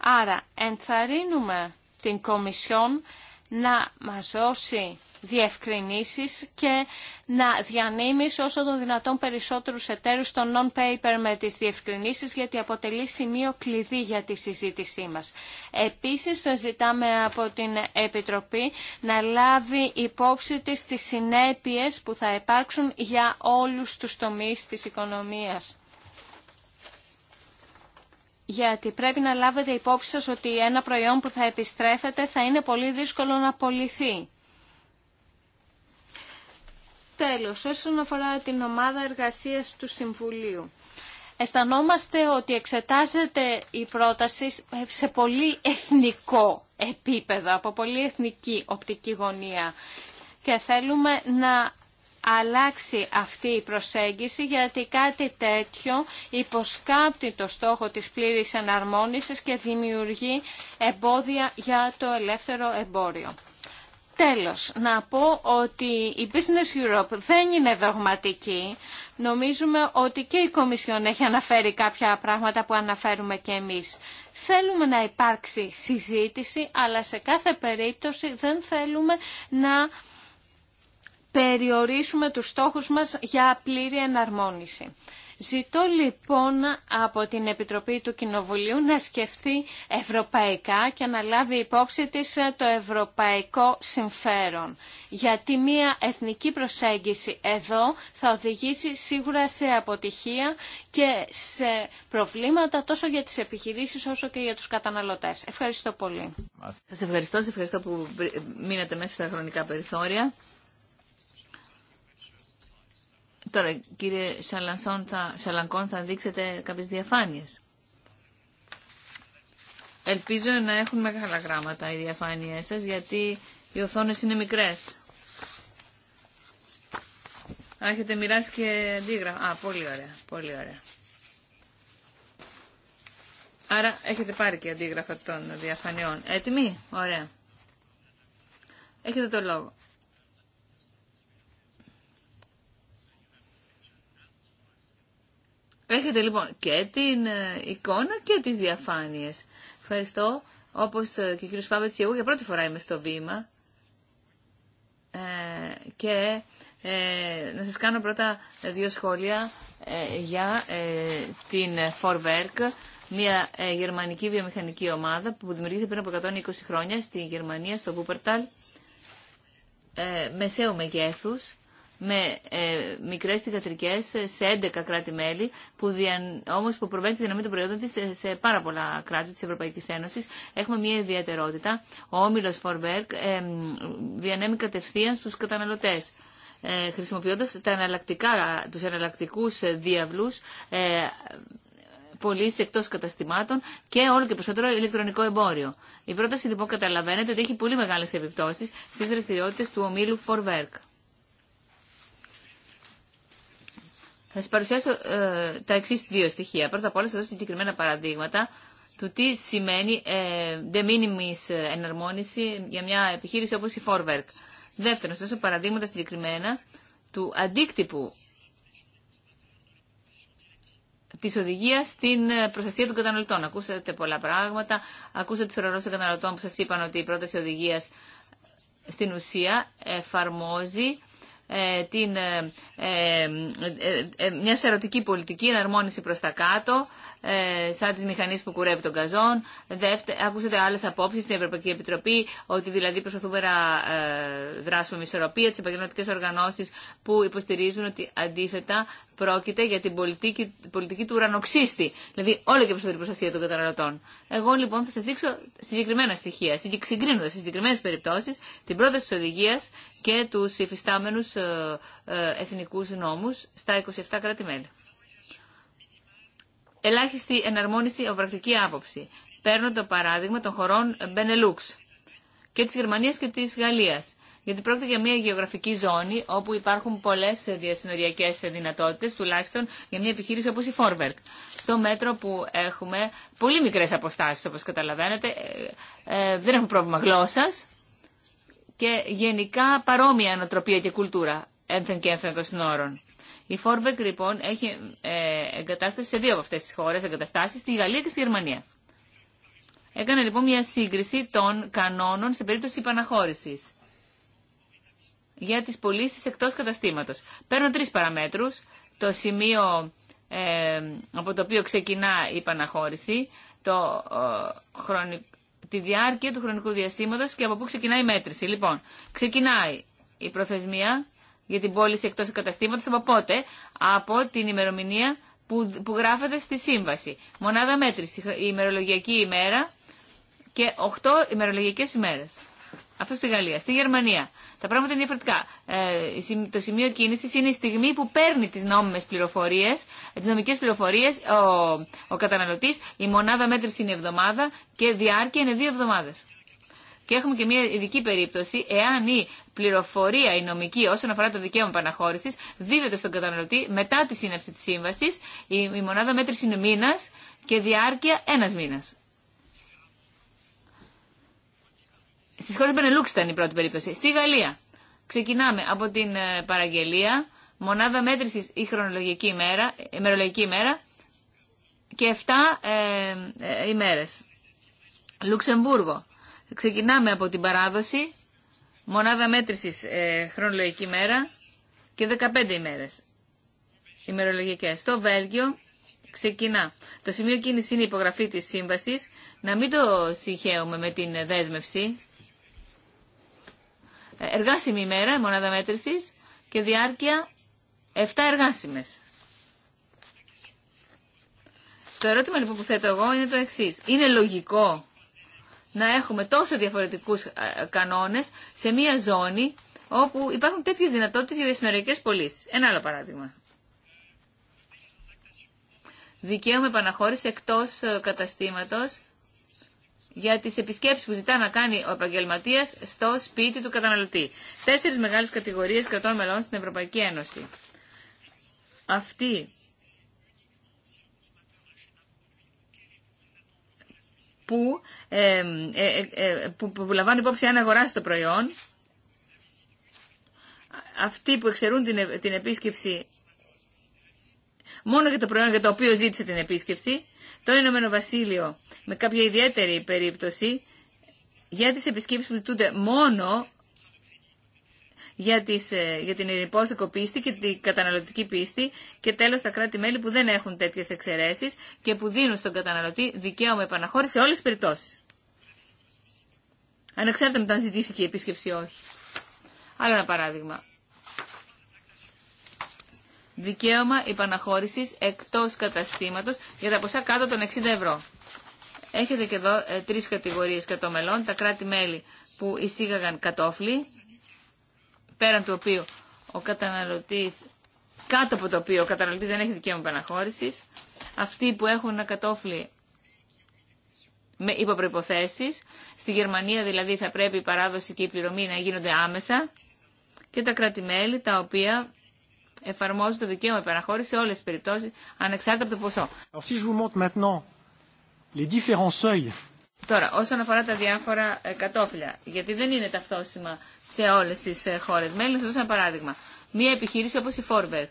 S4: Άρα ενθαρρύνουμε την Κομισιόν να μας δώσει διευκρινήσεις και να διανύμεις όσο το δυνατόν περισσότερους εταίρους των non-paper με τις διευκρινήσεις γιατί αποτελεί σημείο κλειδί για τη συζήτησή μας. Επίσης ζητάμε από την Επιτροπή να λάβει υπόψη της τις συνέπειες που θα υπάρξουν για όλους τους τομείς της οικονομίας γιατί πρέπει να λάβετε υπόψη σας ότι ένα προϊόν που θα επιστρέφεται θα είναι πολύ δύσκολο να απολυθεί. Τέλος, όσον αφορά την ομάδα εργασίας του Συμβουλίου. Αισθανόμαστε ότι εξετάζεται η πρόταση σε πολύ εθνικό επίπεδο, από πολύ εθνική οπτική γωνία και θέλουμε να αλλάξει αυτή η προσέγγιση γιατί κάτι τέτοιο υποσκάπτει το στόχο της πλήρης εναρμόνισης και δημιουργεί εμπόδια για το ελεύθερο εμπόριο. Τέλος, να πω ότι η Business Europe δεν είναι δογματική. Νομίζουμε ότι και η Κομισιόν έχει αναφέρει κάποια πράγματα που αναφέρουμε και εμείς. Θέλουμε να υπάρξει συζήτηση, αλλά σε κάθε περίπτωση δεν θέλουμε να περιορίσουμε τους στόχους μας για πλήρη εναρμόνιση. Ζητώ λοιπόν από την Επιτροπή του Κοινοβουλίου να σκεφτεί ευρωπαϊκά και να λάβει υπόψη της ε, το ευρωπαϊκό συμφέρον. Γιατί μία εθνική προσέγγιση εδώ θα οδηγήσει σίγουρα σε αποτυχία και σε προβλήματα τόσο για τις επιχειρήσεις όσο και για τους καταναλωτές.
S2: Ευχαριστώ πολύ. Σας ευχαριστώ, ευχαριστώ που μείνατε μέσα στα χρονικά περιθώρια. Τώρα, κύριε Σαλανσόν, θα, Σαλανκόν, θα δείξετε κάποιες διαφάνειες. Ελπίζω να έχουν μεγάλα γράμματα οι διαφάνειές σας, γιατί οι οθόνες είναι μικρές. έχετε μοιράσει και αντίγραφα. Α, πολύ ωραία, πολύ ωραία. Άρα έχετε πάρει και αντίγραφα των διαφανειών. Έτοιμοι, ωραία. Έχετε το λόγο. Έχετε λοιπόν και την ε, εικόνα και τις διαφάνειες. Ευχαριστώ. Όπως ε, και ο κύριος Φάβετς και εγώ για πρώτη φορά είμαι στο βήμα. Ε, και ε, να σας κάνω πρώτα δύο σχόλια ε, για ε, την Forwerk, μια γερμανική βιομηχανική ομάδα που δημιουργήθηκε πριν από 120 χρόνια στη Γερμανία, στο Βούπερταλ, μεσαίου μεγέθους με ε, μικρέ θηγατρικέ σε 11 κράτη-μέλη, που όμω που προβαίνει τη δύναμη των προϊόντων τη σε, πάρα πολλά κράτη τη Ευρωπαϊκή Ένωση. Έχουμε μια ιδιαιτερότητα. Ο όμιλο Φορμπέρκ ε, διανέμει κατευθείαν στου καταναλωτέ. Ε, χρησιμοποιώντας τα εναλλακτικά, τους διαβλούς ε, πωλήσει εκτό καταστημάτων και όλο και περισσότερο ηλεκτρονικό εμπόριο. Η πρόταση λοιπόν καταλαβαίνετε ότι έχει πολύ μεγάλε επιπτώσει στι δραστηριότητε του ομίλου Φορβέρκ. Θα σα παρουσιάσω ε, τα εξή δύο στοιχεία. Πρώτα απ' όλα, σα δώσω συγκεκριμένα παραδείγματα του τι σημαίνει ε, de minimis ε, εναρμόνιση για μια επιχείρηση όπω η Forwerk. Δεύτερον, σα δώσω παραδείγματα συγκεκριμένα του αντίκτυπου τη οδηγία στην ε, προστασία των καταναλωτών. Ακούσατε πολλά πράγματα, ακούσατε τι οργανώσεις των καταναλωτών που σα είπαν ότι η πρόταση οδηγία στην ουσία εφαρμόζει την, μια ερωτική πολιτική, εναρμόνιση προς τα κάτω, ε, σαν τις μηχανίες που κουρεύει τον καζόν. Δεύτε, ακούσατε άλλε απόψει στην Ευρωπαϊκή Επιτροπή, ότι δηλαδή προσπαθούμε να ε, δράσουμε με ισορροπία τι επαγγελματικέ οργανώσει που υποστηρίζουν ότι αντίθετα πρόκειται για την πολιτική, πολιτική του ουρανοξύστη. Δηλαδή όλο και προ την προστασία των καταναλωτών. Εγώ λοιπόν θα σας δείξω συγκεκριμένα στοιχεία, συγκρίνοντα σε συγκεκριμένε περιπτώσεις την πρόταση τη οδηγία και του υφιστάμενου ε, ε, εθνικού νόμου στα 27 κράτη-μέλη ελάχιστη εναρμόνιση από πρακτική άποψη. Παίρνω το παράδειγμα των χωρών Μπενελούξ και τη Γερμανία και τη Γαλλίας. Γιατί πρόκειται για μια γεωγραφική ζώνη όπου υπάρχουν πολλέ διασυνοριακέ δυνατότητε, τουλάχιστον για μια επιχείρηση όπω η Φόρβερκ. Στο μέτρο που έχουμε πολύ μικρέ αποστάσει, όπω καταλαβαίνετε, ε, ε, δεν έχουμε πρόβλημα γλώσσα και γενικά παρόμοια ανατροπία και κουλτούρα ένθεν και ένθεν των συνόρων. Η Φόρβεκ, λοιπόν έχει ε, εγκατάσταση σε δύο από αυτές τις χώρες, εγκαταστάσει στη Γαλλία και στη Γερμανία. Έκανε λοιπόν μια σύγκριση των κανόνων σε περίπτωση υπαναχώρηση για τις πωλήσει εκτός καταστήματος. Παίρνω τρεις παραμέτρους, το σημείο ε, από το οποίο ξεκινά η υπαναχώρηση, το, ε, τη διάρκεια του χρονικού διαστήματος και από πού ξεκινάει η μέτρηση. Λοιπόν, ξεκινάει η προθεσμία για την πώληση εκτός καταστήματο, από πότε, από την ημερομηνία που, που γράφεται στη σύμβαση. Μονάδα μέτρηση, η ημερολογιακή ημέρα και 8 ημερολογικές ημέρες. Αυτό στη Γαλλία. Στη Γερμανία τα πράγματα είναι διαφορετικά. Ε, το σημείο κίνηση είναι η στιγμή που παίρνει τι νόμιμε πληροφορίε, τι νομικέ πληροφορίε ο, ο καταναλωτή. Η μονάδα μέτρηση είναι εβδομάδα και διάρκεια είναι δύο εβδομάδε. Και έχουμε και μια ειδική περίπτωση εάν η πληροφορία η νομική όσον αφορά το δικαίωμα επαναχώρηση δίδεται στον καταναλωτή μετά τη σύναψη τη σύμβαση. Η, μονάδα μέτρηση είναι μήνα και διάρκεια ένα μήνα. Στι χώρε Μπενελούξ ήταν η πρώτη περίπτωση. Στη Γαλλία ξεκινάμε από την ε, παραγγελία, μονάδα μέτρηση η χρονολογική ημέρα, ημερολογική ημέρα και 7 ε, ε ημέρε. Λουξεμβούργο. Ξεκινάμε από την παράδοση, μονάδα μέτρησης ε, χρονολογική μέρα και 15 ημέρες ημερολογικές. Στο Βέλγιο ξεκινά. Το σημείο κίνηση είναι η υπογραφή της σύμβασης. Να μην το συγχαίουμε με την δέσμευση. Ε, εργάσιμη ημέρα, μονάδα μέτρησης και διάρκεια 7 εργάσιμες. Το ερώτημα λοιπόν που θέτω εγώ είναι το εξής. Είναι λογικό να έχουμε τόσο διαφορετικούς ε, κανόνες σε μια ζώνη όπου υπάρχουν τέτοιες δυνατότητες για διασυνοριακές πωλήσει. Ένα άλλο παράδειγμα. Δικαίωμα επαναχώρηση εκτός ε, καταστήματος για τις επισκέψεις που ζητά να κάνει ο επαγγελματία στο σπίτι του καταναλωτή. Τέσσερις μεγάλες κατηγορίες κρατών μελών στην Ευρωπαϊκή Ένωση. Αυτή που, ε, ε, ε που, που λαμβάνουν υπόψη αν αγοράσει το προϊόν. Αυτοί που εξαιρούν την, την επίσκεψη μόνο για το προϊόν για το οποίο ζήτησε την επίσκεψη. Το Ηνωμένο Βασίλειο με κάποια ιδιαίτερη περίπτωση για τις επισκέψεις που ζητούνται μόνο για, τις, ε, για την ειρηπόθηκο πίστη και την καταναλωτική πίστη και τέλος τα κράτη-μέλη που δεν έχουν τέτοιες εξαιρέσεις και που δίνουν στον καταναλωτή δικαίωμα επαναχώρηση σε όλες τις περιπτώσεις. Ανεξάρτητα με το αν ζητήθηκε η επίσκεψη όχι. Άλλο ένα παράδειγμα. Δικαίωμα υπαναχώρησης εκτός καταστήματος για τα ποσά κάτω των 60 ευρώ. Έχετε και εδώ ε, τρεις κατηγορίες κατομελών. Τα κράτη-μέλη που εισήγαγαν κατόφλι, πέραν του οποίου ο καταναλωτής, κάτω από το οποίο ο καταναλωτής δεν έχει δικαίωμα επαναχώρησης, αυτοί που έχουν ένα κατόφλι με υποπροποθέσει. στη Γερμανία δηλαδή θα πρέπει η παράδοση και η πληρωμή να γίνονται άμεσα και τα κράτη-μέλη τα οποία εφαρμόζουν το δικαίωμα επαναχώρηση σε όλες τι περιπτώσεις ανεξάρτητα από το ποσό. Τώρα, όσον αφορά τα διάφορα ε, κατόφυλλα, γιατί δεν είναι ταυτόσιμα σε όλε τι ε, χώρε μέλη, θα δώσω ένα παράδειγμα. Μία επιχείρηση όπω η Forberg,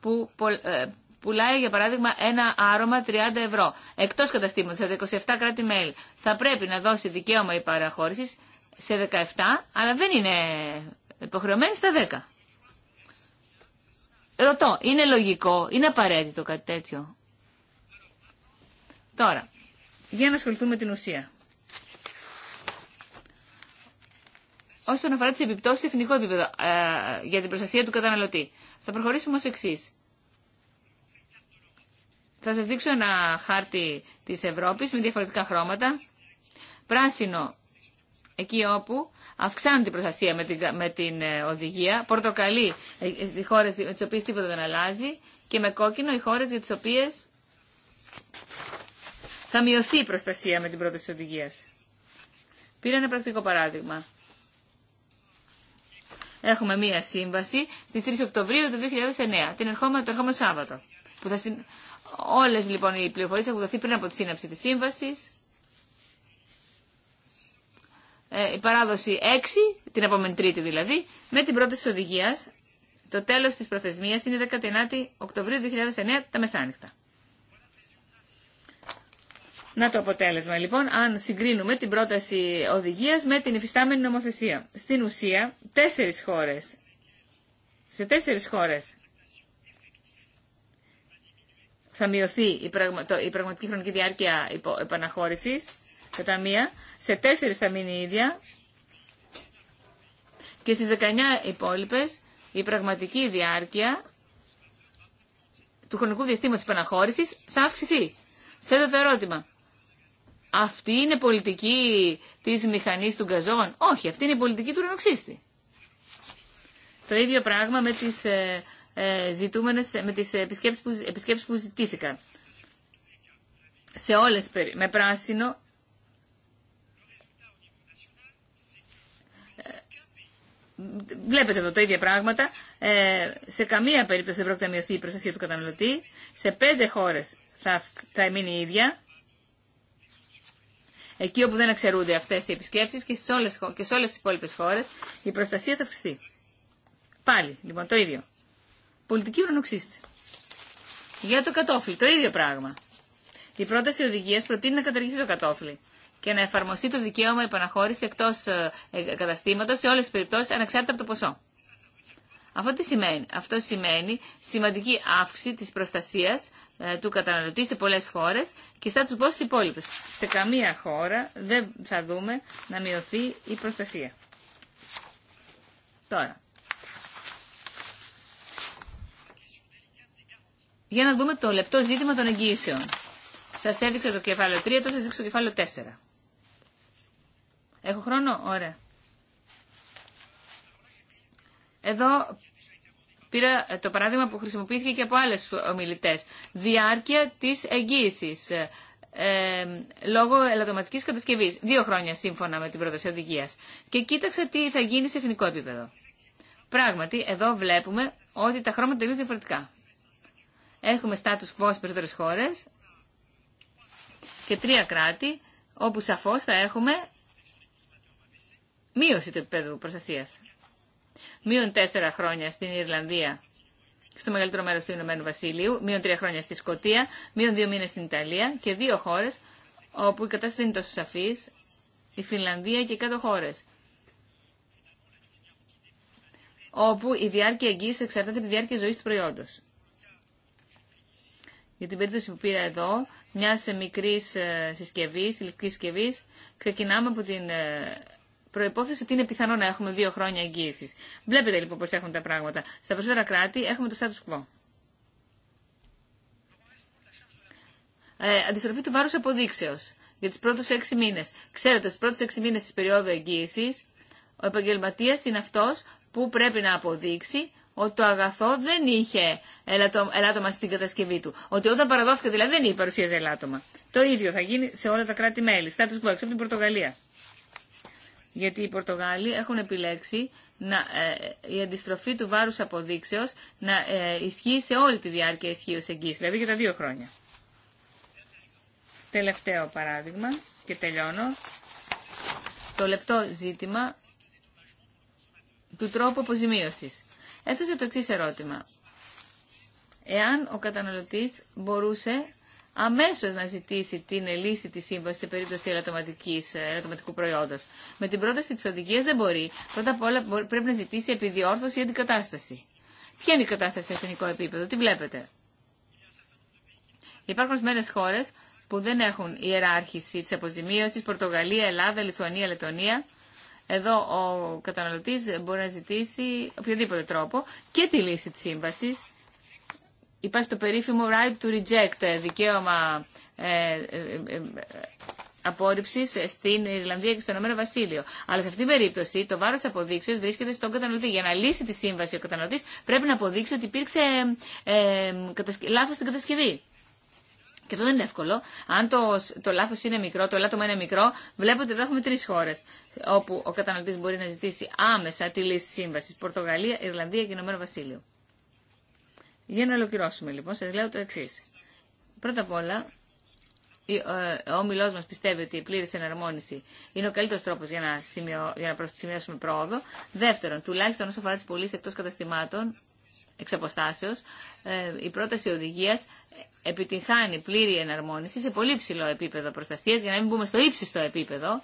S2: που ε, πουλάει για παράδειγμα ένα άρωμα 30 ευρώ, εκτό καταστήματο, σε 27 κράτη-μέλη, θα πρέπει να δώσει δικαίωμα παραχώρηση σε 17, αλλά δεν είναι υποχρεωμένη στα 10. Ρωτώ, είναι λογικό, είναι απαραίτητο κάτι τέτοιο. Τώρα, για να ασχοληθούμε με την ουσία. όσον αφορά τι επιπτώσει σε εθνικό επίπεδο ε, για την προστασία του καταναλωτή. Θα προχωρήσουμε ω εξή. Θα σας δείξω ένα χάρτη της Ευρώπης με διαφορετικά χρώματα. Πράσινο, εκεί όπου αυξάνεται η προστασία με την, με την ε, οδηγία. Πορτοκαλί, ε, οι χώρε με τι οποίε τίποτα δεν αλλάζει. Και με κόκκινο, οι χώρες για τι οποίε θα μειωθεί η προστασία με την πρόταση οδηγίας. Πήρα ένα πρακτικό παράδειγμα έχουμε μία σύμβαση στις 3 Οκτωβρίου του 2009, την ερχόμενη, το ερχόμενο Σάββατο. Που θα συν... Όλες λοιπόν οι πληροφορίες έχουν δοθεί πριν από τη σύναψη της σύμβασης. Ε, η παράδοση 6, την επόμενη Τρίτη δηλαδή, με την πρώτη της οδηγίας, το τέλος της προθεσμίας είναι 19 Οκτωβρίου 2009 τα μεσάνυχτα. Να το αποτέλεσμα λοιπόν, αν συγκρίνουμε την πρόταση οδηγία με την υφιστάμενη νομοθεσία. Στην ουσία, τέσσερι χώρε. σε τέσσερι χώρε. θα μειωθεί η, πραγματική χρονική διάρκεια υπο... επαναχώρησης κατά μία, σε τέσσερι θα μείνει η ίδια και στι 19 υπόλοιπε, η πραγματική διάρκεια του χρονικού διαστήματος επαναχώρηση, επαναχώρησης θα αυξηθεί. Θέτω το ερώτημα. Αυτή είναι πολιτική της μηχανής του γκαζόν. Όχι, αυτή είναι η πολιτική του ρινοξύστη. Το ίδιο πράγμα με τις, ε, ε, ζητούμενες, με τις επισκέψεις που, επισκέψεις που ζητήθηκαν. Σε όλες, με πράσινο, ε, βλέπετε εδώ τα ίδια πράγματα. Ε, σε καμία περίπτωση δεν πρόκειται να μειωθεί η προστασία του καταναλωτή. Σε πέντε χώρες θα, θα μείνει η ίδια εκεί όπου δεν εξαιρούνται αυτές οι επισκέψει και σε όλε και σε όλες τις η προστασία θα αυξηθεί. Πάλι, λοιπόν, το ίδιο. Πολιτική ουρανοξύστη. Για το κατόφλι, το ίδιο πράγμα. Η πρόταση οδηγία προτείνει να καταργηθεί το κατόφλι και να εφαρμοστεί το δικαίωμα επαναχώρηση εκτό ε, ε, καταστήματο σε όλε τι περιπτώσει ανεξάρτητα από το ποσό. Αυτό τι σημαίνει. Αυτό σημαίνει σημαντική αύξηση της προστασίας ε, του καταναλωτή σε πολλές χώρες και στα τους πόσους υπόλοιπους. Σε καμία χώρα δεν θα δούμε να μειωθεί η προστασία. Τώρα. Για να δούμε το λεπτό ζήτημα των εγγύησεων. Σας έδειξα το κεφάλαιο 3, τώρα σας δείξω το κεφάλαιο 4. Έχω χρόνο? Ωραία. Εδώ πήρα το παράδειγμα που χρησιμοποιήθηκε και από άλλες ομιλητές. Διάρκεια της εγγύησης ε, λόγω ελαττωματικής κατασκευή, Δύο χρόνια σύμφωνα με την πρόταση οδηγία. Και κοίταξα τι θα γίνει σε εθνικό επίπεδο. Πράγματι, εδώ βλέπουμε ότι τα χρώματα τελείω διαφορετικά. Έχουμε status quo στι περισσότερε χώρες και τρία κράτη όπου σαφώ θα έχουμε μείωση του επίπεδου προστασία μείον τέσσερα χρόνια στην Ιρλανδία, στο μεγαλύτερο μέρο του Ηνωμένου Βασιλείου, μείον τρία χρόνια στη Σκωτία, μείον δύο μήνε στην Ιταλία και δύο χώρε όπου η κατάσταση δεν είναι τόσο σαφή, η Φινλανδία και οι κάτω χώρε. Όπου η διάρκεια εγγύηση εξαρτάται από τη διάρκεια ζωή του προϊόντο. Για την περίπτωση που πήρα εδώ, μια μικρή ε, συσκευή, ηλεκτρική συσκευή, ξεκινάμε από την ε, προπόθεση ότι είναι πιθανό να έχουμε δύο χρόνια εγγύηση. Βλέπετε λοιπόν πώ έχουν τα πράγματα. Στα περισσότερα κράτη έχουμε το status quo. Ε, αντιστροφή του βάρου αποδείξεω για του πρώτου έξι μήνε. Ξέρετε, στου πρώτου έξι μήνε τη περίοδου εγγύηση, ο επαγγελματία είναι αυτό που πρέπει να αποδείξει ότι το αγαθό δεν είχε ελάττωμα στην κατασκευή του. Ότι όταν παραδόθηκε δηλαδή δεν είχε παρουσίαζε ελάττωμα. Το ίδιο θα γίνει σε όλα τα κράτη-μέλη. Στάτου έξω από την Πορτογαλία. Γιατί οι Πορτογάλοι έχουν επιλέξει να, ε, η αντιστροφή του βάρους αποδείξεως να ε, ισχύει σε όλη τη διάρκεια ισχύως εγγύης, δηλαδή για τα δύο χρόνια. Τελευταίο παράδειγμα και τελειώνω. Το λεπτό ζήτημα του τρόπου αποζημίωσης. Έθεσε το εξή ερώτημα. Εάν ο καταναλωτής μπορούσε αμέσω να ζητήσει την λύση τη σύμβαση σε περίπτωση ελαττωματικού ε, προϊόντο. Με την πρόταση τη οδηγία δεν μπορεί. Πρώτα απ' όλα πρέπει να ζητήσει επιδιόρθωση ή αντικατάσταση. Ποια είναι η κατάσταση σε εθνικό επίπεδο, τι βλέπετε. Υπάρχουν ορισμένε χώρε που δεν έχουν ιεράρχηση τη αποζημίωση, Πορτογαλία, Ελλάδα, Λιθουανία, Λετωνία. Εδώ ο καταναλωτή μπορεί να ζητήσει οποιοδήποτε τρόπο και τη λύση τη σύμβαση υπάρχει το περίφημο right to reject, ε, δικαίωμα ε, ε, ε, ε απόρριψη στην Ιρλανδία και στο Ηνωμένο Βασίλειο. Αλλά σε αυτήν την περίπτωση το βάρο αποδείξεω βρίσκεται στον καταναλωτή. Για να λύσει τη σύμβαση ο καταναλωτή πρέπει να αποδείξει ότι υπήρξε ε, ε λάθο στην κατασκευή. Και αυτό δεν είναι εύκολο. Αν το, το λάθο είναι μικρό, το ελάττωμα είναι μικρό, βλέπετε ότι εδώ έχουμε τρει χώρε όπου ο καταναλωτή μπορεί να ζητήσει άμεσα τη λύση τη σύμβαση. Πορτογαλία, Ιρλανδία και Ηνωμένο Βασίλειο. Για να ολοκληρώσουμε λοιπόν, σα λέω το εξή. Πρώτα απ' όλα, ε, ο όμιλό μα πιστεύει ότι η πλήρη εναρμόνιση είναι ο καλύτερο τρόπο για να, σημειώ, να σημειώσουμε πρόοδο. Δεύτερον, τουλάχιστον όσο αφορά τι πωλήσει εκτό καταστημάτων, εξ ε, η πρόταση οδηγία επιτυγχάνει πλήρη εναρμόνιση σε πολύ ψηλό επίπεδο προστασία, για να μην μπούμε στο ύψιστο επίπεδο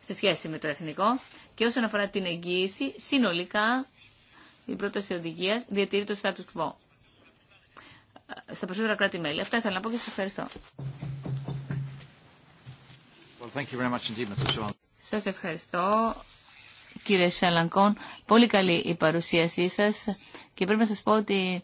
S2: σε σχέση με το εθνικό. Και όσον αφορά την εγγύηση, συνολικά η πρόταση οδηγία διατηρεί το status quo στα περισσότερα κράτη-μέλη. Αυτά ήθελα να πω και σα ευχαριστώ. Σα Σας ευχαριστώ κύριε Σαλανκόν. Πολύ καλή η παρουσίασή σας και πρέπει να σας πω ότι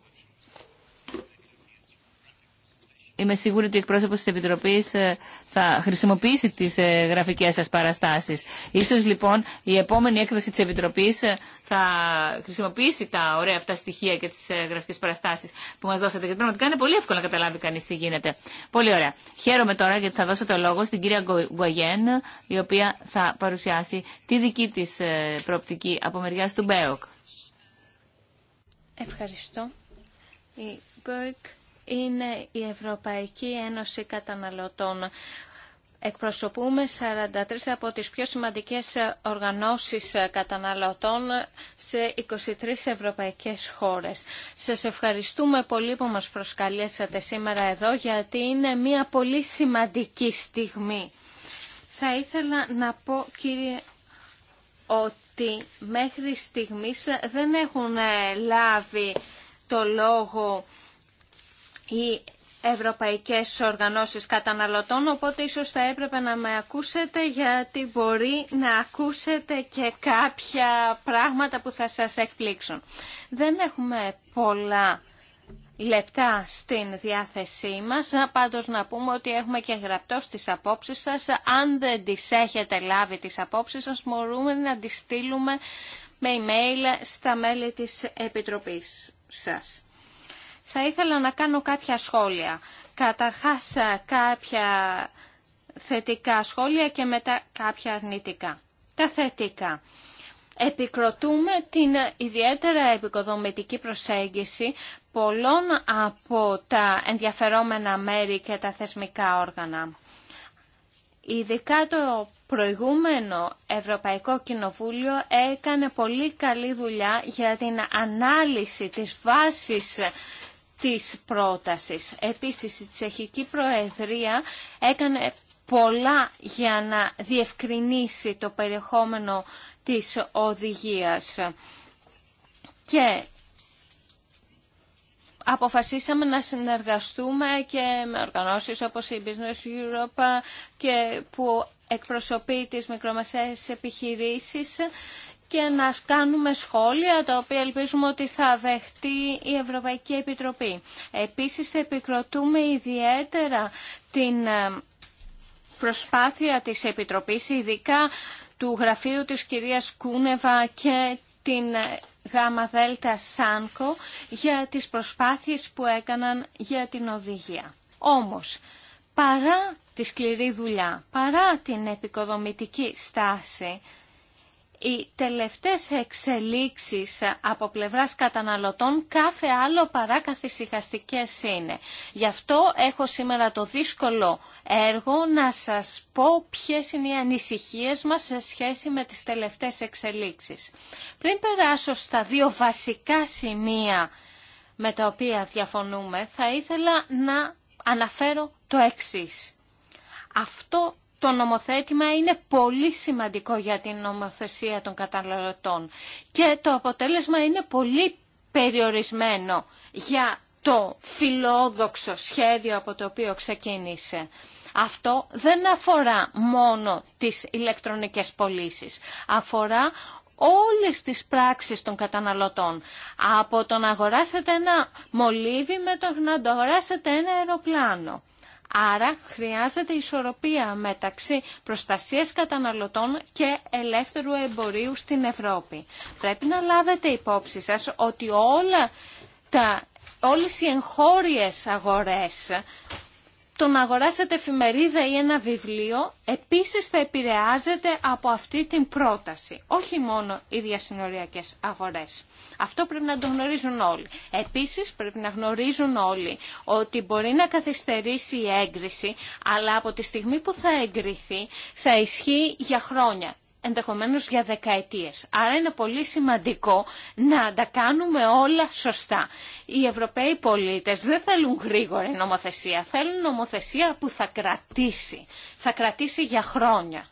S2: Είμαι σίγουρη ότι ο εκπρόσωπο τη Επιτροπή ε, θα χρησιμοποιήσει τι ε, γραφικέ σα παραστάσει. σω λοιπόν η επόμενη έκδοση τη Επιτροπή ε, θα χρησιμοποιήσει τα ωραία αυτά στοιχεία και τι γραφικέ παραστάσει που μα δώσατε. Γιατί πραγματικά είναι πολύ εύκολο να καταλάβει κανεί τι γίνεται. Πολύ ωραία. Χαίρομαι τώρα γιατί θα δώσω το λόγο στην κυρία Γκουαγέν, η οποία θα παρουσιάσει τη δική τη προοπτική από μεριά του Μπέοκ.
S4: Ευχαριστώ. Η Μπέοκ είναι η Ευρωπαϊκή Ένωση Καταναλωτών. Εκπροσωπούμε 43 από τις πιο σημαντικές οργανώσεις καταναλωτών σε 23 ευρωπαϊκές χώρες. Σας ευχαριστούμε πολύ που μας προσκαλέσατε σήμερα εδώ γιατί είναι μια πολύ σημαντική στιγμή. Θα ήθελα να πω κύριε ότι μέχρι στιγμής δεν έχουν ε, λάβει το λόγο οι ευρωπαϊκές οργανώσεις καταναλωτών, οπότε ίσως θα έπρεπε να με ακούσετε γιατί μπορεί να ακούσετε και κάποια πράγματα που θα σας εκπλήξουν. Δεν έχουμε πολλά λεπτά στην διάθεσή μας, πάντως να πούμε ότι έχουμε και γραπτό στις απόψεις σας. Αν δεν τις έχετε λάβει τις απόψεις σας, μπορούμε να τις στείλουμε με email στα μέλη της Επιτροπής σας. Θα ήθελα να κάνω κάποια σχόλια. Καταρχάς ε, κάποια θετικά σχόλια και μετά κάποια αρνητικά. Τα θετικά. Επικροτούμε την ιδιαίτερα επικοδομητική προσέγγιση πολλών από τα ενδιαφερόμενα μέρη και τα θεσμικά όργανα. Ειδικά το προηγούμενο Ευρωπαϊκό Κοινοβούλιο έκανε πολύ καλή δουλειά για την ανάλυση της βάσης της πρότασης. Επίσης, η Τσεχική Προεδρία έκανε πολλά για να διευκρινίσει το περιεχόμενο της οδηγίας. Και αποφασίσαμε να συνεργαστούμε και με οργανώσεις όπως η Business Europe και που εκπροσωπεί τις μικρομεσαίες επιχειρήσεις και να κάνουμε σχόλια τα οποία ελπίζουμε ότι θα δεχτεί η Ευρωπαϊκή Επιτροπή. Επίσης επικροτούμε ιδιαίτερα την ε, προσπάθεια της Επιτροπής, ειδικά του γραφείου της κυρίας Κούνεβα και την ε, ΓΑΜΑ ΣΑΝΚΟ για τις προσπάθειες που έκαναν για την οδηγία. Όμως, παρά τη σκληρή δουλειά, παρά την επικοδομητική στάση, οι τελευταίες εξελίξεις από πλευράς καταναλωτών κάθε άλλο παρά καθησυχαστικές είναι. Γι' αυτό έχω σήμερα το δύσκολο έργο να σας πω ποιες είναι οι ανησυχίες μας σε σχέση με τις τελευταίες εξελίξεις. Πριν περάσω στα δύο βασικά σημεία με τα οποία διαφωνούμε, θα ήθελα να αναφέρω το εξής. Αυτό το νομοθέτημα είναι πολύ σημαντικό για την νομοθεσία των καταναλωτών και το αποτέλεσμα είναι πολύ περιορισμένο για το φιλόδοξο σχέδιο από το οποίο ξεκίνησε. Αυτό δεν αφορά μόνο τις ηλεκτρονικές πωλήσεις. Αφορά όλες τις πράξεις των καταναλωτών. Από το να αγοράσετε ένα μολύβι με το να αγοράσετε ένα αεροπλάνο. Άρα χρειάζεται ισορροπία μεταξύ προστασίας καταναλωτών και ελεύθερου εμπορίου στην Ευρώπη. Πρέπει να λάβετε υπόψη σας ότι όλα τα, όλες οι εγχώριες αγορές το να αγοράσετε εφημερίδα ή ένα βιβλίο επίσης θα επηρεάζεται από αυτή την πρόταση, όχι μόνο οι διασυνοριακές αγορές. Αυτό πρέπει να το γνωρίζουν όλοι. Επίσης πρέπει να γνωρίζουν όλοι ότι μπορεί να καθυστερήσει η έγκριση, αλλά από τη στιγμή που θα εγκριθεί θα ισχύει για χρόνια ενδεχομένως για δεκαετίες. Άρα είναι πολύ σημαντικό να τα κάνουμε όλα σωστά. Οι Ευρωπαίοι πολίτες δεν θέλουν γρήγορη νομοθεσία, θέλουν νομοθεσία που θα κρατήσει, θα κρατήσει για χρόνια.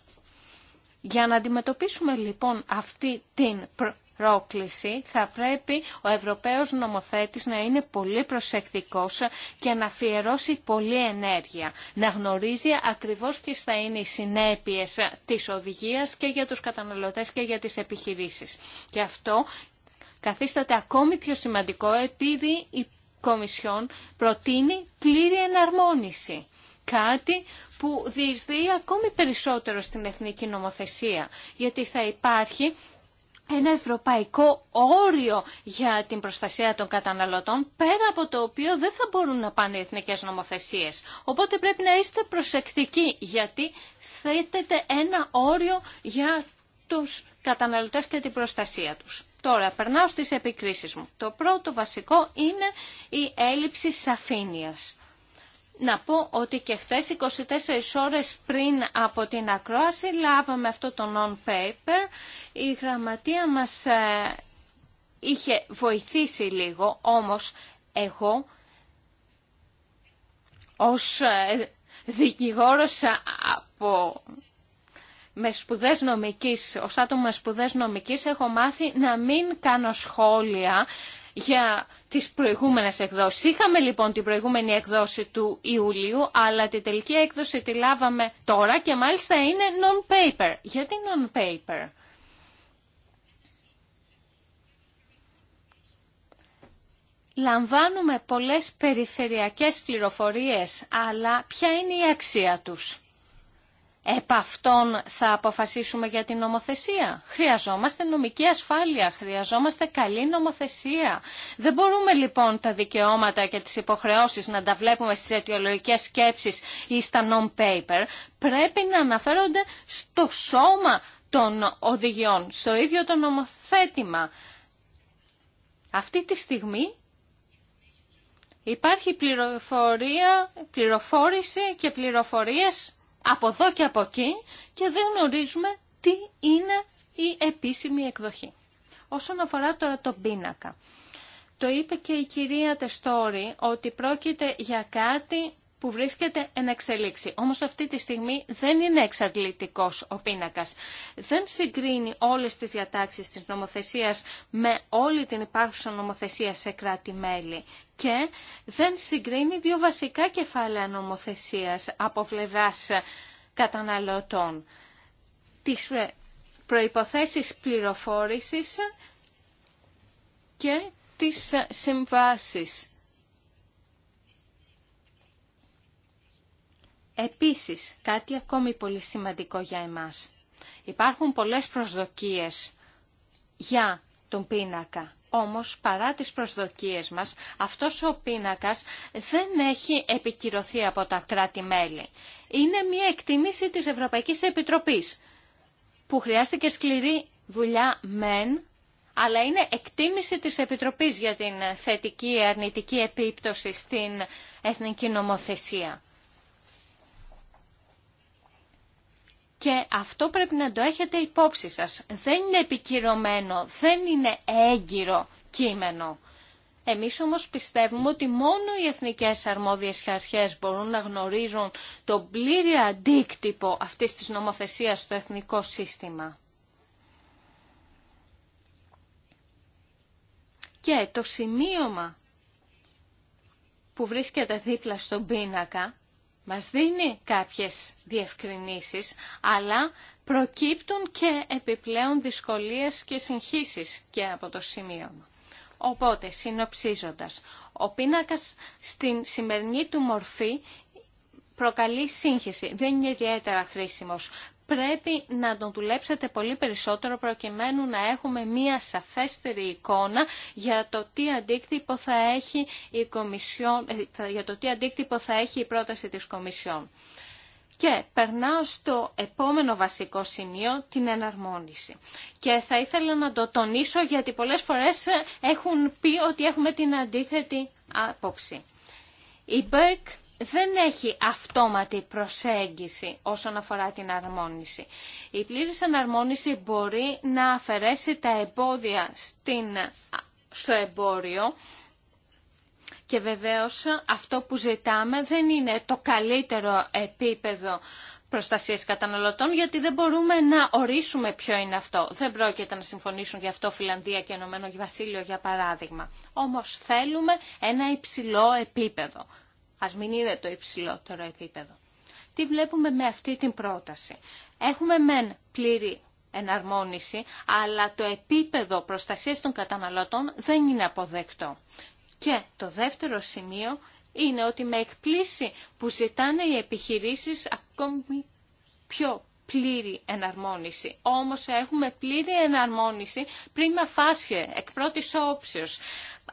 S4: Για να αντιμετωπίσουμε λοιπόν αυτή την πρόκληση θα πρέπει ο Ευρωπαίος νομοθέτης να είναι πολύ προσεκτικός και να αφιερώσει πολλή ενέργεια. Να γνωρίζει ακριβώς ποιες θα είναι οι συνέπειες της οδηγίας και για τους καταναλωτές και για τις επιχειρήσεις. Και αυτό καθίσταται ακόμη πιο σημαντικό επειδή η Κομισιόν προτείνει πλήρη εναρμόνιση. Κάτι που διεισδύει ακόμη περισσότερο στην εθνική νομοθεσία, γιατί θα υπάρχει ένα ευρωπαϊκό όριο για την προστασία των καταναλωτών, πέρα από το οποίο δεν θα μπορούν να πάνε οι εθνικές νομοθεσίες. Οπότε πρέπει να είστε προσεκτικοί, γιατί θέτεται ένα όριο για τους καταναλωτές και την προστασία τους. Τώρα, περνάω στις επικρίσεις μου. Το πρώτο βασικό είναι η έλλειψη σαφήνειας. Να πω ότι και χθε 24 ώρες πριν από την ακρόαση λάβαμε αυτό το non-paper. Η γραμματεία μας ε, είχε βοηθήσει λίγο, όμως εγώ ως ε, δικηγόρος από με σπουδές νομικής, ως άτομο με σπουδές νομικής έχω μάθει να μην κάνω σχόλια για τις προηγούμενες εκδόσεις. Είχαμε λοιπόν την προηγούμενη εκδόση του Ιουλίου, αλλά τη τελική έκδοση τη λάβαμε τώρα και μάλιστα είναι non-paper. Γιατί non-paper? Λαμβάνουμε πολλές περιφερειακές πληροφορίες, αλλά ποια είναι η αξία τους επ' αυτόν θα αποφασίσουμε για την νομοθεσία. Χρειαζόμαστε νομική ασφάλεια, χρειαζόμαστε καλή νομοθεσία. Δεν μπορούμε λοιπόν τα δικαιώματα και τις υποχρεώσεις να τα βλέπουμε στις αιτιολογικές σκέψεις ή στα non-paper. Πρέπει να αναφέρονται στο σώμα των οδηγιών, στο ίδιο το νομοθέτημα. Αυτή τη στιγμή υπάρχει πληροφορία, πληροφόρηση και πληροφορίες από εδώ και από εκεί και δεν γνωρίζουμε τι είναι η επίσημη εκδοχή. Όσον αφορά τώρα τον πίνακα, το είπε και η κυρία Τεστόρη ότι πρόκειται για κάτι που βρίσκεται εν εξελίξη. Όμως αυτή τη στιγμή δεν είναι εξαντλητικός ο πίνακας. Δεν συγκρίνει όλες τις διατάξεις της νομοθεσίας με όλη την υπάρχουσα νομοθεσία σε κράτη-μέλη και δεν συγκρίνει δύο βασικά κεφάλαια νομοθεσίας από πλευράς καταναλωτών. Τις προϋποθέσεις πληροφόρησης και τις συμβάσεις Επίσης, κάτι ακόμη πολύ σημαντικό για εμάς. Υπάρχουν πολλές προσδοκίες για τον πίνακα. Όμως, παρά τις προσδοκίες μας, αυτός ο πίνακας δεν έχει επικυρωθεί από τα κράτη-μέλη. Είναι μια εκτίμηση της Ευρωπαϊκής Επιτροπής, που χρειάστηκε σκληρή δουλειά μεν, αλλά είναι εκτίμηση της Επιτροπής για την θετική αρνητική επίπτωση στην εθνική νομοθεσία. Και αυτό πρέπει να το έχετε υπόψη σας. Δεν είναι επικυρωμένο, δεν είναι έγκυρο κείμενο. Εμείς όμως πιστεύουμε ότι μόνο οι εθνικές αρμόδιες αρχές μπορούν να γνωρίζουν τον πλήρη αντίκτυπο αυτής της νομοθεσίας στο εθνικό σύστημα. Και το σημείωμα που βρίσκεται δίπλα στον πίνακα μας δίνει κάποιες διευκρινήσεις, αλλά προκύπτουν και επιπλέον δυσκολίες και συγχύσεις και από το σημείο. Οπότε, συνοψίζοντας, ο πίνακας στην σημερινή του μορφή προκαλεί σύγχυση, δεν είναι ιδιαίτερα χρήσιμος πρέπει να τον δουλέψετε πολύ περισσότερο προκειμένου να έχουμε μία σαφέστερη εικόνα για το τι αντίκτυπο θα έχει η, Κομισιόν, ε, για το τι αντίκτυπο θα έχει η πρόταση της Κομισιόν. Και περνάω στο επόμενο βασικό σημείο, την εναρμόνιση. Και θα ήθελα να το τονίσω γιατί πολλές φορές έχουν πει ότι έχουμε την αντίθετη άποψη. Η Μπέκ δεν έχει αυτόματη προσέγγιση όσον αφορά την αρμόνιση. Η πλήρης αναρμόνιση μπορεί να αφαιρέσει τα εμπόδια στην, στο εμπόριο και βεβαίως αυτό που ζητάμε δεν είναι το καλύτερο επίπεδο προστασίας καταναλωτών γιατί δεν μπορούμε να ορίσουμε ποιο είναι αυτό. Δεν πρόκειται να συμφωνήσουν γι' αυτό Φιλανδία και Ενωμένο Βασίλειο για παράδειγμα. Όμως θέλουμε ένα υψηλό επίπεδο Ας μην είναι το υψηλότερο επίπεδο. Τι βλέπουμε με αυτή την πρόταση. Έχουμε μεν πλήρη εναρμόνιση, αλλά το επίπεδο προστασίας των καταναλωτών δεν είναι αποδεκτό. Και το δεύτερο σημείο είναι ότι με εκπλήσει που ζητάνε οι επιχειρήσεις ακόμη πιο πλήρη εναρμόνιση. Όμως έχουμε πλήρη εναρμόνιση πριν με φάση εκ πρώτης όψεως.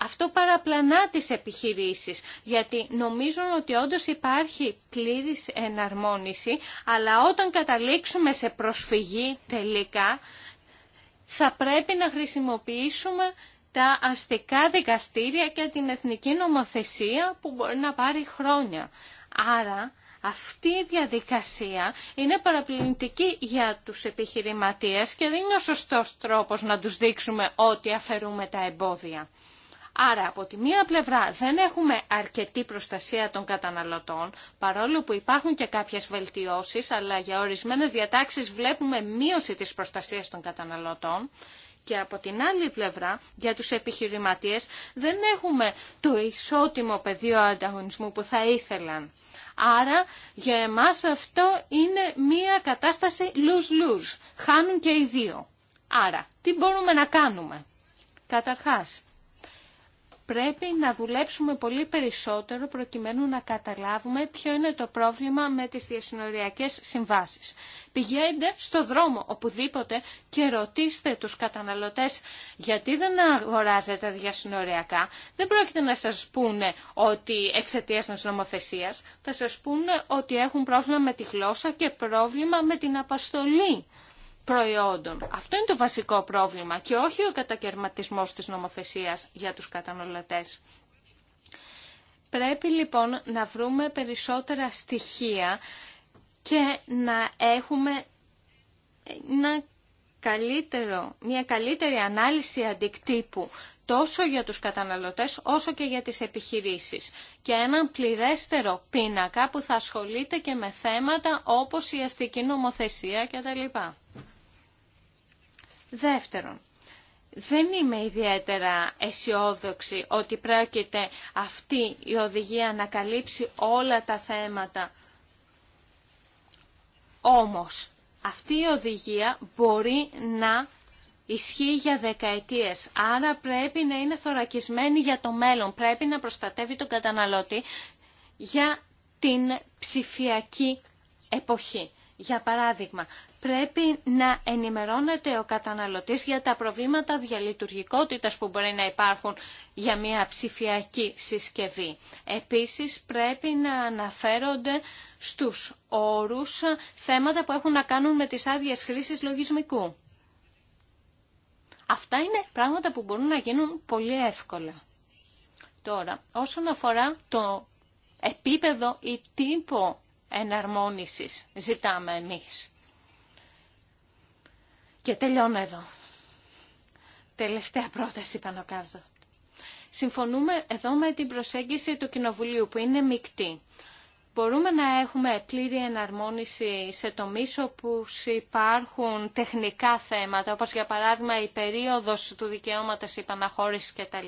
S4: Αυτό παραπλανά τις επιχειρήσεις, γιατί νομίζουν ότι όντως υπάρχει πλήρης εναρμόνιση, αλλά όταν καταλήξουμε σε προσφυγή τελικά, θα πρέπει να χρησιμοποιήσουμε τα αστικά δικαστήρια και την εθνική νομοθεσία που μπορεί να πάρει χρόνια. Άρα αυτή η διαδικασία είναι παραπληκτική για τους επιχειρηματίες και δεν είναι ο σωστός τρόπος να τους δείξουμε ότι αφαιρούμε τα εμπόδια. Άρα από τη μία πλευρά δεν έχουμε αρκετή προστασία των καταναλωτών, παρόλο που υπάρχουν και κάποιες βελτιώσεις, αλλά για ορισμένες διατάξεις βλέπουμε μείωση της προστασίας των καταναλωτών. Και από την άλλη πλευρά, για τους επιχειρηματίες, δεν έχουμε το ισότιμο πεδίο ανταγωνισμού που θα ήθελαν. Άρα, για εμάς αυτό είναι μία κατάσταση lose-lose. Χάνουν και οι δύο. Άρα, τι μπορούμε να κάνουμε. Καταρχάς, πρέπει να δουλέψουμε πολύ περισσότερο προκειμένου να καταλάβουμε ποιο είναι το πρόβλημα με τις διασυνοριακές συμβάσεις. Πηγαίνετε στο δρόμο οπουδήποτε και ρωτήστε τους καταναλωτές γιατί δεν αγοράζετε διασυνοριακά. Δεν πρόκειται να σας πούνε ότι εξαιτία της νομοθεσίας θα σας πούνε ότι έχουν πρόβλημα με τη γλώσσα και πρόβλημα με την απαστολή προϊόντων. Αυτό είναι το βασικό πρόβλημα και όχι ο κατακαιρματισμός της νομοθεσίας για τους καταναλωτές. Πρέπει λοιπόν να βρούμε περισσότερα στοιχεία και να έχουμε ένα καλύτερο, μια καλύτερη ανάλυση αντικτύπου τόσο για τους καταναλωτές όσο και για τις επιχειρήσεις και έναν πληρέστερο πίνακα που θα ασχολείται και με θέματα όπως η αστική νομοθεσία κτλ. Δεύτερον, δεν είμαι ιδιαίτερα αισιόδοξη ότι πρόκειται αυτή η οδηγία να καλύψει όλα τα θέματα. Όμως, αυτή η οδηγία μπορεί να ισχύει για δεκαετίες, άρα πρέπει να είναι θωρακισμένη για το μέλλον, πρέπει να προστατεύει τον καταναλώτη για την ψηφιακή εποχή. Για παράδειγμα, πρέπει να ενημερώνεται ο καταναλωτής για τα προβλήματα διαλειτουργικότητας που μπορεί να υπάρχουν για μια ψηφιακή συσκευή. Επίσης, πρέπει να αναφέρονται στους όρους θέματα που έχουν να κάνουν με τις άδειες χρήσης λογισμικού. Αυτά είναι πράγματα που μπορούν να γίνουν πολύ εύκολα. Τώρα, όσον αφορά το επίπεδο ή τύπο εναρμόνισης ζητάμε εμείς. Και τελειώνω εδώ. Τελευταία πρόταση πάνω Συμφωνούμε εδώ με την προσέγγιση του Κοινοβουλίου που είναι μεικτή. Μπορούμε να έχουμε πλήρη εναρμόνιση σε τομείς όπου υπάρχουν τεχνικά θέματα, όπως για παράδειγμα η περίοδος του δικαιώματος υπαναχώρησης κτλ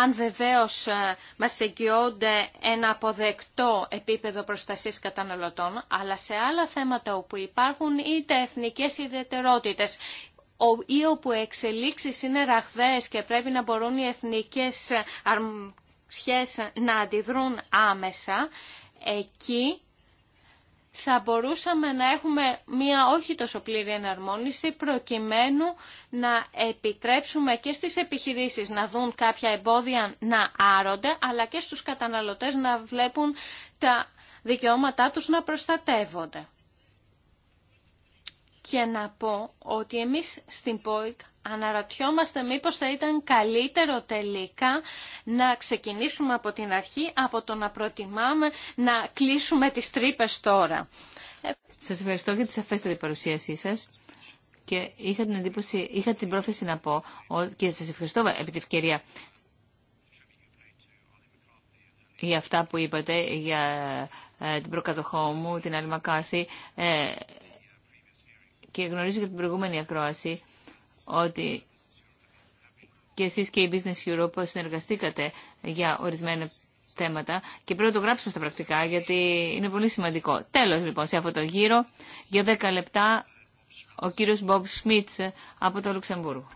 S4: αν βεβαίως ε, μας εγγυώνται ένα αποδεκτό επίπεδο προστασίας καταναλωτών, αλλά σε άλλα θέματα όπου υπάρχουν είτε εθνικές ιδιαιτερότητες ή όπου εξελίξεις είναι ραχδαίες και πρέπει να μπορούν οι εθνικές ε, αρχές να αντιδρούν άμεσα, εκεί θα μπορούσαμε να έχουμε μία όχι τόσο πλήρη εναρμόνιση προκειμένου να επιτρέψουμε και στις επιχειρήσεις να δουν κάποια εμπόδια να άρονται αλλά και στους καταναλωτές να βλέπουν τα δικαιώματά τους να προστατεύονται. Και να πω ότι εμείς στην ΠΟΙΚ αναρωτιόμαστε μήπως θα ήταν καλύτερο τελικά να ξεκινήσουμε από την αρχή από το να προτιμάμε να κλείσουμε τις τρύπε τώρα. Σας ευχαριστώ
S2: για τη σαφέστατη παρουσίασή σας και είχα την εντύπωση, είχα την πρόθεση να πω και σας ευχαριστώ επί τη ευκαιρία για αυτά που είπατε για ε, την προκατοχό μου, την Άλλη Μακάρθη ε, και γνωρίζω και την προηγούμενη ακρόαση ότι και εσείς και η Business Europe συνεργαστήκατε για ορισμένα θέματα και πρέπει να το γράψουμε στα πρακτικά γιατί είναι πολύ σημαντικό. Τέλος λοιπόν σε αυτό το γύρο για 10 λεπτά ο κύριος Μπομπ Σμίτς από το Λουξεμβούργο.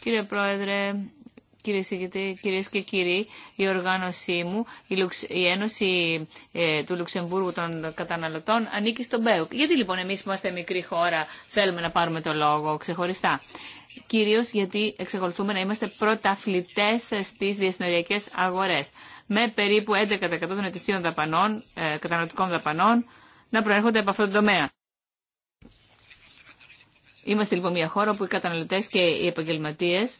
S2: Κύριε Πρόεδρε, Κυρίε κυρίες και κύριοι, η οργάνωσή μου, η Ένωση ε, του Λουξεμβούργου των Καταναλωτών, ανήκει στον ΠΕΟΚ. Γιατί λοιπόν εμείς που είμαστε μικρή χώρα θέλουμε να πάρουμε το λόγο ξεχωριστά. Κυρίως γιατί εξακολουθούμε να είμαστε πρωταθλητές στις διασυνοριακές αγορές. Με περίπου 11% των ετησίων δαπανών, ε, καταναλωτικών δαπανών να προέρχονται από αυτό τον τομέα. Είμαστε λοιπόν μια χώρα που οι καταναλωτές και οι επαγγελματίες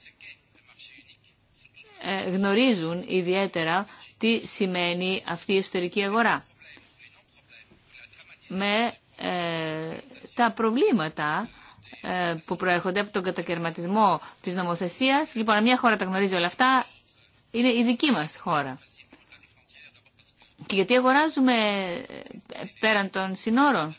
S2: ε, γνωρίζουν ιδιαίτερα τι σημαίνει αυτή η εσωτερική αγορά. Με ε, τα προβλήματα ε, που προέρχονται από τον κατακαιρματισμό της νομοθεσίας. Λοιπόν, μια χώρα τα γνωρίζει όλα αυτά, είναι η δική μας χώρα. Και γιατί αγοράζουμε πέραν των συνόρων.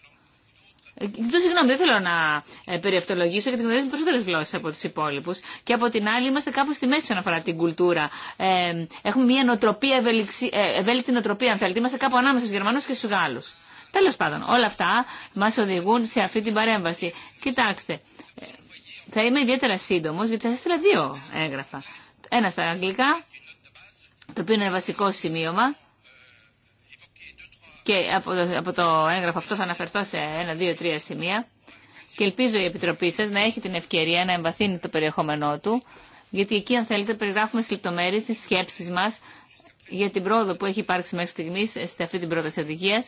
S2: Ε, συγγνώμη, δεν θέλω να ε, περιευτολογήσω γιατί γνωρίζουμε περισσότερε γλώσσε από του υπόλοιπου. Και από την άλλη, είμαστε κάπου στη μέση όσον αφορά την κουλτούρα. Ε, έχουμε μια νοτροπία, ευέλικτη, ευέλικτη αν θέλετε. Είμαστε κάπου ανάμεσα στου Γερμανού και στου Γάλλου. Τέλο πάντων, όλα αυτά μα οδηγούν σε αυτή την παρέμβαση. Κοιτάξτε, θα είμαι ιδιαίτερα σύντομο γιατί σα έστειλα δύο έγγραφα. Ένα στα αγγλικά, το οποίο είναι βασικό σημείωμα και από το, από το έγγραφο αυτό θα αναφερθώ σε ένα, δύο, τρία σημεία και ελπίζω η Επιτροπή σας να έχει την ευκαιρία να εμβαθύνει το περιεχόμενό του γιατί εκεί αν θέλετε περιγράφουμε στι λεπτομέρειε τις σκέψεις μας για την πρόοδο που έχει υπάρξει μέχρι στιγμής σε αυτή την πρόταση οδηγία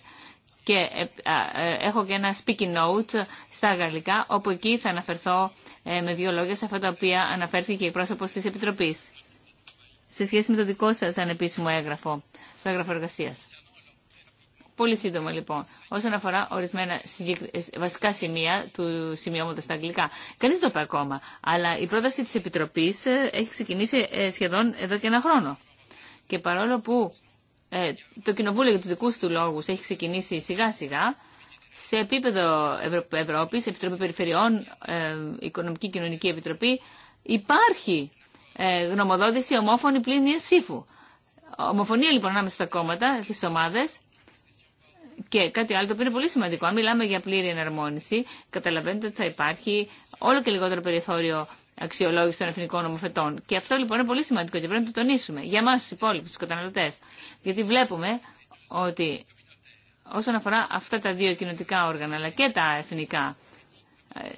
S2: και ε, ε, έχω και ένα speaking note στα γαλλικά όπου εκεί θα αναφερθώ ε, με δύο λόγια σε αυτά τα οποία αναφέρθηκε η πρόσωπος της Επιτροπής σε σχέση με το δικό σας ανεπίσημο έγγραφο, στο έγγραφο εργασίας. Πολύ σύντομα λοιπόν, όσον αφορά ορισμένα ε, βασικά σημεία του σημειώματο στα αγγλικά. Κανεί δεν το είπε ακόμα, αλλά η πρόταση τη Επιτροπή ε, έχει ξεκινήσει ε, σχεδόν εδώ και ένα χρόνο. Και παρόλο που το Κοινοβούλιο για του δικού του λόγου έχει ξεκινήσει σιγά σιγά, σε επίπεδο Ευρώπη, Επιτροπή Περιφερειών, Οικονομική Κοινωνική Επιτροπή, υπάρχει γνωμοδότηση ομόφωνη πλην ψήφου. Ομοφωνία λοιπόν ανάμεσα στα κόμματα και στι και κάτι άλλο το οποίο είναι πολύ σημαντικό. Αν μιλάμε για πλήρη εναρμόνιση, καταλαβαίνετε ότι θα υπάρχει όλο και λιγότερο περιθώριο αξιολόγηση των εθνικών νομοθετών. Και αυτό λοιπόν είναι πολύ σημαντικό και πρέπει να το τονίσουμε για εμά του υπόλοιπου, του καταναλωτέ. Γιατί βλέπουμε ότι όσον αφορά αυτά τα δύο κοινοτικά όργανα, αλλά και τα εθνικά, ε,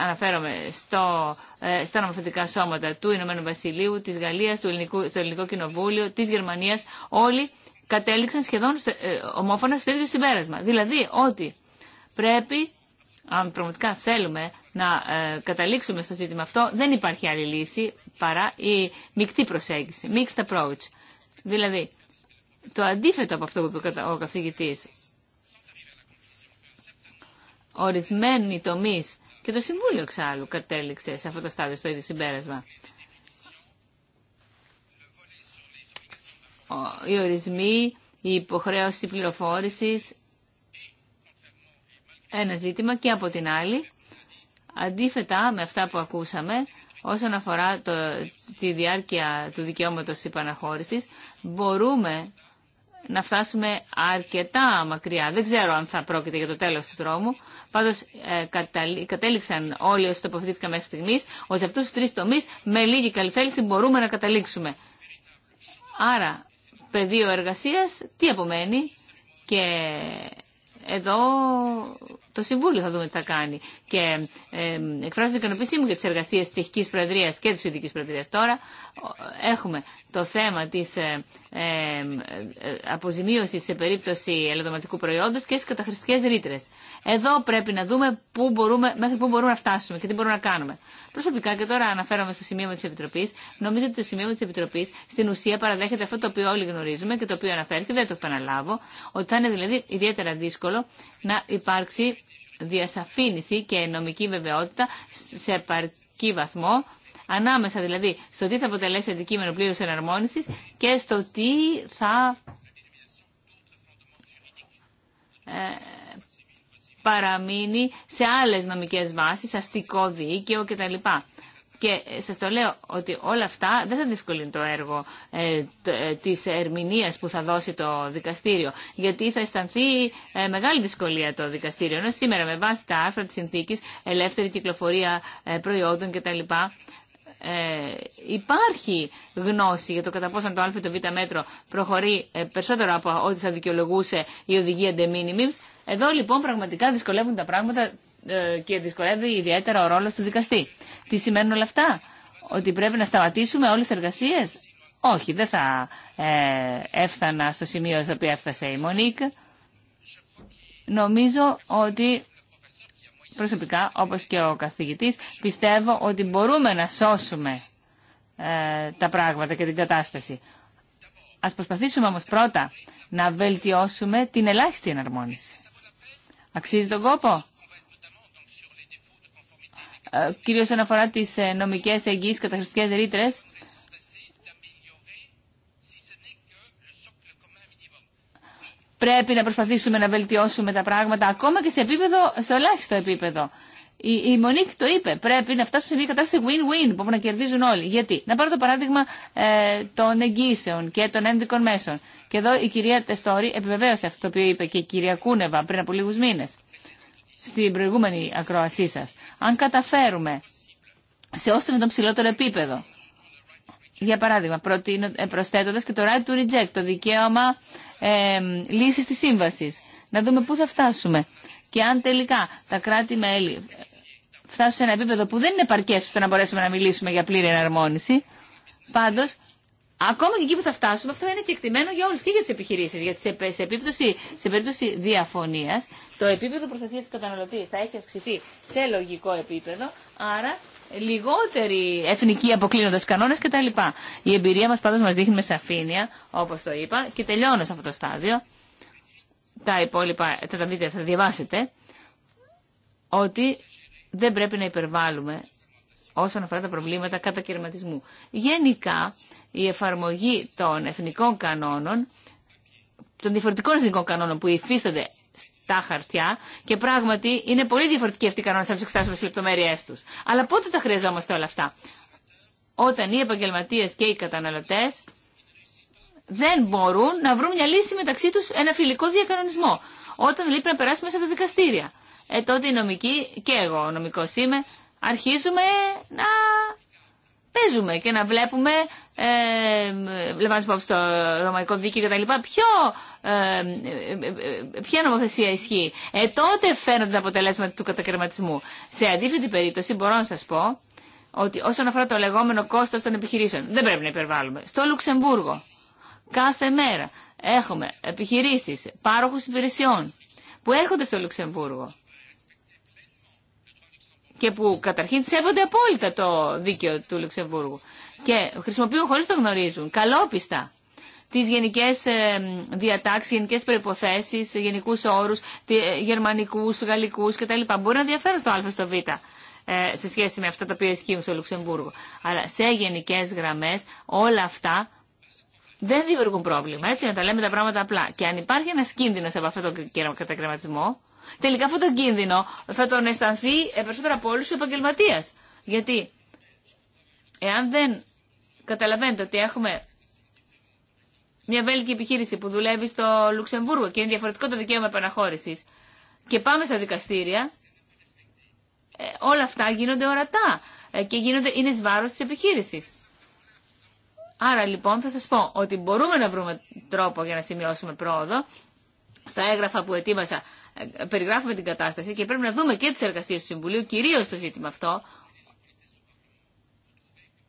S2: αναφέρομαι στο, ε, στα νομοθετικά σώματα του Ηνωμένου Βασιλείου, της Γαλλία, του Ελληνικού, στο Ελληνικό Κοινοβούλιο, της Γερμανίας, όλοι κατέληξαν σχεδόν ε, ομόφωνα στο ίδιο συμπέρασμα. Δηλαδή ότι πρέπει, αν πραγματικά θέλουμε να ε, καταλήξουμε στο ζήτημα αυτό, δεν υπάρχει άλλη λύση παρά η μεικτή προσέγγιση, mixed approach. Δηλαδή, το αντίθετο από αυτό που είπε ο καθηγητής, ορισμένοι τομείς και το Συμβούλιο εξάλλου κατέληξε σε αυτό το στάδιο στο ίδιο συμπέρασμα. οι ορισμοί, η υποχρέωση πληροφόρησης, ένα ζήτημα και από την άλλη, αντίθετα με αυτά που ακούσαμε, όσον αφορά το, τη διάρκεια του δικαιώματος υπαναχώρησης, μπορούμε να φτάσουμε αρκετά μακριά. Δεν ξέρω αν θα πρόκειται για το τέλος του τρόμου. Πάντως ε, κατέληξαν όλοι όσοι τοποθετήθηκαν μέχρι στιγμής ότι σε αυτούς τους τρεις τομείς με λίγη καλή θέληση μπορούμε να καταλήξουμε. Άρα πεδίο εργασίας, τι απομένει. Και εδώ το Συμβούλιο θα δούμε τι θα κάνει. Και ε, εκφράζω την ικανοποίησή μου για τι εργασίε τη Τσεχική Προεδρία και τη Σουηδική Προεδρία. Τώρα έχουμε το θέμα τη ε, αποζημίωση σε περίπτωση ελαττωματικού προϊόντο και στι καταχρηστικέ ρήτρε. Εδώ πρέπει να δούμε πού μπορούμε, μέχρι πού μπορούμε να φτάσουμε και τι μπορούμε να κάνουμε. Προσωπικά και τώρα αναφέρομαι στο σημείο τη Επιτροπή. Νομίζω ότι το σημείο τη Επιτροπή στην ουσία παραδέχεται αυτό το οποίο όλοι γνωρίζουμε και το οποίο αναφέρθηκε, δεν το επαναλάβω, ότι θα είναι δηλαδή ιδιαίτερα δύσκολο να υπάρξει διασαφήνιση και νομική βεβαιότητα σε επαρκή βαθμό ανάμεσα δηλαδή στο τι θα αποτελέσει αντικείμενο πλήρους εναρμόνισης και στο τι θα ε, παραμείνει σε άλλες νομικές βάσεις, αστικό δίκαιο κτλ. Και ε, σα το λέω ότι όλα αυτά δεν θα διευκολύνουν το έργο ε, ε τη ερμηνεία που θα δώσει το δικαστήριο. Γιατί θα αισθανθεί ε, μεγάλη δυσκολία το δικαστήριο. Ενώ σήμερα με βάση τα άρθρα τη συνθήκη, ελεύθερη κυκλοφορία ε, προϊόντων κτλ. Ε, υπάρχει γνώση για το κατά πόσο το α ή το β μέτρο προχωρεί περισσότερο από ό,τι θα δικαιολογούσε η οδηγία de minimis. Εδώ λοιπόν πραγματικά δυσκολεύουν τα πράγματα ε, και δυσκολεύει ιδιαίτερα ο ρόλος του δικαστή. Τι σημαίνουν όλα αυτά? Ότι πρέπει να σταματήσουμε όλες τις εργασίες? Όχι, δεν θα ε, έφτανα στο σημείο στο οποίο έφτασε η Μονίκ. Νομίζω ότι προσωπικά, όπως και ο καθηγητής, πιστεύω ότι μπορούμε να σώσουμε ε, τα πράγματα και την κατάσταση. Ας προσπαθήσουμε όμως πρώτα να βελτιώσουμε την ελάχιστη εναρμόνιση. Αξίζει τον κόπο. Ε, κυρίως όσον αφορά τις ε, νομικές εγγύσεις και τα χρηστικές ρήτρες, πρέπει να προσπαθήσουμε να βελτιώσουμε τα πράγματα ακόμα και σε επίπεδο, σε ελάχιστο επίπεδο. Η, η Μονίκ το είπε, πρέπει να φτάσουμε σε μια κατάσταση win-win που να κερδίζουν όλοι. Γιατί, να πάρω το παράδειγμα ε, των εγγύσεων και των ένδικων μέσων. Και εδώ η κυρία Τεστόρη επιβεβαίωσε αυτό το οποίο είπε και η κυρία Κούνεβα πριν από λίγους μήνες στην προηγούμενη ακροασή σας αν καταφέρουμε σε όσο είναι το ψηλότερο επίπεδο, για παράδειγμα, ε, προσθέτοντα και το right to reject, το δικαίωμα ε, λύση τη σύμβαση, να δούμε πού θα φτάσουμε. Και αν τελικά τα κράτη-μέλη φτάσουν σε ένα επίπεδο που δεν είναι επαρκέ ώστε να μπορέσουμε να μιλήσουμε για πλήρη εναρμόνιση, πάντως Ακόμα και εκεί που θα φτάσουμε, αυτό είναι κεκτημένο για όλου και για τι επιχειρήσει. Γιατί σε, περίπτωση διαφωνία, το επίπεδο προστασία του καταναλωτή θα έχει αυξηθεί σε λογικό επίπεδο, άρα λιγότεροι εθνικοί αποκλίνοντα κανόνε κτλ. Η εμπειρία μα πάντω μα δείχνει με σαφήνεια, όπω το είπα, και τελειώνω σε αυτό το στάδιο. Τα υπόλοιπα θα τα θα διαβάσετε, ότι δεν πρέπει να υπερβάλλουμε όσον αφορά τα προβλήματα κατακαιρματισμού. Γενικά, η εφαρμογή των εθνικών κανόνων, των διαφορετικών εθνικών κανόνων που υφίστανται στα χαρτιά και πράγματι είναι πολύ διαφορετική αυτοί οι κανόνε αν του εξετάσουμε στι λεπτομέρειέ του. Αλλά πότε τα χρειαζόμαστε όλα αυτά, όταν οι επαγγελματίε και οι καταναλωτέ δεν μπορούν να βρουν μια λύση μεταξύ του ένα φιλικό διακανονισμό. Όταν λείπει να περάσουμε μέσα από τα δικαστήρια. Ε, τότε οι νομικοί, και εγώ νομικό είμαι, αρχίζουμε να παίζουμε και να βλέπουμε, ε, στο υπόψη το ρωμαϊκό δίκαιο και τα ε, ε, ποια νομοθεσία ισχύει. Ε, τότε φαίνονται τα αποτελέσματα του κατακαιρματισμού. Σε αντίθετη περίπτωση μπορώ να σας πω ότι όσον αφορά το λεγόμενο κόστος των επιχειρήσεων, δεν πρέπει να υπερβάλλουμε. Στο Λουξεμβούργο, κάθε μέρα έχουμε επιχειρήσεις, πάροχους υπηρεσιών που έρχονται στο Λουξεμβούργο και που καταρχήν σέβονται απόλυτα το δίκαιο του Λουξεμβούργου και χρησιμοποιούν χωρίς το γνωρίζουν καλόπιστα τις γενικές ε, διατάξεις, γενικές προϋποθέσεις, γενικούς όρους, ε, γερμανικούς, γαλλικούς κτλ. Μπορεί να διαφέρουν στο α στο β ε, σε σχέση με αυτά τα οποία ισχύουν στο Λουξεμβούργο. Αλλά σε γενικές γραμμές όλα αυτά δεν δημιουργούν πρόβλημα. Έτσι να τα λέμε τα πράγματα απλά. Και αν υπάρχει ένας κίνδυνος από αυτό το κατακρεματισμό, Τελικά αυτόν τον κίνδυνο θα τον αισθανθεί ε, περισσότερο από όλου ο επαγγελματία. Γιατί εάν δεν καταλαβαίνετε ότι έχουμε μια βέλγικη επιχείρηση που δουλεύει στο Λουξεμβούργο και είναι διαφορετικό το δικαίωμα επαναχώρηση και πάμε στα δικαστήρια, ε, όλα αυτά γίνονται ορατά ε, και γίνονται, είναι σβάρος της επιχείρησης. Άρα λοιπόν θα σας πω ότι μπορούμε να βρούμε τρόπο για να σημειώσουμε πρόοδο, στα έγγραφα που ετοίμασα ε, περιγράφουμε την κατάσταση και πρέπει να δούμε και τις εργασίες του Συμβουλίου, κυρίως το ζήτημα αυτό,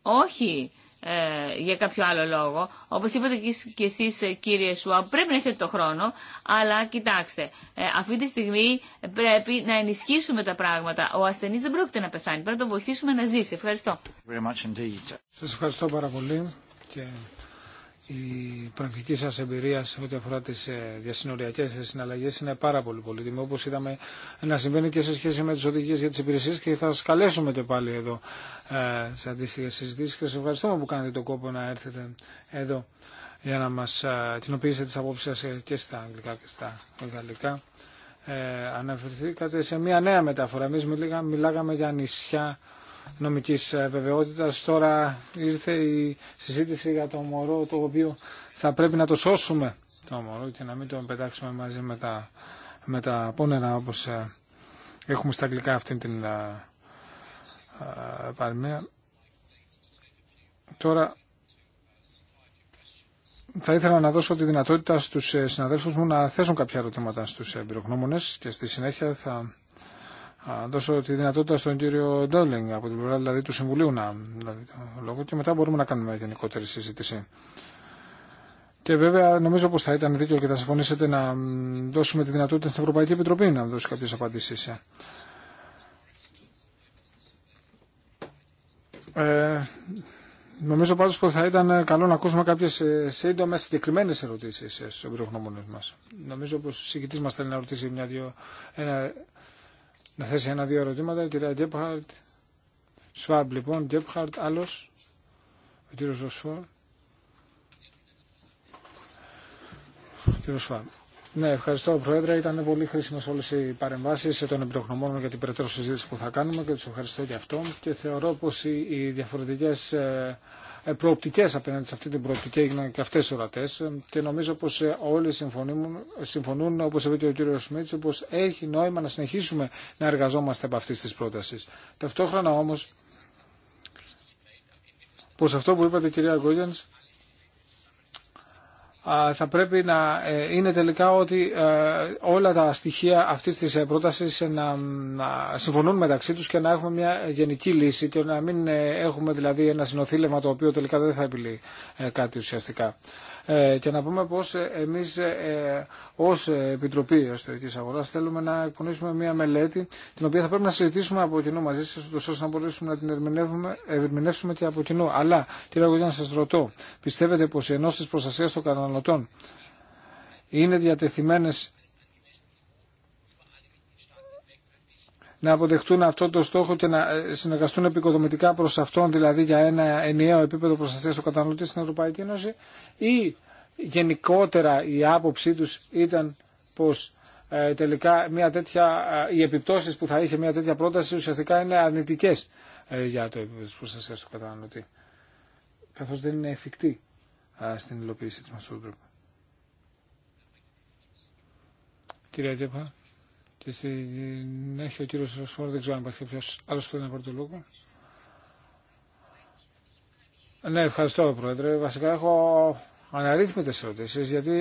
S2: όχι ε, για κάποιο άλλο λόγο. Όπως είπατε και εσείς ε, κύριε Σουά, πρέπει να έχετε το χρόνο, αλλά κοιτάξτε, ε, αυτή τη στιγμή πρέπει να ενισχύσουμε τα πράγματα. Ο ασθενής δεν πρόκειται να πεθάνει, πρέπει να τον βοηθήσουμε να ζήσει. Ευχαριστώ.
S3: Σας ευχαριστώ πάρα πολύ και η πρακτική σα εμπειρία σε ό,τι αφορά τις ε, διασυνοριακές συναλλαγές είναι πάρα πολύ πολύτιμη, όπως είδαμε να συμβαίνει και σε σχέση με τις οδηγίε για τις υπηρεσίε και θα σα καλέσουμε και πάλι εδώ ε, σε αντίστοιχε συζητήσει και σα ευχαριστούμε που κάνετε τον κόπο να έρθετε εδώ για να μας ε, κοινοποιήσετε τι απόψει σα και στα αγγλικά και στα γαλλικά. Ε, αναφερθήκατε σε μια νέα μεταφορά. εμεί, μιλάγαμε για νησιά νομικής ε, βεβαιότητας. Τώρα ήρθε η συζήτηση για το μωρό το οποίο θα πρέπει να το σώσουμε το μωρό και να μην το πετάξουμε μαζί με τα, με τα πόνερα όπως ε, έχουμε στα αγγλικά αυτή την ε, παρμία. Τώρα θα ήθελα να δώσω τη δυνατότητα στους συναδέλφους μου να θέσουν κάποια ερωτήματα στους εμπειρογνώμονες και στη συνέχεια θα δώσω τη δυνατότητα στον κύριο Ντόλινγκ από την πλευρά δηλαδή του Συμβουλίου να δηλαδή, το λόγο και μετά μπορούμε να κάνουμε γενικότερη συζήτηση. Και βέβαια νομίζω πως θα ήταν δίκαιο και θα συμφωνήσετε να δώσουμε τη δυνατότητα στην Ευρωπαϊκή Επιτροπή να δώσει κάποιες απαντήσεις. Ε, ε νομίζω πάντως πως θα ήταν καλό να ακούσουμε κάποιες ε, σύντομες συγκεκριμένες ερωτήσεις ε, στους εμπειρογνώμονες μας. Νομίζω πως ο συγκητής μας θέλει να ρωτήσει μια-δυο να θέσει ένα-δύο ερωτήματα. Κυρία Γκέπχαρτ, Σφάμπ λοιπόν, Γκέπχαρτ, άλλος, ο κύριο Ροσφόρ. Κύριο Σφάμπ. Ναι, ευχαριστώ Πρόεδρε. Ήταν πολύ χρήσιμε όλε οι παρεμβάσει των εμπειρογνωμών για την περαιτέρω συζήτηση που θα κάνουμε και του ευχαριστώ για αυτό. Και θεωρώ πω οι διαφορετικέ ε, προοπτικές απέναντι σε αυτή την προοπτική έγιναν και αυτές ορατές και νομίζω πως ε, όλοι συμφωνούν, συμφωνούν όπως είπε και ο κύριος Σμίτς πως έχει νόημα να συνεχίσουμε να εργαζόμαστε από αυτής της πρότασης. Ταυτόχρονα όμως πως αυτό που είπατε κυρία Γκόγιανς θα πρέπει να ε, είναι τελικά ότι ε, όλα τα στοιχεία αυτής της ε, πρότασης να συμφωνούν μεταξύ τους και να έχουμε μια γενική λύση και να μην έχουμε δηλαδή ένα συνοθήλευμα το οποίο τελικά δεν θα επιλύει κάτι ουσιαστικά. Ε, και να πούμε πως ε, εμείς ε, ως Επιτροπή Εσωτερικής Αγοράς θέλουμε να εκπονήσουμε μια μελέτη την οποία θα πρέπει να συζητήσουμε από κοινού μαζί σας ώστε να μπορέσουμε να την ερμηνεύσουμε και από κοινού. Αλλά κύριε να σας ρωτώ, πιστεύετε πως οι ενώσεις προστασίας των καταναλωτών είναι διατεθειμένες να αποδεχτούν αυτό το στόχο και να ε, συνεργαστούν επικοδομητικά προ αυτόν, δηλαδή για ένα ενιαίο επίπεδο προστασία του καταναλωτή στην Ευρωπαϊκή Ένωση, ή γενικότερα η άποψή του ήταν πω ε, τελικά μια τέτοια, ε, οι επιπτώσει που θα είχε μια τέτοια πρόταση ουσιαστικά είναι αρνητικέ για το επίπεδο τη προστασία του καταναλωτή. Καθώ δεν είναι εφικτή στην υλοποίηση τη μα Κυρία και έχει ο κύριο Ροσφόρ, δεν ξέρω αν υπάρχει κάποιο άλλο που θέλει να πάρει το λόγο. Ναι, ευχαριστώ Πρόεδρε. Βασικά έχω αναρρύθμιτες ερωτήσει γιατί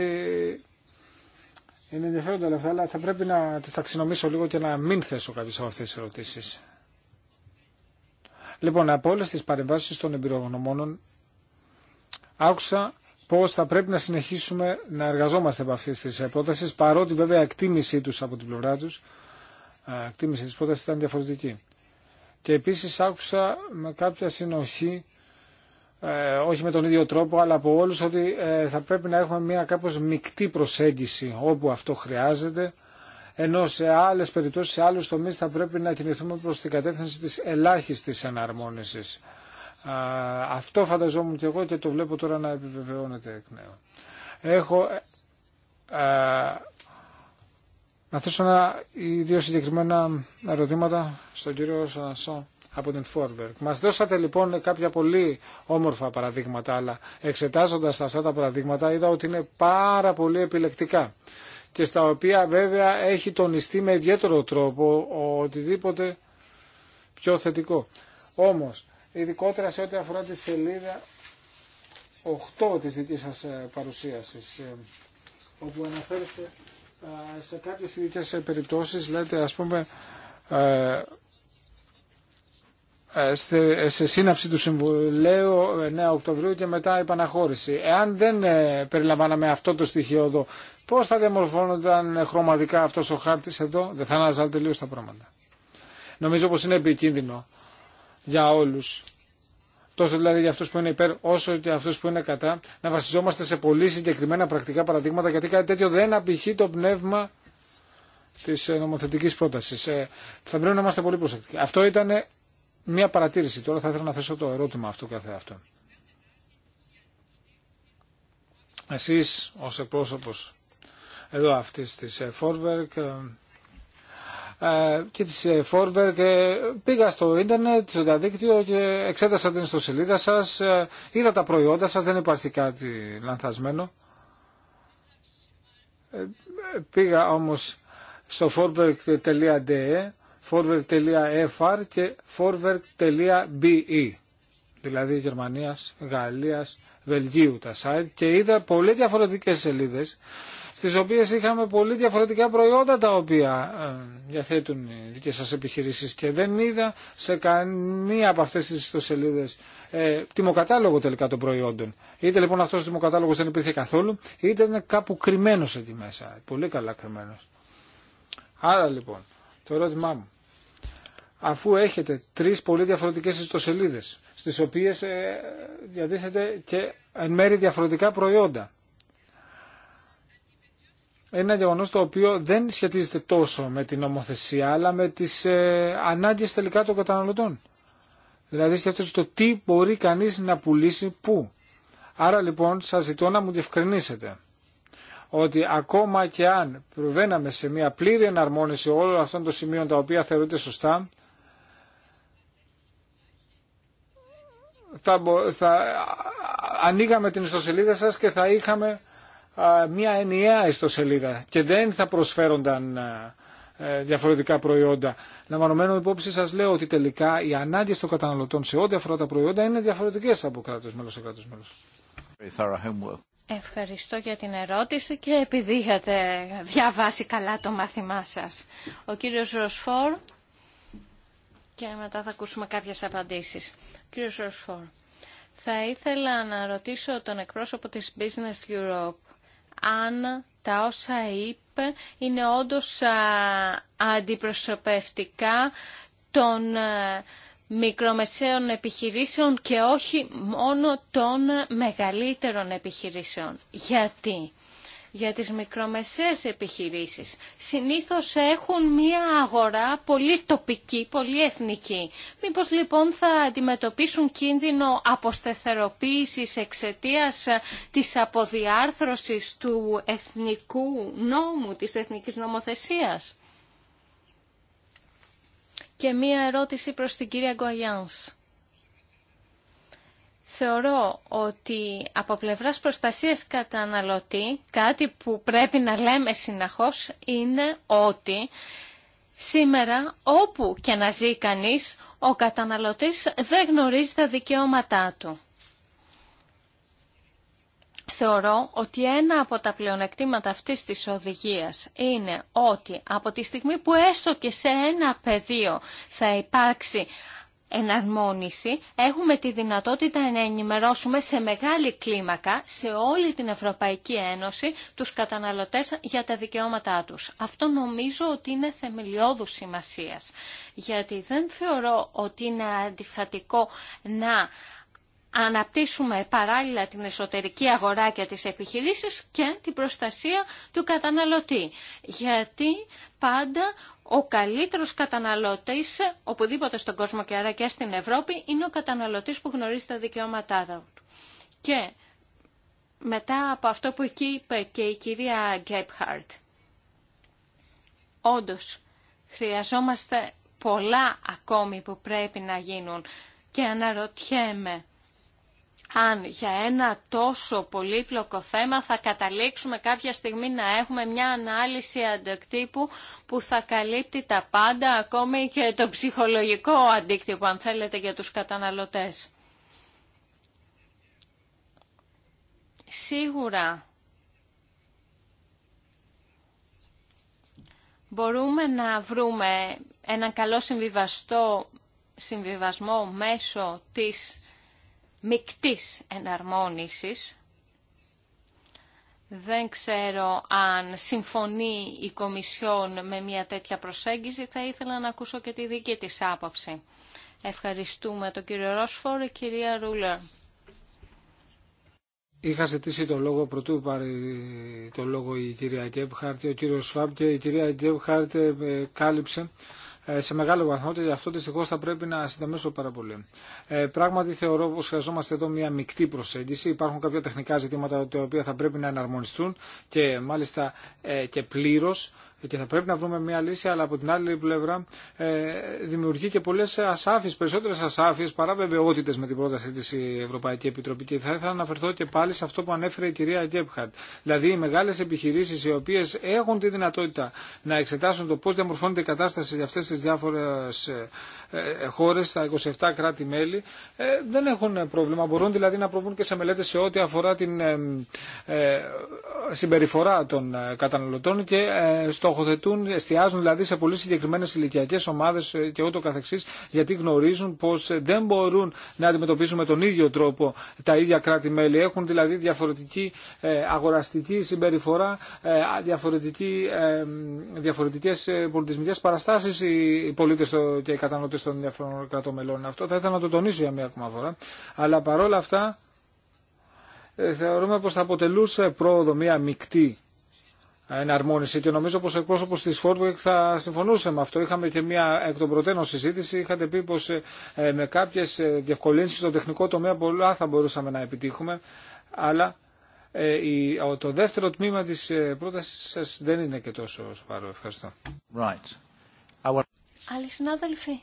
S3: είναι ενδιαφέροντα όλα αυτά, αλλά θα πρέπει να τις ταξινομήσω λίγο και να μην θέσω κάποιε από αυτές τι ερωτήσεις. Λοιπόν, από όλε τι παρεμβάσει των εμπειρογνωμόνων άκουσα Πώ θα πρέπει να συνεχίσουμε να εργαζόμαστε από αυτέ τι πρόταση, παρότι βέβαια η εκτίμησή του από την πλευρά του, ε, εκτίμηση τη πρόταση ήταν διαφορετική. Και επίση άκουσα με κάποια συνοχή, ε, όχι με τον ίδιο τρόπο, αλλά από όλου, ότι ε, θα πρέπει να έχουμε μια κάπω μεικτή προσέγγιση όπου αυτό χρειάζεται, ενώ σε άλλε περιπτώσει, σε άλλου τομεί θα πρέπει να κινηθούμε προ την κατεύθυνση τη ελάχιστη εναρμόνισης αυτό φανταζόμουν και εγώ και το βλέπω τώρα να επιβεβαιώνεται εκ νέου. Έχω ε, να θέσω ένα δύο συγκεκριμένα ερωτήματα στον κύριο Σανασό από την Φόρμπερκ. Μας δώσατε λοιπόν κάποια πολύ όμορφα παραδείγματα, αλλά εξετάζοντας αυτά τα παραδείγματα είδα ότι είναι πάρα πολύ επιλεκτικά και στα οποία βέβαια έχει τονιστεί με ιδιαίτερο τρόπο οτιδήποτε πιο θετικό. Όμως, ειδικότερα σε ό,τι αφορά τη σελίδα 8 της δικής σας ε, παρουσίασης, ε, όπου αναφέρεστε ε, σε κάποιες ειδικές περιπτώσεις, λέτε ας πούμε σε σύναψη του Συμβουλίου 9 Οκτωβρίου και μετά παναχώρηση. Εάν δεν περιλαμβάναμε αυτό το στοιχείο εδώ, πώς θα διαμορφώνονταν χρωματικά αυτός ο χάρτης εδώ, δεν θα αναζάλλει τελείως τα πράγματα. Νομίζω πως είναι επικίνδυνο για όλους τόσο δηλαδή για αυτού που είναι υπέρ, όσο και για αυτού που είναι κατά, να βασιζόμαστε σε πολύ συγκεκριμένα πρακτικά παραδείγματα, γιατί κάτι τέτοιο δεν απηχεί το πνεύμα τη ε, νομοθετική πρόταση. Ε, θα πρέπει να είμαστε πολύ προσεκτικοί. Αυτό ήταν μια παρατήρηση. Τώρα θα ήθελα να θέσω το ερώτημα αυτό καθε αυτό. Εσείς ως εκπρόσωπος εδώ αυτής της Φόρβερκ ε, και της ε, Forver και ε, πήγα στο ίντερνετ, στο διαδίκτυο και εξέτασα την ιστοσελίδα σας, είδα τα προϊόντα σας, δεν υπάρχει κάτι λανθασμένο. Πήγα όμως στο forwerk.de, forwerk.fr και forwerk.be, δηλαδή Γερμανίας, Γαλλίας, Βελγίου τα site και είδα πολύ διαφορετικές σελίδες στις οποίες είχαμε πολύ διαφορετικά προϊόντα τα οποία ε, διαθέτουν οι δικές σας επιχειρήσεις και δεν είδα σε καμία από αυτές τις ιστοσελίδες ε, τιμοκατάλογο τελικά των προϊόντων. Είτε λοιπόν αυτός ο τιμοκατάλογος δεν υπήρχε καθόλου, είτε είναι κάπου κρυμμένος εκεί μέσα, πολύ καλά κρυμμένος. Άρα λοιπόν, το ερώτημά μου, αφού έχετε τρεις πολύ διαφορετικές ιστοσελίδες, στις οποίες ε, και εν μέρει διαφορετικά προϊόντα, ένα γεγονός το οποίο δεν σχετίζεται τόσο με την νομοθεσία αλλά με τις ε, ανάγκες τελικά των καταναλωτών. Δηλαδή σκέφτεσαι το τι μπορεί κανείς να πουλήσει πού. Άρα λοιπόν σας ζητώ να μου διευκρινίσετε ότι ακόμα και αν προβαίναμε σε μια πλήρη εναρμόνιση όλων αυτών των σημείων τα οποία θεωρείται σωστά, θα, θα ανοίγαμε την ιστοσελίδα σας και θα είχαμε μια ενιαία ιστοσελίδα και δεν θα προσφέρονταν ε, διαφορετικά προϊόντα. Λαμβανομένου υπόψη σας λέω ότι τελικά οι ανάγκες των καταναλωτών σε ό,τι αφορά τα προϊόντα είναι διαφορετικές από κράτος μέλος σε κράτος μέλος.
S4: Ευχαριστώ για την ερώτηση και επειδή είχατε διαβάσει καλά το μάθημά σας. Ο κύριος Ροσφόρ και μετά θα ακούσουμε κάποιες απαντήσεις. κύριος Ροσφόρ, θα ήθελα να ρωτήσω τον εκπρόσωπο της Business Europe αν τα όσα είπε είναι όντως αντιπροσωπευτικά των μικρομεσαίων επιχειρήσεων και όχι μόνο των μεγαλύτερων επιχειρήσεων. Γιατί για τις μικρομεσαίες επιχειρήσεις. Συνήθως έχουν μία αγορά πολύ τοπική, πολύ εθνική. Μήπως λοιπόν θα αντιμετωπίσουν κίνδυνο αποστεθεροποίησης εξαιτίας ε, της αποδιάρθρωσης του εθνικού νόμου, της εθνικής νομοθεσίας. Και μία ερώτηση προς την κυρία Γκογιάνς θεωρώ ότι από πλευράς προστασίας καταναλωτή κάτι που πρέπει να λέμε συναχώς είναι ότι σήμερα όπου και να ζει κανείς ο καταναλωτής δεν γνωρίζει τα δικαιώματά του. Θεωρώ ότι ένα από τα πλεονεκτήματα αυτής της οδηγίας είναι ότι από τη στιγμή που έστω και σε ένα πεδίο θα υπάρξει εναρμόνιση έχουμε τη δυνατότητα να ενημερώσουμε σε μεγάλη κλίμακα σε όλη την Ευρωπαϊκή Ένωση τους καταναλωτές για τα δικαιώματά τους. Αυτό νομίζω ότι είναι θεμελιώδους σημασίας, γιατί δεν θεωρώ ότι είναι αντιφατικό να αναπτύσσουμε παράλληλα την εσωτερική αγορά και τις επιχειρήσεις και την προστασία του καταναλωτή. Γιατί πάντα ο καλύτερος καταναλωτής οπουδήποτε στον κόσμο και άρα και στην Ευρώπη είναι ο καταναλωτής που γνωρίζει τα δικαιώματά του. Και μετά από αυτό που εκεί είπε και η κυρία Γκέπχαρτ, όντως χρειαζόμαστε πολλά ακόμη που πρέπει να γίνουν και αναρωτιέμαι αν για ένα τόσο πολύπλοκο θέμα θα καταλήξουμε κάποια στιγμή να έχουμε μια ανάλυση αντικτύπου που θα καλύπτει τα πάντα, ακόμη και το ψυχολογικό αντίκτυπο, αν θέλετε, για τους καταναλωτές. Σίγουρα μπορούμε να βρούμε έναν καλό συμβιβαστό συμβιβασμό μέσω της μεικτής εναρμόνισης. Δεν ξέρω αν συμφωνεί η Κομισιόν με μια τέτοια προσέγγιση. Θα ήθελα να ακούσω και τη δική της άποψη. Ευχαριστούμε τον κύριο Ρόσφορ και κυρία Ρούλερ.
S3: Είχα ζητήσει το λόγο πρωτού πάρει το λόγο η κυρία Γκέμπχαρτ, ο κύριος Σφάμπ και η κυρία Γκέμπχαρτ ε, κάλυψε ε, σε μεγάλο βαθμό ότι αυτό δυστυχώ θα πρέπει να συνταμίσω πάρα πολύ. Ε, πράγματι θεωρώ πω χρειαζόμαστε εδώ μια μεικτή προσέγγιση. Υπάρχουν κάποια τεχνικά ζητήματα τα οποία θα πρέπει να εναρμονιστούν και μάλιστα ε, και πλήρω και θα πρέπει να βρούμε μια λύση, αλλά από την άλλη πλευρά ε, δημιουργεί και πολλέ ασάφειε, περισσότερε ασάφειε παρά βεβαιότητε με την πρόταση τη Ευρωπαϊκή Επιτροπή. Και θα ήθελα να αναφερθώ και πάλι σε αυτό που ανέφερε η κυρία Γκέπχαρτ. Δηλαδή, οι μεγάλε επιχειρήσει οι οποίε έχουν τη δυνατότητα να εξετάσουν το πώ διαμορφώνεται η κατάσταση για αυτέ τι διάφορε ε, ε, χώρε, στα 27 κράτη-μέλη, δεν έχουν πρόβλημα. Μπορούν δηλαδή να προβούν και σε μελέτε σε ό,τι αφορά την συμπεριφορά των καταναλωτών και στο στοχοθετούν, εστιάζουν δηλαδή σε πολύ συγκεκριμένε ηλικιακέ ομάδε ε, και ούτω καθεξή, γιατί γνωρίζουν πω ε, δεν μπορούν να αντιμετωπίσουν με τον ίδιο τρόπο τα ίδια κράτη-μέλη. Έχουν δηλαδή διαφορετική ε, αγοραστική συμπεριφορά, διαφορετικέ πολιτισμικέ παραστάσει οι πολίτε και οι κατανότε των διαφορών κρατών μελών. Αυτό θα ήθελα να το τονίσω για μία ακόμα φορά. Αλλά παρόλα αυτά θεωρούμε πω θα αποτελούσε πρόοδο μία μεικτή εναρμόνιση και νομίζω πως ο εκπρόσωπος της Φόρτβεκ θα συμφωνούσε με αυτό. Είχαμε και μια εκ των προτένων συζήτηση, είχατε πει πως ε, με κάποιες ε, διευκολύνσεις στο τεχνικό τομέα πολλά θα μπορούσαμε να επιτύχουμε, αλλά ε, το δεύτερο τμήμα της πρότασης σας δεν είναι και τόσο σοβαρό. Ευχαριστώ. Right.
S4: Άλλοι συνάδελφοι.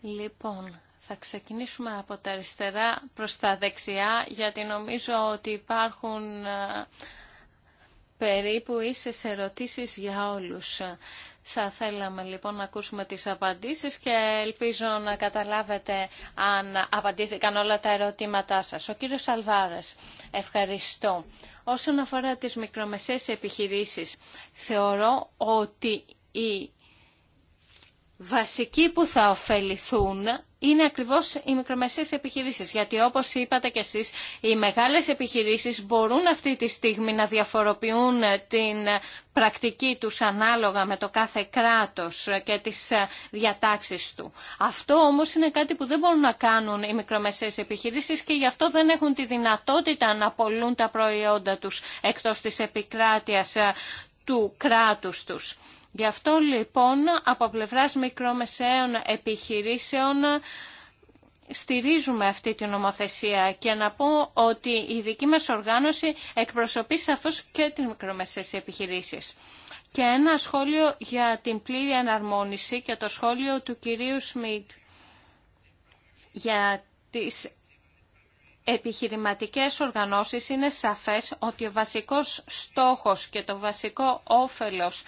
S4: Λοιπόν, θα ξεκινήσουμε από τα αριστερά προς τα δεξιά, γιατί νομίζω ότι υπάρχουν ε, περίπου ίσες ερωτήσεις για όλους. Θα θέλαμε λοιπόν να ακούσουμε τις απαντήσεις και ελπίζω να καταλάβετε αν απαντήθηκαν όλα τα ερωτήματά σας. Ο κύριος Αλβάρας, ευχαριστώ. Όσον αφορά τις μικρομεσαίες επιχειρήσεις, θεωρώ ότι οι βασικοί που θα ωφεληθούν είναι ακριβώς οι μικρομεσαίες επιχειρήσεις. Γιατί όπως είπατε κι εσείς, οι μεγάλες επιχειρήσεις μπορούν αυτή τη στιγμή να διαφοροποιούν την πρακτική τους ανάλογα με το κάθε κράτος και τις διατάξεις του. Αυτό όμως είναι κάτι που δεν μπορούν να κάνουν οι μικρομεσαίες επιχειρήσεις και γι' αυτό δεν έχουν τη δυνατότητα να πολλούν τα προϊόντα τους εκτός της επικράτειας του κράτους τους. Γι' αυτό λοιπόν από πλευράς μικρομεσαίων επιχειρήσεων στηρίζουμε αυτή την νομοθεσία και να πω ότι η δική μας οργάνωση εκπροσωπεί σαφώς και τις μικρομεσαίες επιχειρήσεις. Και ένα σχόλιο για την πλήρη εναρμόνιση και το σχόλιο του κυρίου Σμιτ για τις επιχειρηματικές οργανώσεις είναι σαφές ότι ο βασικός στόχος και το βασικό όφελος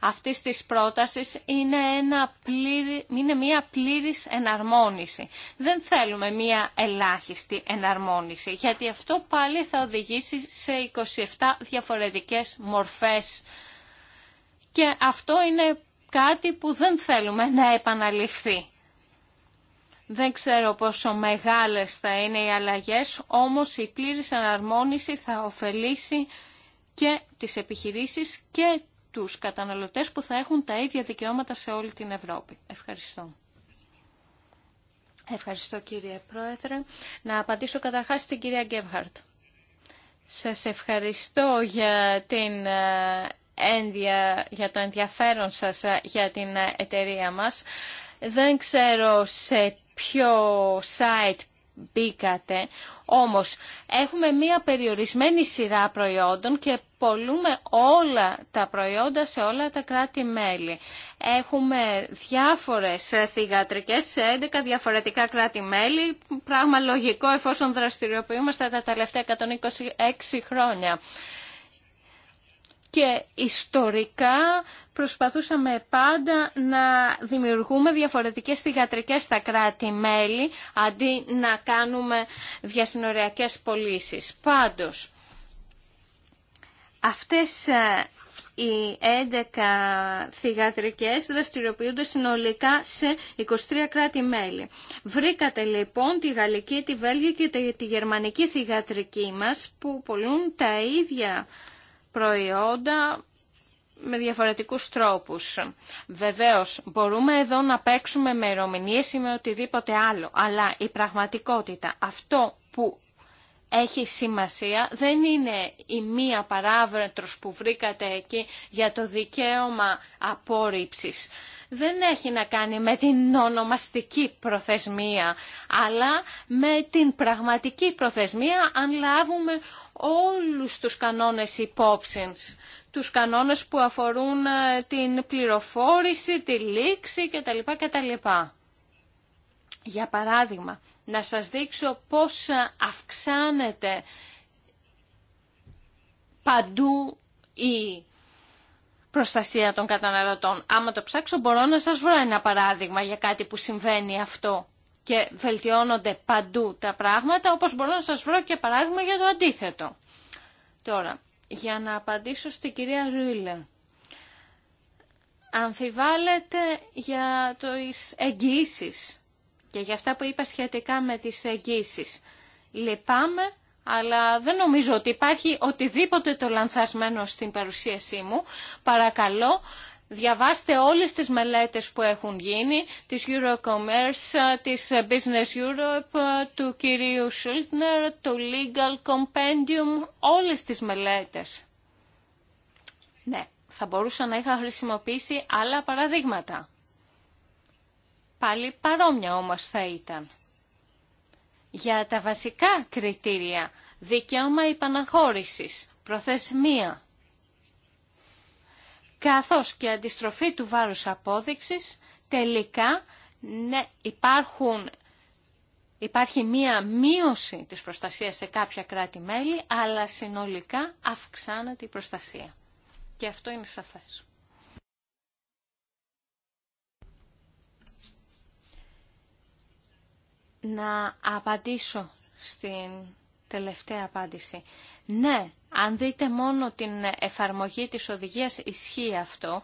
S4: αυτής της πρότασης είναι, ένα πλήρη, μια πλήρης εναρμόνιση. Δεν θέλουμε μια ελάχιστη εναρμόνιση, γιατί αυτό πάλι θα οδηγήσει σε 27 διαφορετικές μορφές και αυτό είναι κάτι που δεν θέλουμε να επαναληφθεί. Δεν ξέρω πόσο μεγάλες θα είναι οι αλλαγές, όμως η πλήρης εναρμόνιση θα ωφελήσει και τις επιχειρήσεις και τους καταναλωτές που θα έχουν τα ίδια δικαιώματα σε όλη την Ευρώπη. Ευχαριστώ. Ευχαριστώ κύριε Πρόεδρε. Να απαντήσω καταρχάς στην κυρία Γκέμχαρτ. Σας ευχαριστώ για, την, ε, ένδια, για το ενδιαφέρον σας ε, για την εταιρεία μας. Δεν ξέρω σε ποιο site μπήκατε. Όμως έχουμε μία περιορισμένη σειρά προϊόντων και πολλούμε όλα τα προϊόντα σε όλα τα κράτη-μέλη. Έχουμε διάφορες θηγατρικές σε 11 διαφορετικά κράτη-μέλη, πράγμα λογικό εφόσον δραστηριοποιούμαστε τα τελευταία 126 χρόνια. Και ιστορικά προσπαθούσαμε πάντα να δημιουργούμε διαφορετικές θηγατρικές στα κράτη-μέλη αντί να κάνουμε διασυνοριακές πωλήσει. Πάντως, αυτές ε, οι 11 θηγατρικές δραστηριοποιούνται συνολικά σε 23 κράτη-μέλη. Βρήκατε λοιπόν τη γαλλική, τη Βέλγια και τη γερμανική θηγατρική μας που πολλούν τα ίδια προϊόντα με διαφορετικούς τρόπους. Βεβαίως, μπορούμε εδώ να παίξουμε με ερωμηνίε ή με οτιδήποτε άλλο, αλλά η πραγματικότητα, αυτό που έχει σημασία, δεν είναι η μία παράβρετρος που βρήκατε εκεί για το δικαίωμα απόρριψης. Δεν έχει να κάνει με την ονομαστική προθεσμία, αλλά με την πραγματική προθεσμία αν λάβουμε όλους τους κανόνες υπόψης τους κανόνες που αφορούν ε, την πληροφόρηση, τη λήξη κτλ. κτλ. Για παράδειγμα, να σας δείξω πώς ε, αυξάνεται παντού η προστασία των καταναλωτών. Άμα το ψάξω μπορώ να σας βρω ένα παράδειγμα για κάτι που συμβαίνει αυτό και βελτιώνονται παντού τα πράγματα, όπως μπορώ να σας βρω και παράδειγμα για το αντίθετο. Τώρα, για να απαντήσω στην κυρία Ρούλε. Αμφιβάλλεται για τις εγγύησει και για αυτά που είπα σχετικά με τις εγγύησει. Λυπάμαι, αλλά δεν νομίζω ότι υπάρχει οτιδήποτε το λανθασμένο στην παρουσίασή μου. Παρακαλώ, Διαβάστε όλες τις μελέτες που έχουν γίνει, της Eurocommerce, της Business Europe, του κυρίου Σούλτνερ, του Legal Compendium, όλες τις μελέτες. Ναι, θα μπορούσα να είχα χρησιμοποιήσει άλλα παραδείγματα. Πάλι παρόμοια όμως θα ήταν. Για τα βασικά κριτήρια, δικαίωμα υπαναχώρησης, προθεσμία, καθώς και αντιστροφή του βάρους απόδειξης, τελικά ναι, υπάρχουν, υπάρχει μία μείωση της προστασίας σε κάποια κράτη-μέλη, αλλά συνολικά αυξάνεται η προστασία. Και αυτό είναι σαφές. Να απαντήσω στην τελευταία απάντηση. Ναι, αν δείτε μόνο την εφαρμογή της οδηγίας ισχύει αυτό,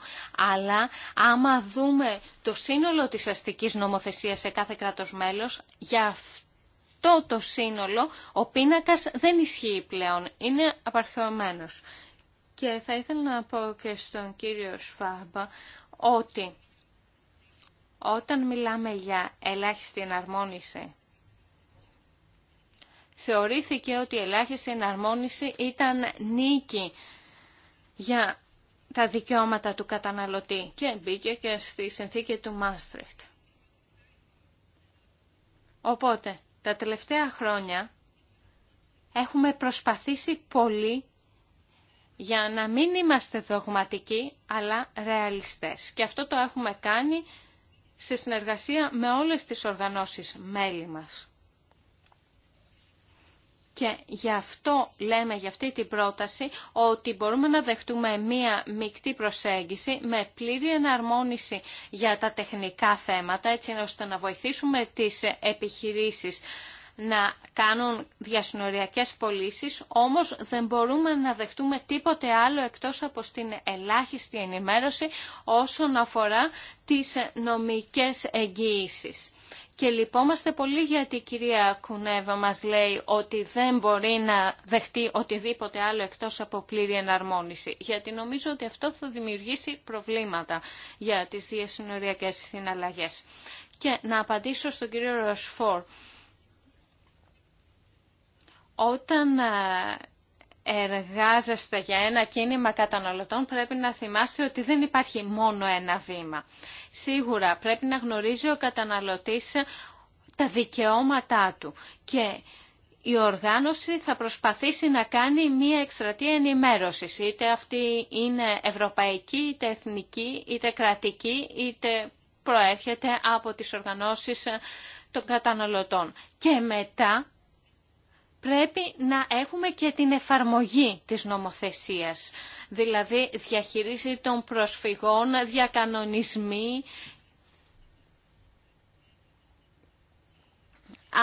S4: αλλά άμα δούμε το σύνολο της αστικής νομοθεσίας σε κάθε κράτος μέλος, για αυτό το σύνολο ο πίνακας δεν ισχύει πλέον, είναι απαρχαιωμένος. Και θα ήθελα να πω και στον κύριο Σφάμπα ότι όταν μιλάμε για ελάχιστη εναρμόνιση θεωρήθηκε ότι η ελάχιστη εναρμόνιση ήταν νίκη για τα δικαιώματα του καταναλωτή και μπήκε και στη συνθήκη του Μάστρεχτ. Οπότε, τα τελευταία χρόνια έχουμε προσπαθήσει πολύ για να μην είμαστε δογματικοί, αλλά ρεαλιστές. Και αυτό το έχουμε κάνει σε συνεργασία με όλες τις οργανώσεις μέλη μας. Και γι' αυτό λέμε για αυτή την πρόταση ότι μπορούμε να δεχτούμε μία μεικτή προσέγγιση με πλήρη εναρμόνιση για τα τεχνικά θέματα, έτσι ώστε να βοηθήσουμε τις επιχειρήσεις να κάνουν διασυνοριακές πωλήσει, όμως δεν μπορούμε να δεχτούμε τίποτε άλλο εκτός από στην ελάχιστη ενημέρωση όσον αφορά τις νομικές εγγύησεις. Και λυπόμαστε πολύ γιατί η κυρία Κουνέβα μας λέει ότι δεν μπορεί να δεχτεί οτιδήποτε άλλο εκτός από πλήρη εναρμόνιση. Γιατί νομίζω ότι αυτό θα δημιουργήσει προβλήματα για τις διασυνοριακές συναλλαγές. Και να απαντήσω στον κύριο Ροσφόρ. Όταν ε, εργάζεστε για ένα κίνημα καταναλωτών πρέπει να θυμάστε ότι δεν υπάρχει μόνο ένα βήμα. Σίγουρα πρέπει να γνωρίζει ο καταναλωτής τα δικαιώματά του και η οργάνωση θα προσπαθήσει να κάνει μία εκστρατεία ενημέρωσης, είτε αυτή είναι ευρωπαϊκή, είτε εθνική, είτε κρατική, είτε προέρχεται από τις οργανώσεις των καταναλωτών. Και μετά πρέπει να έχουμε και την εφαρμογή της νομοθεσίας, δηλαδή διαχείριση των προσφυγών, διακανονισμοί,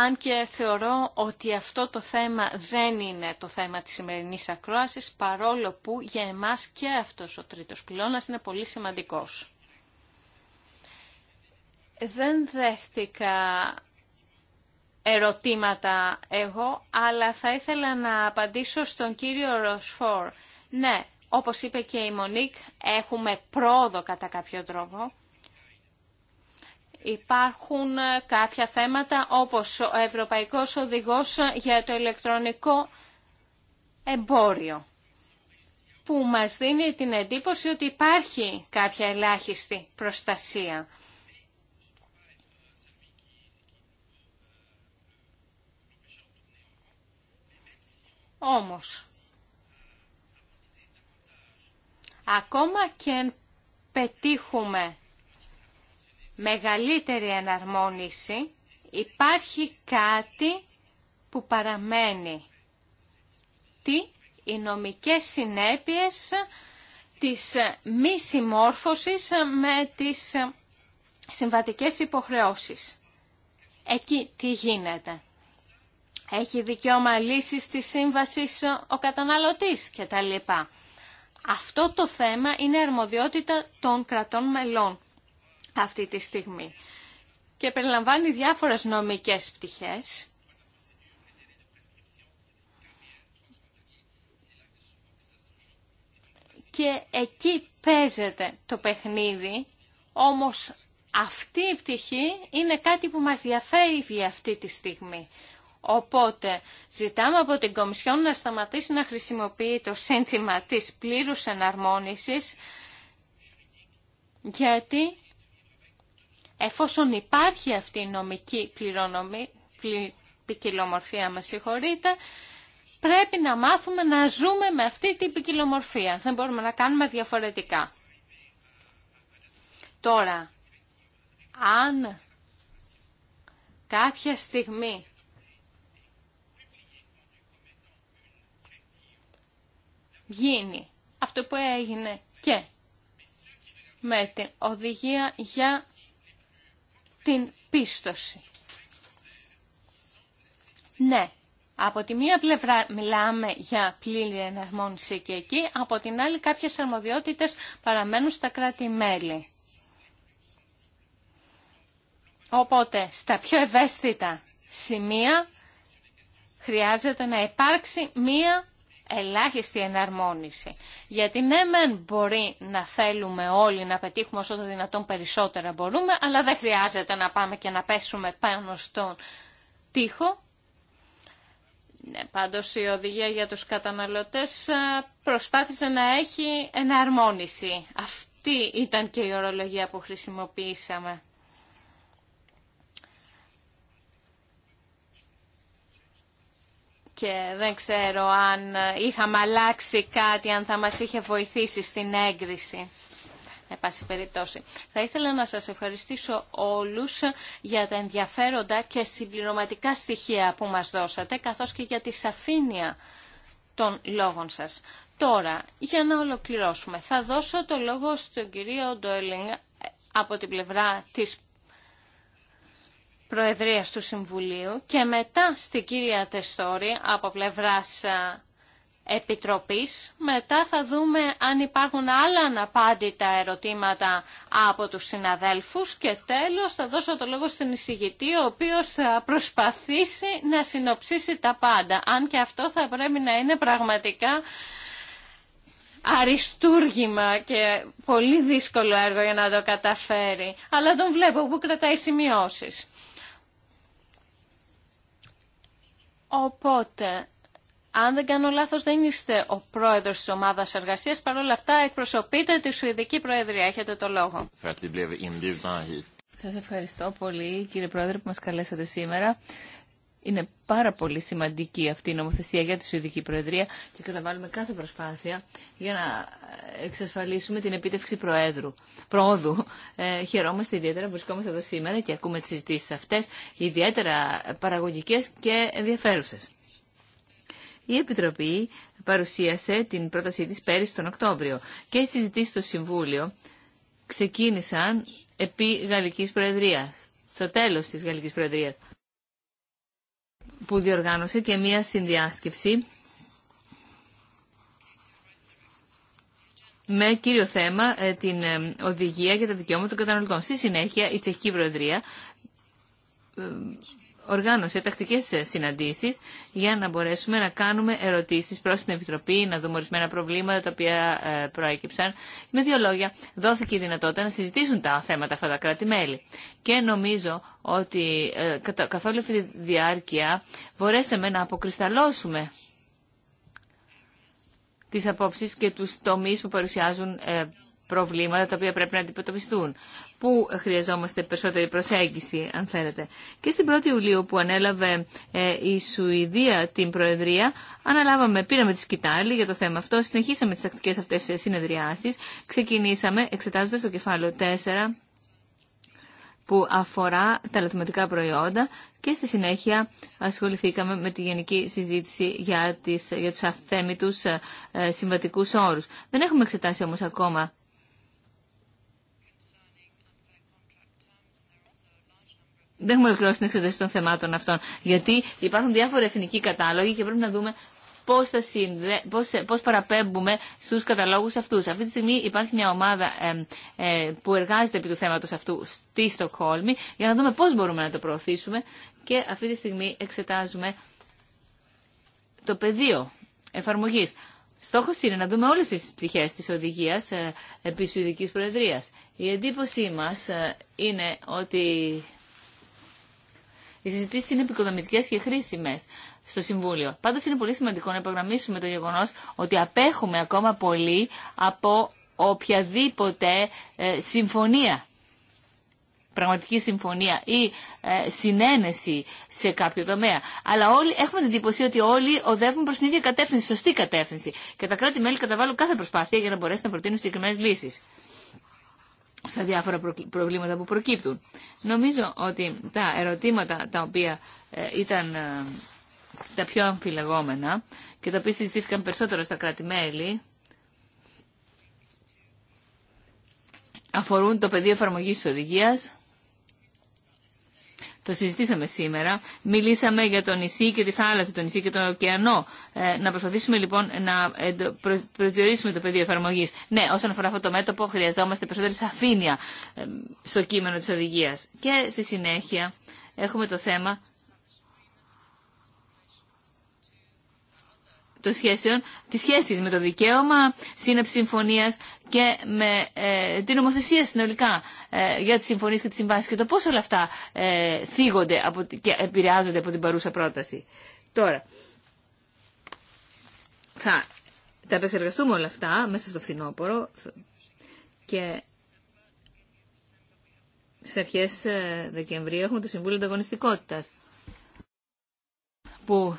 S4: Αν και θεωρώ ότι αυτό το θέμα δεν είναι το θέμα της σημερινής ακρόασης, παρόλο που για εμάς και αυτός ο τρίτος πυλώνας είναι πολύ σημαντικός. Δεν δέχτηκα ερωτήματα εγώ, αλλά θα ήθελα να απαντήσω στον κύριο Ροσφόρ. Ναι, όπως είπε και η Μονίκ, έχουμε πρόοδο κατά κάποιο τρόπο. Υπάρχουν κάποια θέματα όπως ο Ευρωπαϊκός Οδηγός για το ηλεκτρονικό εμπόριο που μας δίνει την εντύπωση ότι υπάρχει κάποια ελάχιστη προστασία. Όμως, ακόμα και αν πετύχουμε μεγαλύτερη εναρμόνιση, υπάρχει κάτι που παραμένει. Τι οι νομικές συνέπειες της μη συμμόρφωσης με τις συμβατικές υποχρεώσεις. Εκεί τι γίνεται έχει δικαίωμα λύση της σύμβασης ε, ο καταναλωτής κτλ. Αυτό το θέμα είναι αρμοδιότητα των κρατών μελών αυτή τη στιγμή και περιλαμβάνει διάφορες νομικές πτυχές. Και εκεί παίζεται το παιχνίδι, όμως αυτή η πτυχή είναι κάτι που μας διαφέρει αυτή τη στιγμή. Οπότε ζητάμε από την Κομισιόν να σταματήσει να χρησιμοποιεί το σύνθημα της πλήρους εναρμόνισης γιατί εφόσον υπάρχει αυτή η νομική πληρονομή, πλη, ποικιλομορφία μας συγχωρείτε, πρέπει να μάθουμε να ζούμε με αυτή την ποικιλομορφία. Δεν μπορούμε να κάνουμε διαφορετικά. Τώρα, αν κάποια στιγμή γίνει αυτό που έγινε και με την οδηγία για την πίστοση. Ναι, από τη μία πλευρά μιλάμε για πλήρη εναρμόνιση και εκεί, από την άλλη κάποιες αρμοδιότητες παραμένουν στα κράτη-μέλη. Οπότε, στα πιο ευαίσθητα σημεία χρειάζεται να υπάρξει μία ελάχιστη εναρμόνιση. Γιατί ναι, μεν μπορεί να θέλουμε όλοι να πετύχουμε όσο το δυνατόν περισσότερα μπορούμε, αλλά δεν χρειάζεται να πάμε και να πέσουμε πάνω στον τοίχο. Ναι, πάντως η οδηγία για τους καταναλωτές προσπάθησε να έχει εναρμόνιση. Αυτή ήταν και η ορολογία που χρησιμοποιήσαμε. και δεν ξέρω αν ε, είχαμε αλλάξει κάτι, αν θα μας είχε βοηθήσει στην έγκριση. Εν πάση περιπτώσει. Θα ήθελα να σας ευχαριστήσω όλους για τα ενδιαφέροντα και συμπληρωματικά στοιχεία που μας δώσατε, καθώς και για τη σαφήνεια των λόγων σας. Τώρα, για να ολοκληρώσουμε, θα δώσω το λόγο στον κύριο Ντόιλινγκ από την πλευρά της Προεδρίας του Συμβουλίου και μετά στην κυρία Τεστόρη από πλευράς Επιτροπής. Μετά θα δούμε αν υπάρχουν άλλα αναπάντητα ερωτήματα από τους συναδέλφους και τέλος θα δώσω το λόγο στην εισηγητή ο οποίος θα προσπαθήσει να συνοψίσει τα πάντα. Αν και αυτό θα πρέπει να είναι πραγματικά αριστούργημα και πολύ δύσκολο έργο για να το καταφέρει. Αλλά τον βλέπω που κρατάει σημειώσεις. Οπότε, αν δεν κάνω λάθος, δεν είστε ο πρόεδρος της ομάδας εργασίας. Παρ' όλα αυτά, εκπροσωπείτε τη Σουηδική Προεδρία. Έχετε το λόγο.
S2: Σας ευχαριστώ πολύ, κύριε Πρόεδρε, που μας καλέσατε σήμερα. Είναι πάρα πολύ σημαντική αυτή η νομοθεσία για τη Σουηδική Προεδρία και καταβάλουμε κάθε προσπάθεια για να εξασφαλίσουμε την επίτευξη προέδρου, προόδου. Ε, χαιρόμαστε ιδιαίτερα που βρισκόμαστε εδώ σήμερα και ακούμε τις συζητήσει αυτές, ιδιαίτερα παραγωγικές και ενδιαφέρουσες. Η Επιτροπή παρουσίασε την πρότασή της πέρυσι τον Οκτώβριο και οι συζητήσεις στο Συμβούλιο ξεκίνησαν επί Γαλλικής Προεδρίας, στο τέλος της Γαλλικής Προεδρίας που διοργάνωσε και μία συνδιάσκεψη με κύριο θέμα ε, την ε, οδηγία για τα δικαιώματα των καταναλωτών. Στη συνέχεια, η Τσεχική Προεδρία ε, οργάνωσε τακτικέ ε, συναντήσεις για να μπορέσουμε να κάνουμε ερωτήσεις προ την Επιτροπή, να δούμε ορισμένα προβλήματα τα οποία ε, προέκυψαν. Με δύο λόγια, δόθηκε η δυνατότητα να συζητήσουν τα θέματα αυτά τα κράτη-μέλη. Και νομίζω ότι ε, καθ' όλη αυτή τη διάρκεια μπορέσαμε να αποκρισταλώσουμε τις απόψεις και τους τομεί που παρουσιάζουν προβλήματα τα οποία πρέπει να αντιμετωπιστούν. Πού χρειαζόμαστε περισσότερη προσέγγιση, αν θέλετε. Και στην 1η Ιουλίου που ανέλαβε ε, η Σουηδία την Προεδρία, αναλάβαμε, πήραμε τη σκητάλη για το θέμα αυτό, συνεχίσαμε τις τακτικές αυτές συνεδριάσεις, ξεκινήσαμε εξετάζοντα το κεφάλαιο 4 που αφορά τα λαθηματικά προϊόντα και στη συνέχεια ασχοληθήκαμε με τη γενική συζήτηση για, τις, για τους αυθέμητους ε, ε, συμβατικούς όρους. Δεν έχουμε εξετάσει όμως ακόμα δεν έχουμε ολοκληρώσει την εξέταση των θεμάτων αυτών. Γιατί υπάρχουν διάφοροι εθνικοί κατάλογοι και πρέπει να δούμε πώς, θα συνδε... πώς, παραπέμπουμε στους καταλόγους αυτούς. Αυτή τη στιγμή υπάρχει μια ομάδα ε, ε, που εργάζεται επί του θέματος αυτού στη Στοκχόλμη για να δούμε πώς μπορούμε να το προωθήσουμε και αυτή τη στιγμή εξετάζουμε το πεδίο εφαρμογής. Στόχος είναι να δούμε όλες τις πτυχές της οδηγίας ε, επί Σουηδικής Προεδρίας. Η εντύπωσή μας ε, είναι ότι οι συζητήσει είναι επικοδομητικέ και χρήσιμε στο Συμβούλιο. Πάντω είναι πολύ σημαντικό να υπογραμμίσουμε το γεγονό ότι απέχουμε ακόμα πολύ από οποιαδήποτε ε, συμφωνία πραγματική συμφωνία ή ε, συνένεση σε κάποιο τομέα. Αλλά όλοι έχουμε την εντύπωση ότι όλοι οδεύουν προ την ίδια κατεύθυνση, σωστή κατεύθυνση. Και τα κράτη-μέλη καταβάλουν κάθε προσπάθεια για να μπορέσουν να προτείνουν συγκεκριμένε λύσει στα διάφορα προβλήματα που προκύπτουν. Νομίζω ότι τα ερωτήματα τα οποία ε, ήταν ε, τα πιο αμφιλεγόμενα και τα οποία συζητήθηκαν περισσότερο στα κράτη-μέλη αφορούν το πεδίο εφαρμογής της οδηγίας το συζητήσαμε σήμερα. Μιλήσαμε για το νησί και τη θάλασσα, το νησί και τον ωκεανό. Ε, να προσπαθήσουμε λοιπόν να προσδιορίσουμε το πεδίο εφαρμογή. Ναι, όσον αφορά αυτό το μέτωπο, χρειαζόμαστε περισσότερη σαφήνεια ε, στο κείμενο τη οδηγία. Και στη συνέχεια έχουμε το θέμα των σχέσεων, τις σχέσεις με το δικαίωμα σύναψη συμφωνίας και με ε, την νομοθεσία συνολικά ε, για τι συμφωνίε και τι συμβάσει και το πώ όλα αυτά ε, θίγονται από, και επηρεάζονται από την παρούσα πρόταση. Τώρα, θα τα επεξεργαστούμε όλα αυτά μέσα στο φθινόπωρο και στι αρχέ ε, Δεκεμβρίου έχουμε το Συμβούλιο Ανταγωνιστικότητα. που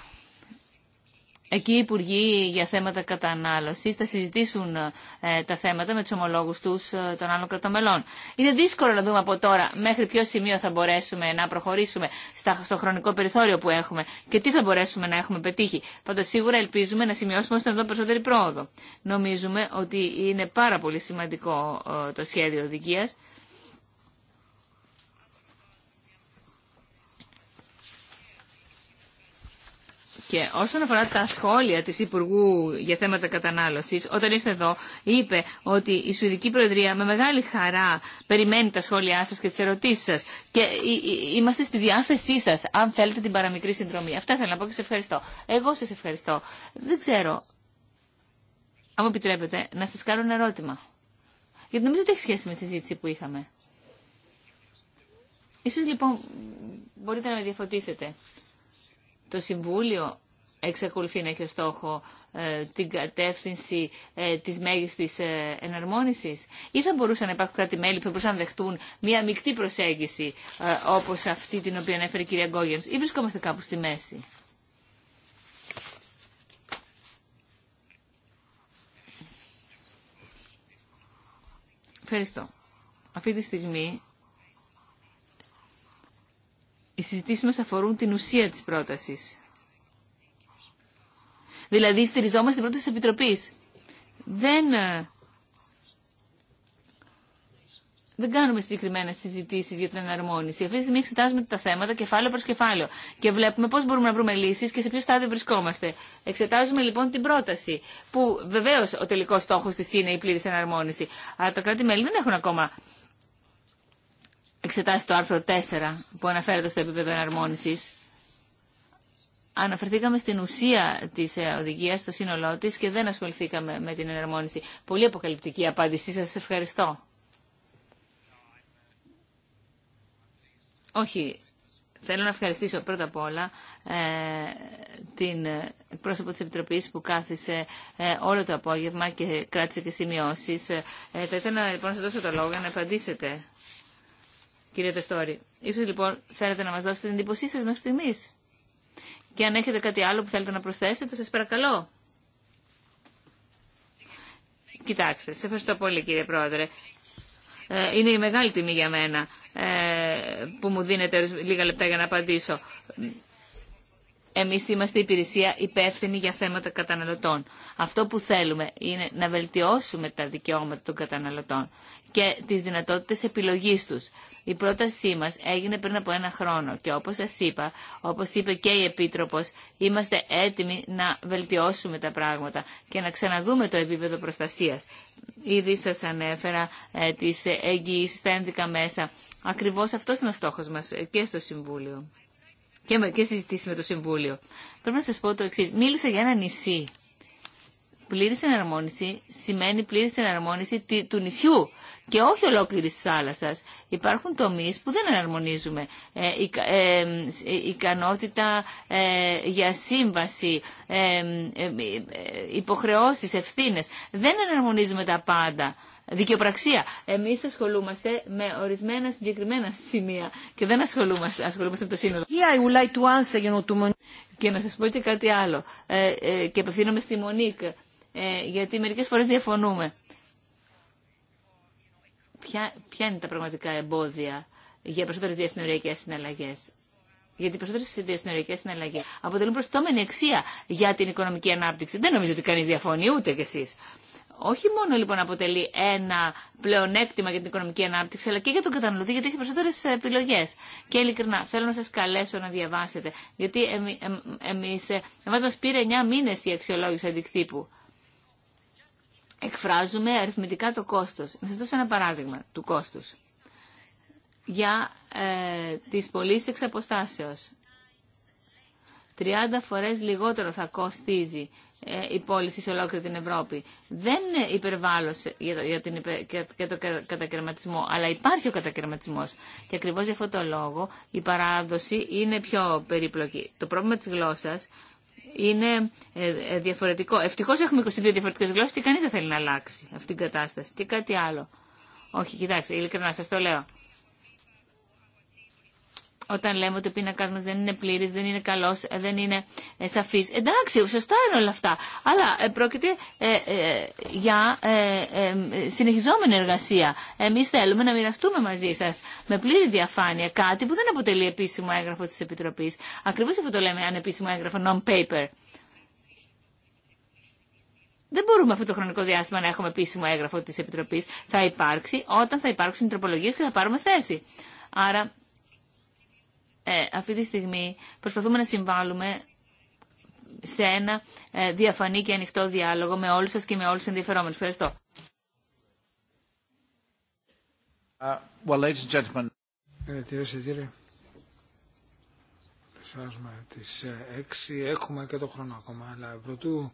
S2: Εκεί οι Υπουργοί για θέματα κατανάλωση θα συζητήσουν ε, τα θέματα με του ομολόγου του ε, των άλλων κρατομελών. Είναι δύσκολο να δούμε από τώρα μέχρι ποιο σημείο θα μπορέσουμε να προχωρήσουμε στα, στο χρονικό περιθώριο που έχουμε και τι θα μπορέσουμε να έχουμε πετύχει. Πάντω σίγουρα ελπίζουμε να σημειώσουμε ώστε εδώ περισσότερη πρόοδο. Νομίζουμε ότι είναι πάρα πολύ σημαντικό ε, το σχέδιο οδηγία Και όσον αφορά τα σχόλια της Υπουργού για θέματα κατανάλωσης, όταν ήρθε εδώ είπε ότι η Σουηδική Προεδρία με μεγάλη χαρά περιμένει τα σχόλιά σας και τις ερωτήσεις σας και ε, ε, είμαστε στη διάθεσή σας αν θέλετε την παραμικρή συνδρομή. Αυτά θέλω να πω και σε ευχαριστώ. Εγώ σας ευχαριστώ. Δεν ξέρω, αν μου επιτρέπετε, να σας κάνω ένα ερώτημα. Γιατί νομίζω ότι έχει σχέση με τη συζήτηση που είχαμε. Ίσως λοιπόν μπορείτε να με διαφωτίσετε. Το Συμβούλιο εξακολουθεί να έχει στόχο ε, την κατεύθυνση ε, της μέγιστης ε, εναρμόνισης ή θα μπορούσαν να υπάρχουν κάτι μέλη που μπορούσαν να δεχτούν μια μεικτή προσέγγιση ε, όπως αυτή την οποία ανέφερε η κυρία Γκόγεμς ή βρισκόμαστε κάπου στη μέση. Ευχαριστώ. Αυτή τη στιγμή οι συζητήσεις μας αφορούν την ουσία της πρότασης Δηλαδή στηριζόμαστε την πρόταση της Επιτροπής. Δεν, ε, δεν κάνουμε συγκεκριμένε συζητήσει για την εναρμόνιση. Αυτή τη στιγμή εξετάζουμε τα θέματα κεφάλαιο προ κεφάλαιο και βλέπουμε πώ μπορούμε να βρούμε λύσει και σε ποιο στάδιο βρισκόμαστε. Εξετάζουμε λοιπόν την πρόταση, που βεβαίω ο τελικό στόχο τη είναι η πλήρη εναρμόνιση. Αλλά τα κράτη-μέλη δεν έχουν ακόμα εξετάσει το άρθρο 4 που αναφέρεται στο επίπεδο εναρμόνιση αναφερθήκαμε στην ουσία τη ε, οδηγία, στο σύνολό τη και δεν ασχοληθήκαμε με την εναρμόνιση. Πολύ αποκαλυπτική απάντησή σα. Ευχαριστώ. Όχι. Θέλω να ευχαριστήσω πρώτα απ' όλα ε, την πρόσωπο της Επιτροπής που κάθισε ε, όλο το απόγευμα και κράτησε και σημειώσεις. Ε, θα ήθελα λοιπόν να σας δώσω το λόγο για να απαντήσετε, κύριε Τεστόρη. Ίσως λοιπόν θέλετε να μας δώσετε την εντύπωσή σας μέχρι στιγμής. Και αν έχετε κάτι άλλο που θέλετε να προσθέσετε, σας παρακαλώ. Κοιτάξτε, σε ευχαριστώ πολύ κύριε Πρόεδρε. Ε, είναι η μεγάλη τιμή για μένα ε, που μου δίνετε λίγα λεπτά για να απαντήσω εμείς είμαστε η υπηρεσία υπεύθυνη για θέματα καταναλωτών. Αυτό που θέλουμε είναι να βελτιώσουμε τα δικαιώματα των καταναλωτών και τις δυνατότητες επιλογής τους. Η πρότασή μας έγινε πριν από ένα χρόνο και όπως σας είπα, όπως είπε και η Επίτροπος, είμαστε έτοιμοι να βελτιώσουμε τα πράγματα και να ξαναδούμε το επίπεδο προστασίας. Ήδη σας ανέφερα ε, τις εγγυήσεις στα ένδικα μέσα. Ακριβώς αυτός είναι ο στόχος μας και στο Συμβούλιο και, και συζητήσει με το Συμβούλιο. Πρέπει να σα πω το εξή: Μίλησα για ένα νησί πλήρη εναρμόνιση σημαίνει πλήρη εναρμόνιση του νησιού και όχι ολόκληρη τη θάλασσα. Υπάρχουν τομεί που δεν εναρμονίζουμε. Ε, ε, ε ικανότητα ε, για σύμβαση, υποχρεώσει, ευθύνε. Δεν εναρμονίζουμε τα πάντα. Δικαιοπραξία. Εμεί ασχολούμαστε με ορισμένα συγκεκριμένα σημεία και δεν ασχολούμαστε, ασχολούμαστε με το σύνολο. I would like to answer, you know, to... Και να σα πω και κάτι άλλο. και απευθύνομαι στη Μονίκ ε, γιατί μερικές φορές διαφωνούμε. Ποια, ποια είναι τα πραγματικά εμπόδια για περισσότερες διασυνοριακές συναλλαγές. Γιατί οι περισσότερε διασυνοριακέ συναλλαγέ αποτελούν προστιθόμενη αξία για την οικονομική ανάπτυξη. Δεν νομίζω ότι κανεί διαφωνεί, ούτε κι εσεί. Όχι μόνο λοιπόν αποτελεί ένα πλεονέκτημα για την οικονομική ανάπτυξη, αλλά και για τον καταναλωτή, γιατί έχει περισσότερε επιλογέ. Και ειλικρινά, θέλω να σα καλέσω να διαβάσετε, γιατί εμεί, μα πήρε 9 μήνε η αξιολόγηση αντικτύπου εκφράζουμε αριθμητικά το κόστος. Να σας δώσω ένα παράδειγμα του κόστους. Για ε, τις πωλήσει εξ αποστάσεως. 30 φορές λιγότερο θα κοστίζει ε, η πώληση σε ολόκληρη την Ευρώπη. Δεν είναι για, την για το κατακαιρματισμό, αλλά υπάρχει ο κατακαιρματισμός. Και ακριβώς για αυτό το λόγο η παράδοση είναι πιο περίπλοκη. Το πρόβλημα της γλώσσας είναι ε, ε, διαφορετικό. Ευτυχώς έχουμε 22 διαφορετικές γλώσσες και κανείς δεν θέλει να αλλάξει αυτή την κατάσταση. Και κάτι άλλο. Όχι, κοιτάξτε, ειλικρινά σας το λέω όταν λέμε ότι ο πίνακά μα δεν είναι πλήρη, δεν είναι καλό, ε, δεν είναι ε, σαφή. Εντάξει, σωστά είναι όλα αυτά. Αλλά ε, πρόκειται για συνεχιζόμενη εργασία. Εμεί θέλουμε να μοιραστούμε μαζί σα με πλήρη διαφάνεια κάτι που δεν αποτελεί επίσημο έγγραφο τη Επιτροπή. Ακριβώ αυτό το λέμε ανεπίσημο έγγραφο, non-paper. Δεν μπορούμε αυτό το χρονικό διάστημα να έχουμε επίσημο έγγραφο τη Επιτροπή. Θα υπάρξει όταν θα υπάρξουν τροπολογίε και θα πάρουμε θέση. Άρα ε, αυτή τη στιγμή προσπαθούμε να συμβάλλουμε σε ένα ε, διαφανή και ανοιχτό διάλογο με όλους σας και με όλους τους ενδιαφερόμενους. Ευχαριστώ.
S3: Uh, well, ladies and gentlemen. Ε, τις 6, ε, έχουμε και το χρόνο ακόμα, αλλά πρωτού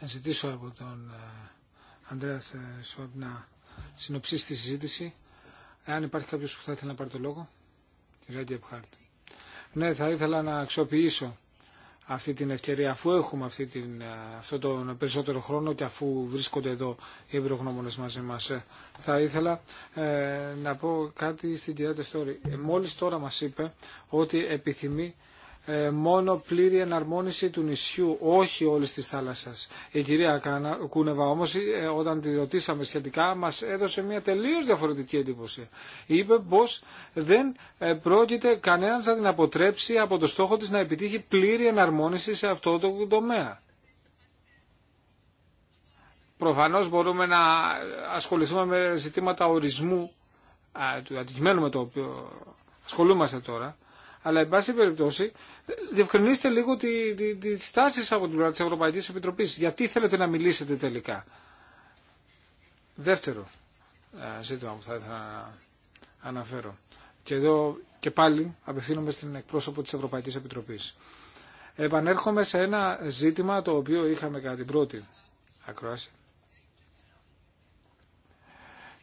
S3: ζητήσω από τον ε, Αντρέα Σόμπ να συνοψίσει τη συζήτηση. Εάν υπάρχει κάποιος που θα ήθελε να πάρει το λόγο, ναι, θα ήθελα να αξιοποιήσω αυτή την ευκαιρία, αφού έχουμε αυτή την, αυτό τον περισσότερο χρόνο και αφού βρίσκονται εδώ οι εμπειρογνώμονες μαζί μας. Ε, θα ήθελα ε, να πω κάτι στην κυρία Τεστόρη. Ε, μόλις τώρα μας είπε ότι επιθυμεί ε, μόνο πλήρη εναρμόνιση του νησιού, όχι όλη τη θάλασσα. Η κυρία Κούνεβα όμω, ε, όταν τη ρωτήσαμε σχετικά, μα έδωσε μια τελείω διαφορετική εντύπωση. Είπε πω δεν ε, πρόκειται κανένα να την αποτρέψει από το στόχο τη να επιτύχει πλήρη εναρμόνιση σε αυτό το τομέα. Προφανώς μπορούμε να ασχοληθούμε με ζητήματα ορισμού του αντικειμένου με το οποίο ασχολούμαστε τώρα, αλλά εν πάση περιπτώσει διευκρινίστε λίγο τη, τη, τη από την πλευρά της Ευρωπαϊκής Επιτροπής. Γιατί θέλετε να μιλήσετε τελικά. Δεύτερο ε, ζήτημα που θα ήθελα να αναφέρω. Και εδώ και πάλι απευθύνομαι στην εκπρόσωπο της Ευρωπαϊκής Επιτροπής. Επανέρχομαι σε ένα ζήτημα το οποίο είχαμε κατά την πρώτη ακρόαση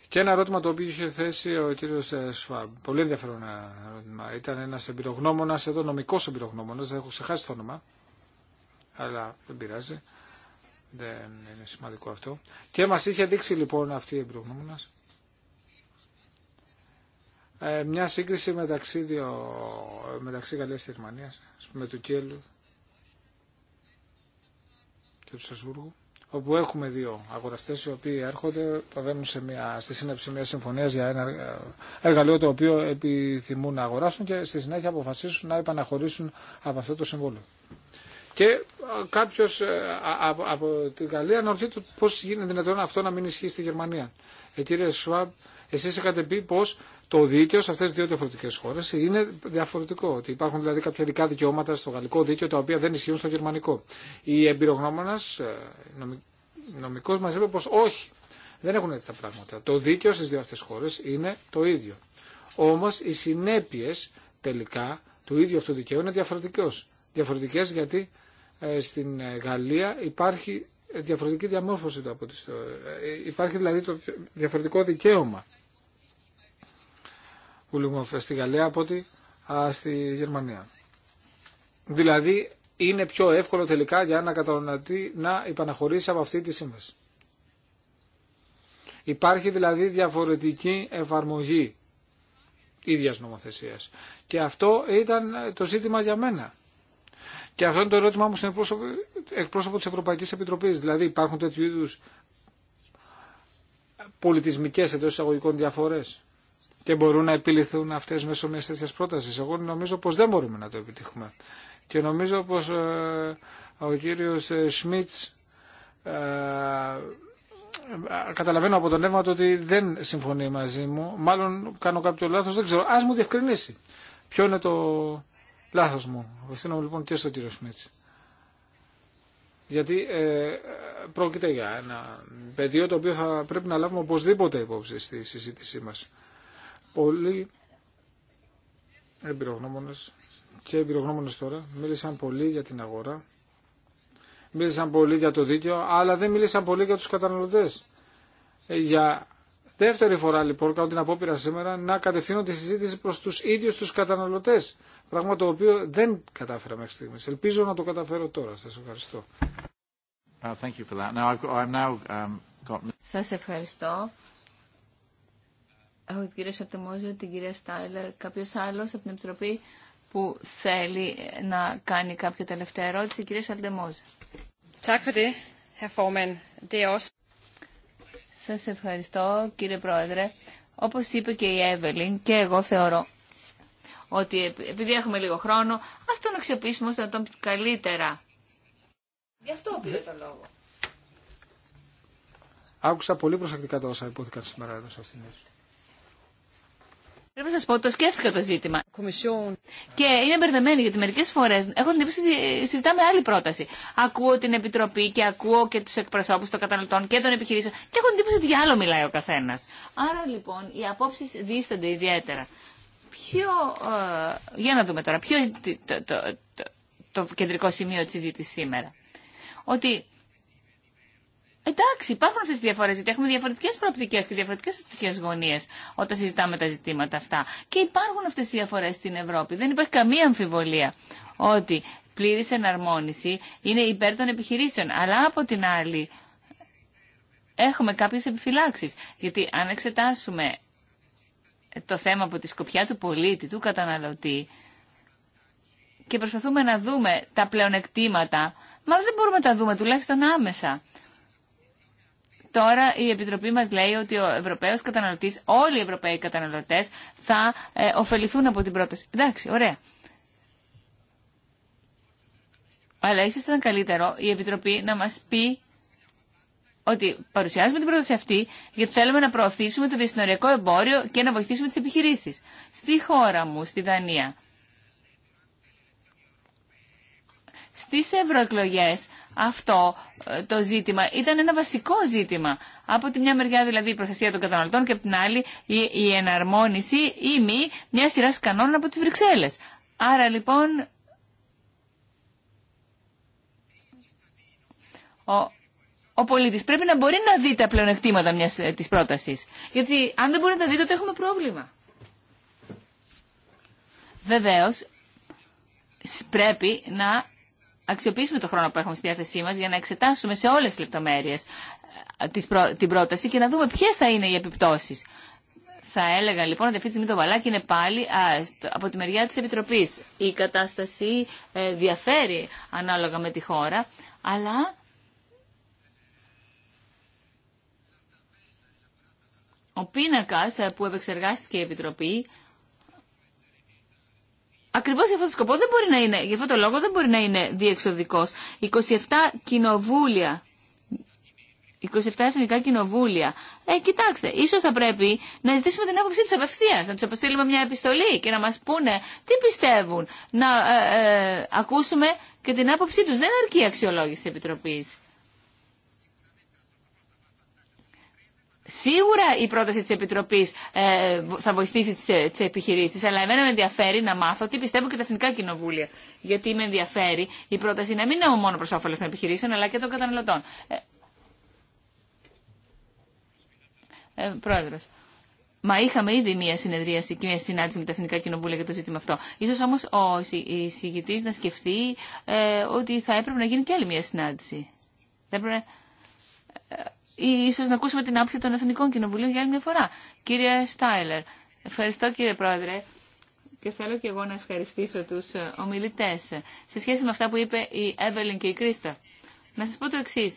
S3: και ένα ερώτημα το οποίο είχε θέσει ο κύριο ε, Σφαμπ. Πολύ ενδιαφέρον ε, ερώτημα. Ήταν ένα εμπειρογνώμονα, εδώ νομικό εμπειρογνώμονα, δεν έχω ξεχάσει το όνομα. Αλλά δεν πειράζει. Δεν είναι σημαντικό αυτό. Και μα είχε δείξει λοιπόν αυτή η εμπειρογνώμονα ε, μια σύγκριση μεταξύ, διο, μεταξύ Γαλλίας και Γερμανίας, με του Κιέλου και του Σασβούργου όπου έχουμε δύο αγοραστέ οι οποίοι έρχονται, προβαίνουν σε μια, στη σύναψη μια συμφωνία για ένα ε, εργαλείο το οποίο επιθυμούν να αγοράσουν και στη συνέχεια αποφασίσουν να επαναχωρήσουν από αυτό το συμβόλαιο. Και ε, κάποιο ε, από, την Γαλλία αναρωτιέται πώ γίνεται δυνατόν αυτό να μην ισχύει στη Γερμανία. Ε, κύριε Σουάμπ, Εσεί είχατε πει πως το δίκαιο σε αυτέ τι δύο διαφορετικέ χώρε είναι διαφορετικό. Ότι υπάρχουν δηλαδή κάποια δικά δικαιώματα στο γαλλικό δίκαιο τα οποία δεν ισχύουν στο γερμανικό. Η εμπειρογνώμονα ε, νομικό μα είπε πω όχι. Δεν έχουν έτσι τα πράγματα. Το δίκαιο στι δύο αυτές χώρε είναι το ίδιο. Όμω οι συνέπειε, τελικά του ίδιου αυτού δικαίου είναι διαφορετικέ. Διαφορετικές γιατί ε, στην ε, Γαλλία υπάρχει διαφορετική διαμόρφωση του από Υπάρχει δηλαδή το διαφορετικό δικαίωμα Κούλιγκοφ στη Γαλλία από ότι στη Γερμανία. Δηλαδή είναι πιο εύκολο τελικά για ένα καταναλωτή να υπαναχωρήσει από αυτή τη σύμβαση. Υπάρχει δηλαδή διαφορετική εφαρμογή ίδιας νομοθεσίας. Και αυτό ήταν το ζήτημα για μένα. Και αυτό είναι το ερώτημά μου στην εκπρόσωπο, εκπρόσωπο της Ευρωπαϊκής Επιτροπής. Δηλαδή υπάρχουν τέτοιου είδους πολιτισμικές εντός εισαγωγικών διαφορές και μπορούν να επιληθούν αυτέ μέσω μια τέτοια πρόταση. Εγώ νομίζω πω δεν μπορούμε να το επιτύχουμε. Και νομίζω πως ε, ο κύριος ε, Σμίτς ε, καταλαβαίνω από νεύμα του ότι δεν συμφωνεί μαζί μου. Μάλλον κάνω κάποιο λάθο, δεν ξέρω. Α μου διευκρινίσει ποιο είναι το λάθο μου. Απευθύνομαι λοιπόν και στον κύριο Σμιτ. Γιατί ε, πρόκειται για ένα πεδίο το οποίο θα πρέπει να λάβουμε οπωσδήποτε υπόψη στη συζήτησή μας. Πολλοί εμπειρογνώμονες και εμπειρογνώμονες τώρα μίλησαν πολύ για την αγορά, μίλησαν πολύ για το δίκαιο, αλλά δεν μίλησαν πολύ για τους καταναλωτές. Ε, για δεύτερη φορά λοιπόν κάνω την απόπειρα σήμερα να κατευθύνω τη συζήτηση προς τους ίδιους τους καταναλωτές, πράγμα το οποίο δεν κατάφερα μέχρι στιγμής. Ελπίζω να το καταφέρω τώρα. Σας
S2: ευχαριστώ. Σας ευχαριστώ έχω την κυρία την κυρία Στάιλερ, κάποιος άλλος από την Επιτροπή που θέλει να κάνει κάποια τελευταία ερώτηση. Η κυρία Σαρτεμόζα. Er Σα ευχαριστώ κύριε Πρόεδρε. όπω είπε και η Εύελιν και εγώ θεωρώ ότι επειδή έχουμε λίγο χρόνο, α τον αξιοποιήσουμε ώστε να τον καλύτερα. Γι' αυτό πήρε το λόγο.
S3: Άκουσα πολύ προσεκτικά τα όσα υπόθηκαν σήμερα εδώ σε αυτήν την
S2: Πρέπει να σα πω ότι το σκέφτηκα το ζήτημα. Και είναι μπερδεμένη γιατί μερικέ φορέ έχω την εντύπωση ότι συζητάμε άλλη πρόταση. Ακούω την Επιτροπή και ακούω και του εκπροσώπου των καταναλωτών και των επιχειρήσεων και έχω την εντύπωση ότι για άλλο μιλάει ο καθένα. Άρα λοιπόν οι απόψει δίστανται ιδιαίτερα. Ποιο, ε, για να δούμε τώρα, ποιο είναι το, κεντρικό σημείο τη συζήτηση σήμερα. Ότι Εντάξει, υπάρχουν αυτέ τι διαφορέ, γιατί έχουμε διαφορετικέ προοπτικέ και διαφορετικέ οπτικέ γωνίε όταν συζητάμε τα ζητήματα αυτά. Και υπάρχουν αυτέ τι διαφορέ στην Ευρώπη. Δεν υπάρχει καμία αμφιβολία ότι πλήρη εναρμόνιση είναι υπέρ των επιχειρήσεων. Αλλά από την άλλη, έχουμε κάποιε επιφυλάξει. Γιατί αν εξετάσουμε το θέμα από τη σκοπιά του πολίτη, του καταναλωτή, και προσπαθούμε να δούμε τα πλεονεκτήματα, μα δεν μπορούμε να τα δούμε τουλάχιστον άμεσα. Τώρα η Επιτροπή μας λέει ότι ο Ευρωπαίος καταναλωτής, όλοι οι Ευρωπαίοι καταναλωτές θα ε, ωφεληθούν από την πρόταση. Εντάξει, ωραία. Αλλά ίσως ήταν καλύτερο η Επιτροπή να μας πει ότι παρουσιάζουμε την πρόταση αυτή γιατί θέλουμε να προωθήσουμε το διασυνοριακό εμπόριο και να βοηθήσουμε τις επιχειρήσεις. Στη χώρα μου, στη Δανία, στις ευρωεκλογέ αυτό ε, το ζήτημα ήταν ένα βασικό ζήτημα. Από τη μια μεριά δηλαδή η προστασία των καταναλωτών και από την άλλη η, εναρμόνιση ή μη μια σειρά κανόνων από τις Βρυξέλλες. Άρα λοιπόν ο, ο πολίτης πρέπει να μπορεί να δει τα πλεονεκτήματα μιας, ε, της πρότασης. Γιατί αν δεν μπορεί να τα δει τότε έχουμε πρόβλημα. Βεβαίως πρέπει να αξιοποιήσουμε το χρόνο που έχουμε στη διάθεσή μας για να εξετάσουμε σε όλες τι λεπτομέρειε ε, την πρόταση και να δούμε ποιε θα είναι οι επιπτώσει. Θα έλεγα λοιπόν ότι αυτή τη στιγμή το βαλάκι είναι πάλι από τη μεριά της Επιτροπής. Η κατάσταση ε, διαφέρει ανάλογα με τη χώρα, αλλά ο πίνακα ε, που επεξεργάστηκε η Επιτροπή Ακριβώ για αυτό το σκοπό δεν μπορεί να είναι, για αυτό το λόγο δεν μπορεί να είναι διεξοδικό. 27 κοινοβούλια. 27 εθνικά κοινοβούλια. Ε, κοιτάξτε, ίσω θα πρέπει να ζητήσουμε την άποψή του απευθεία, να του αποστείλουμε μια επιστολή και να μα πούνε τι πιστεύουν, να ε, ε, ακούσουμε και την άποψή του. Δεν αρκεί η αξιολόγηση τη Επιτροπή. Σίγουρα η πρόταση της Επιτροπής ε, θα βοηθήσει τις, ε, τις επιχειρήσεις, αλλά εμένα με ενδιαφέρει να μάθω τι πιστεύω και τα εθνικά κοινοβούλια. Γιατί με ενδιαφέρει η πρόταση να μην είναι μόνο προς όφελος των επιχειρήσεων, αλλά και των καταναλωτών. Ε, ε πρόεδρος. Μα είχαμε ήδη μία συνεδρίαση και μία συνάντηση με τα Εθνικά Κοινοβούλια για το ζήτημα αυτό. Ίσως όμως ο εισηγητή να σκεφτεί ε, ότι θα έπρεπε να γίνει και άλλη μία συνάντηση. Θα έπρεπε ίσως να ακούσουμε την άποψη των Εθνικών Κοινοβουλίων για άλλη μια φορά. Κύριε Στάιλερ, ευχαριστώ κύριε Πρόεδρε και θέλω και εγώ να ευχαριστήσω τους ε, ομιλητές σε σχέση με αυτά που είπε η Εύελιν και η Κρίστα. Να σα πω το εξή.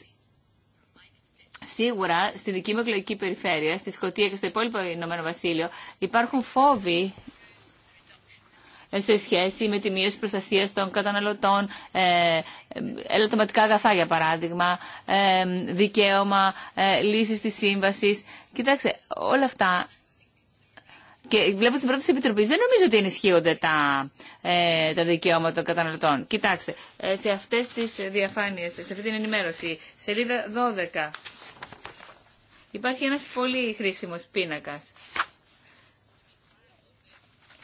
S2: Σίγουρα στη δική μου εκλογική περιφέρεια, στη Σκωτία και στο υπόλοιπο Ηνωμένο Βασίλειο υπάρχουν φόβοι σε σχέση με τη μείωση προστασία των καταναλωτών, ε, ελαττωματικά αγαθά για παράδειγμα, ε, δικαίωμα ε, λύση τη σύμβαση. Κοιτάξτε, όλα αυτά και βλέπω στην πρώτη επιτροπή, δεν νομίζω ότι ενισχύονται τα, τα δικαιώματα των καταναλωτών. Κοιτάξτε, σε αυτέ τι διαφάνειε, σε αυτή την ενημέρωση, σελίδα 12, υπάρχει ένας πολύ χρήσιμο πίνακας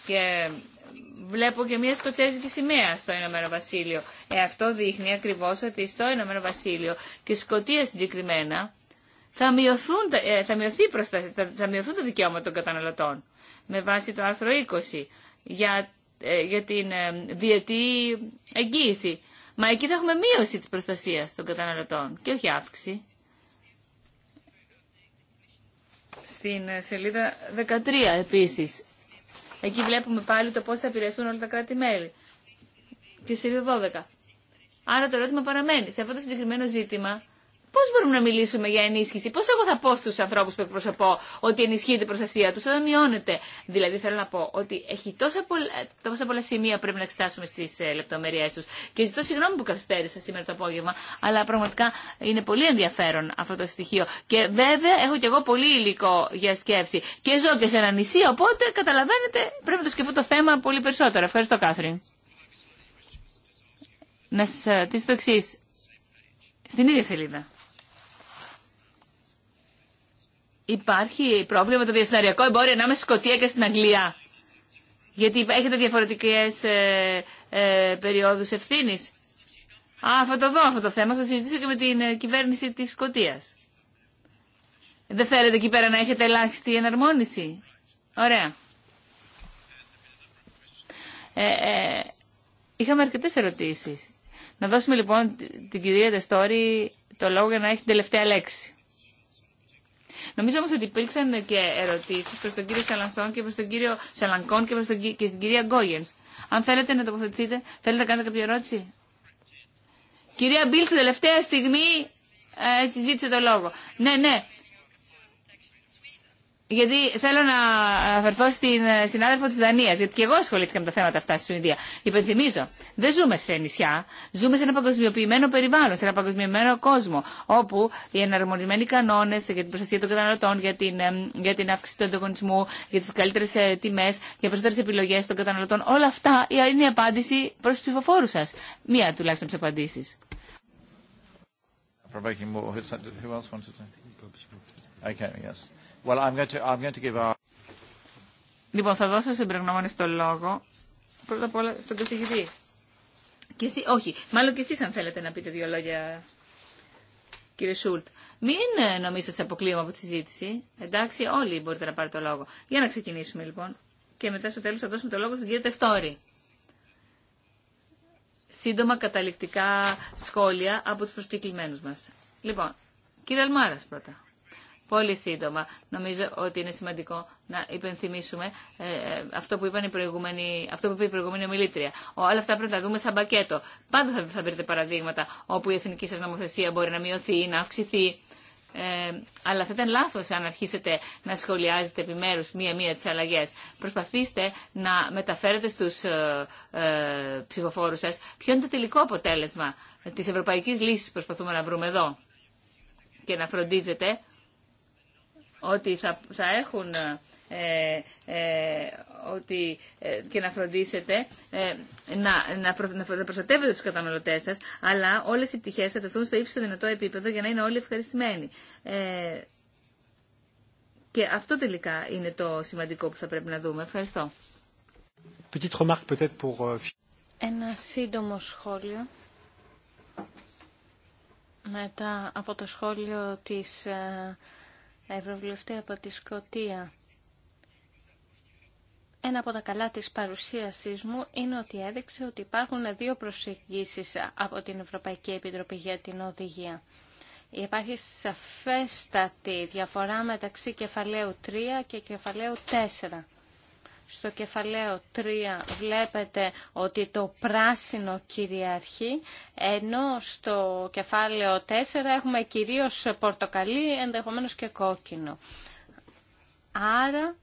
S2: Και βλέπω και μια σκοτσέζικη σημαία στο Ηνωμένο Βασίλειο. Ε, αυτό δείχνει ακριβώς ότι στο Ηνωμένο Βασίλειο και Σκοτία συγκεκριμένα θα, μειωθούν, ε, θα, μειωθεί μειωθούν τα δικαιώματα των καταναλωτών με βάση το άρθρο 20 για, ε, για την ε, διετή εγγύηση. Μα εκεί θα έχουμε μείωση της προστασίας των καταναλωτών και όχι αύξηση. Στην σελίδα 13 επίσης Εκεί βλέπουμε πάλι το πώς θα επηρεαστούν όλα τα κράτη-μέλη. Και σε 12. Άρα το ερώτημα παραμένει. Σε αυτό το συγκεκριμένο ζήτημα πώ μπορούμε να μιλήσουμε για ενίσχυση, πώ εγώ θα πω στου ανθρώπου που εκπροσωπώ ότι ενισχύεται η προστασία του, όταν μειώνεται. Δηλαδή θέλω να πω ότι έχει τόσα πολλά, τόσα πολλά σημεία που πρέπει να εξετάσουμε στι ε, λεπτομέρειέ του. Και ζητώ συγγνώμη που καθυστέρησα σήμερα το απόγευμα, αλλά πραγματικά είναι πολύ ενδιαφέρον αυτό το στοιχείο. Και βέβαια έχω κι εγώ πολύ υλικό για σκέψη. Και ζω και σε ένα νησί, οπότε καταλαβαίνετε πρέπει να το σκεφτώ το θέμα πολύ περισσότερο. Ευχαριστώ, Κάθριν. Να σα ρωτήσω ε, το εξή. Στην ίδια σελίδα. υπάρχει πρόβλημα με το διασυναριακό εμπόριο ανάμεσα στη Σκωτία και στην Αγγλία. Γιατί έχετε διαφορετικές ε, ε, περιόδους ευθύνης. Α, θα αυτό το θέμα, θα το συζητήσω και με την ε, κυβέρνηση της Σκωτίας. Δεν θέλετε εκεί πέρα να έχετε ελάχιστη εναρμόνιση. Ωραία. Ε, ε, είχαμε αρκετές ερωτήσεις. Να δώσουμε λοιπόν την κυρία Τεστόρη το λόγο για να έχει την τελευταία λέξη. Νομίζω όμως ότι υπήρξαν και ερωτήσει προ τον κύριο Σαλανσόν και προ τον κύριο Σαλανκόν και προς τον... και την κυρία Γκόγεν. Αν θέλετε να τοποθετηθείτε, θέλετε να κάνετε κάποια ερώτηση. Κυρία Μπίλτ, τελευταία στιγμή ε, συζήτησε το λόγο. Ναι, ναι, γιατί θέλω να αφαιρθώ στην ε, συνάδελφο τη Δανία, γιατί και εγώ ασχολήθηκα με τα θέματα αυτά στη Σουηδία. Υπενθυμίζω, δεν ζούμε σε νησιά, ζούμε σε ένα παγκοσμιοποιημένο περιβάλλον, σε ένα παγκοσμιοποιημένο κόσμο, όπου οι εναρμονισμένοι κανόνες για την προστασία των καταναλωτών, για την, ε, για την αύξηση του ανταγωνισμού, για τι καλύτερε ε, τιμέ, για περισσότερε επιλογέ των καταναλωτών, όλα αυτά είναι η απάντηση προς του ψηφοφόρου σα. Μία τουλάχιστον Λοιπόν, θα δώσω εμπρεγνώμονε το λόγο πρώτα απ' όλα στον καθηγητή. Και εσύ, όχι, μάλλον και εσείς αν θέλετε να πείτε δύο λόγια, κύριε Σούλτ. Μην ε, νομίζετε ότι σε αποκλείουμε από τη συζήτηση. Εντάξει, όλοι μπορείτε να πάρετε το λόγο. Για να ξεκινήσουμε λοιπόν. Και μετά στο τέλος θα δώσουμε το λόγο στην κυρία Τεστόρη. Σύντομα καταληκτικά σχόλια από τους προσκεκλημένους μας. Λοιπόν, κύριε Αλμάρα πρώτα πολύ σύντομα. Νομίζω ότι είναι σημαντικό να υπενθυμίσουμε ε, ε, αυτό που, αυτό που είπε η προηγούμενη ομιλήτρια. Όλα αυτά πρέπει να τα δούμε σαν πακέτο. Πάντα θα, θα βρείτε παραδείγματα όπου η εθνική σα νομοθεσία μπορεί να μειωθεί ή να αυξηθεί. Ε, αλλά θα ήταν λάθο αν αρχίσετε να σχολιάζετε επιμέρου μία-μία τι αλλαγέ. Προσπαθήστε να μεταφέρετε στου ε, ε, ψηφοφόρου σα ποιο είναι το τελικό αποτέλεσμα τη ευρωπαϊκή λύση που προσπαθούμε να βρούμε εδώ. Και να φροντίζετε ότι θα, θα έχουν ε, ε, ότι, ε, και να φροντίσετε ε, να, να, προ, να προστατεύετε τους καταναλωτές σας, αλλά όλες οι πτυχές θα τεθούν στο ύψιστο δυνατό επίπεδο για να είναι όλοι ευχαριστημένοι. Ε, και αυτό τελικά είναι το σημαντικό που θα πρέπει να δούμε. Ευχαριστώ.
S3: Euh,
S4: Ένα σύντομο σχόλιο μετά από το σχόλιο της Ευρωβουλευτή από τη Σκοτία. Ένα από τα καλά της παρουσίασής μου είναι ότι έδειξε ότι υπάρχουν δύο προσεγγίσεις από την Ευρωπαϊκή Επιτροπή για την Οδηγία. Υπάρχει σαφέστατη διαφορά μεταξύ κεφαλαίου 3 και κεφαλαίου 4. Στο κεφαλαίο 3 βλέπετε ότι το πράσινο κυριαρχεί, ενώ στο κεφάλαιο 4 έχουμε κυρίως πορτοκαλί, ενδεχομένως και κόκκινο. Άρα,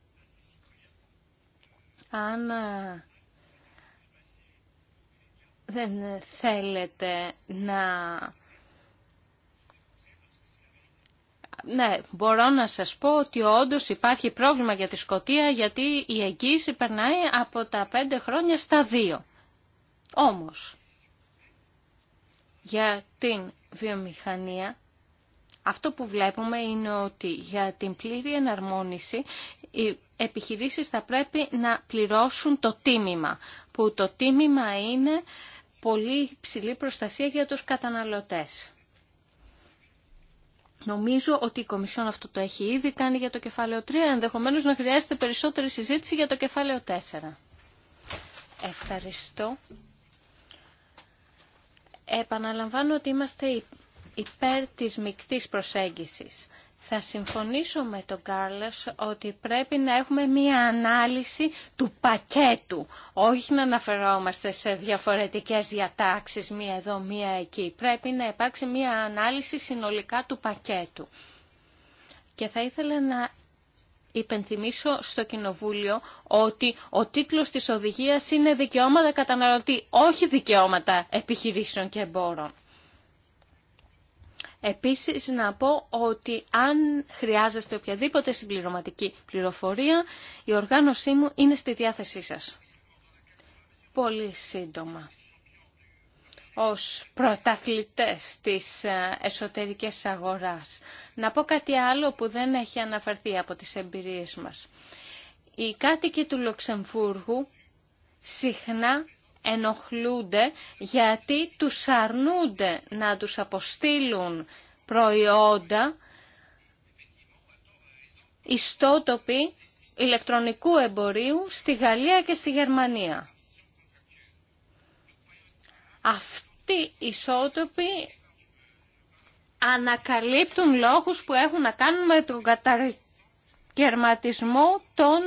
S4: αν ε, δεν θέλετε να ναι, μπορώ να σας πω ότι όντως υπάρχει πρόβλημα για τη Σκοτία γιατί η εγγύηση περνάει από τα πέντε χρόνια στα δύο. Όμως, για την βιομηχανία αυτό που βλέπουμε είναι ότι για την πλήρη εναρμόνιση οι επιχειρήσεις θα πρέπει να πληρώσουν το τίμημα, που το τίμημα είναι πολύ ψηλή προστασία για τους καταναλωτές. Νομίζω ότι η Κομισιόν αυτό το έχει ήδη κάνει για το κεφάλαιο 3, ενδεχομένως να χρειάζεται περισσότερη συζήτηση για το κεφάλαιο 4. Ευχαριστώ. Επαναλαμβάνω ότι είμαστε υπέρ της μικτής προσέγγισης. Θα συμφωνήσω με τον Κάρλος ότι πρέπει να έχουμε μία ανάλυση του πακέτου, όχι να αναφερόμαστε σε διαφορετικές διατάξεις, μία εδώ, μία εκεί. Πρέπει να υπάρξει μία ανάλυση συνολικά του πακέτου. Και θα ήθελα να υπενθυμίσω στο Κοινοβούλιο ότι ο τίτλος της οδηγίας είναι «Δικαιώματα καταναλωτή», όχι «Δικαιώματα επιχειρήσεων και εμπόρων». Επίσης να πω ότι αν χρειάζεστε οποιαδήποτε συμπληρωματική πληροφορία, η οργάνωσή μου είναι στη διάθεσή σας. Πολύ σύντομα. Ως πρωταθλητές της ε, εσωτερικής αγοράς. Να πω κάτι άλλο που δεν έχει αναφερθεί από τις εμπειρίες μας. Οι κάτοικοι του Λοξεμφούργου συχνά ενοχλούνται γιατί τους αρνούνται να τους αποστείλουν προϊόντα ιστότοποι ηλεκτρονικού εμπορίου στη Γαλλία και στη Γερμανία. Αυτοί οι ισότοποι ανακαλύπτουν λόγους που έχουν να κάνουν με τον καταγερματισμό των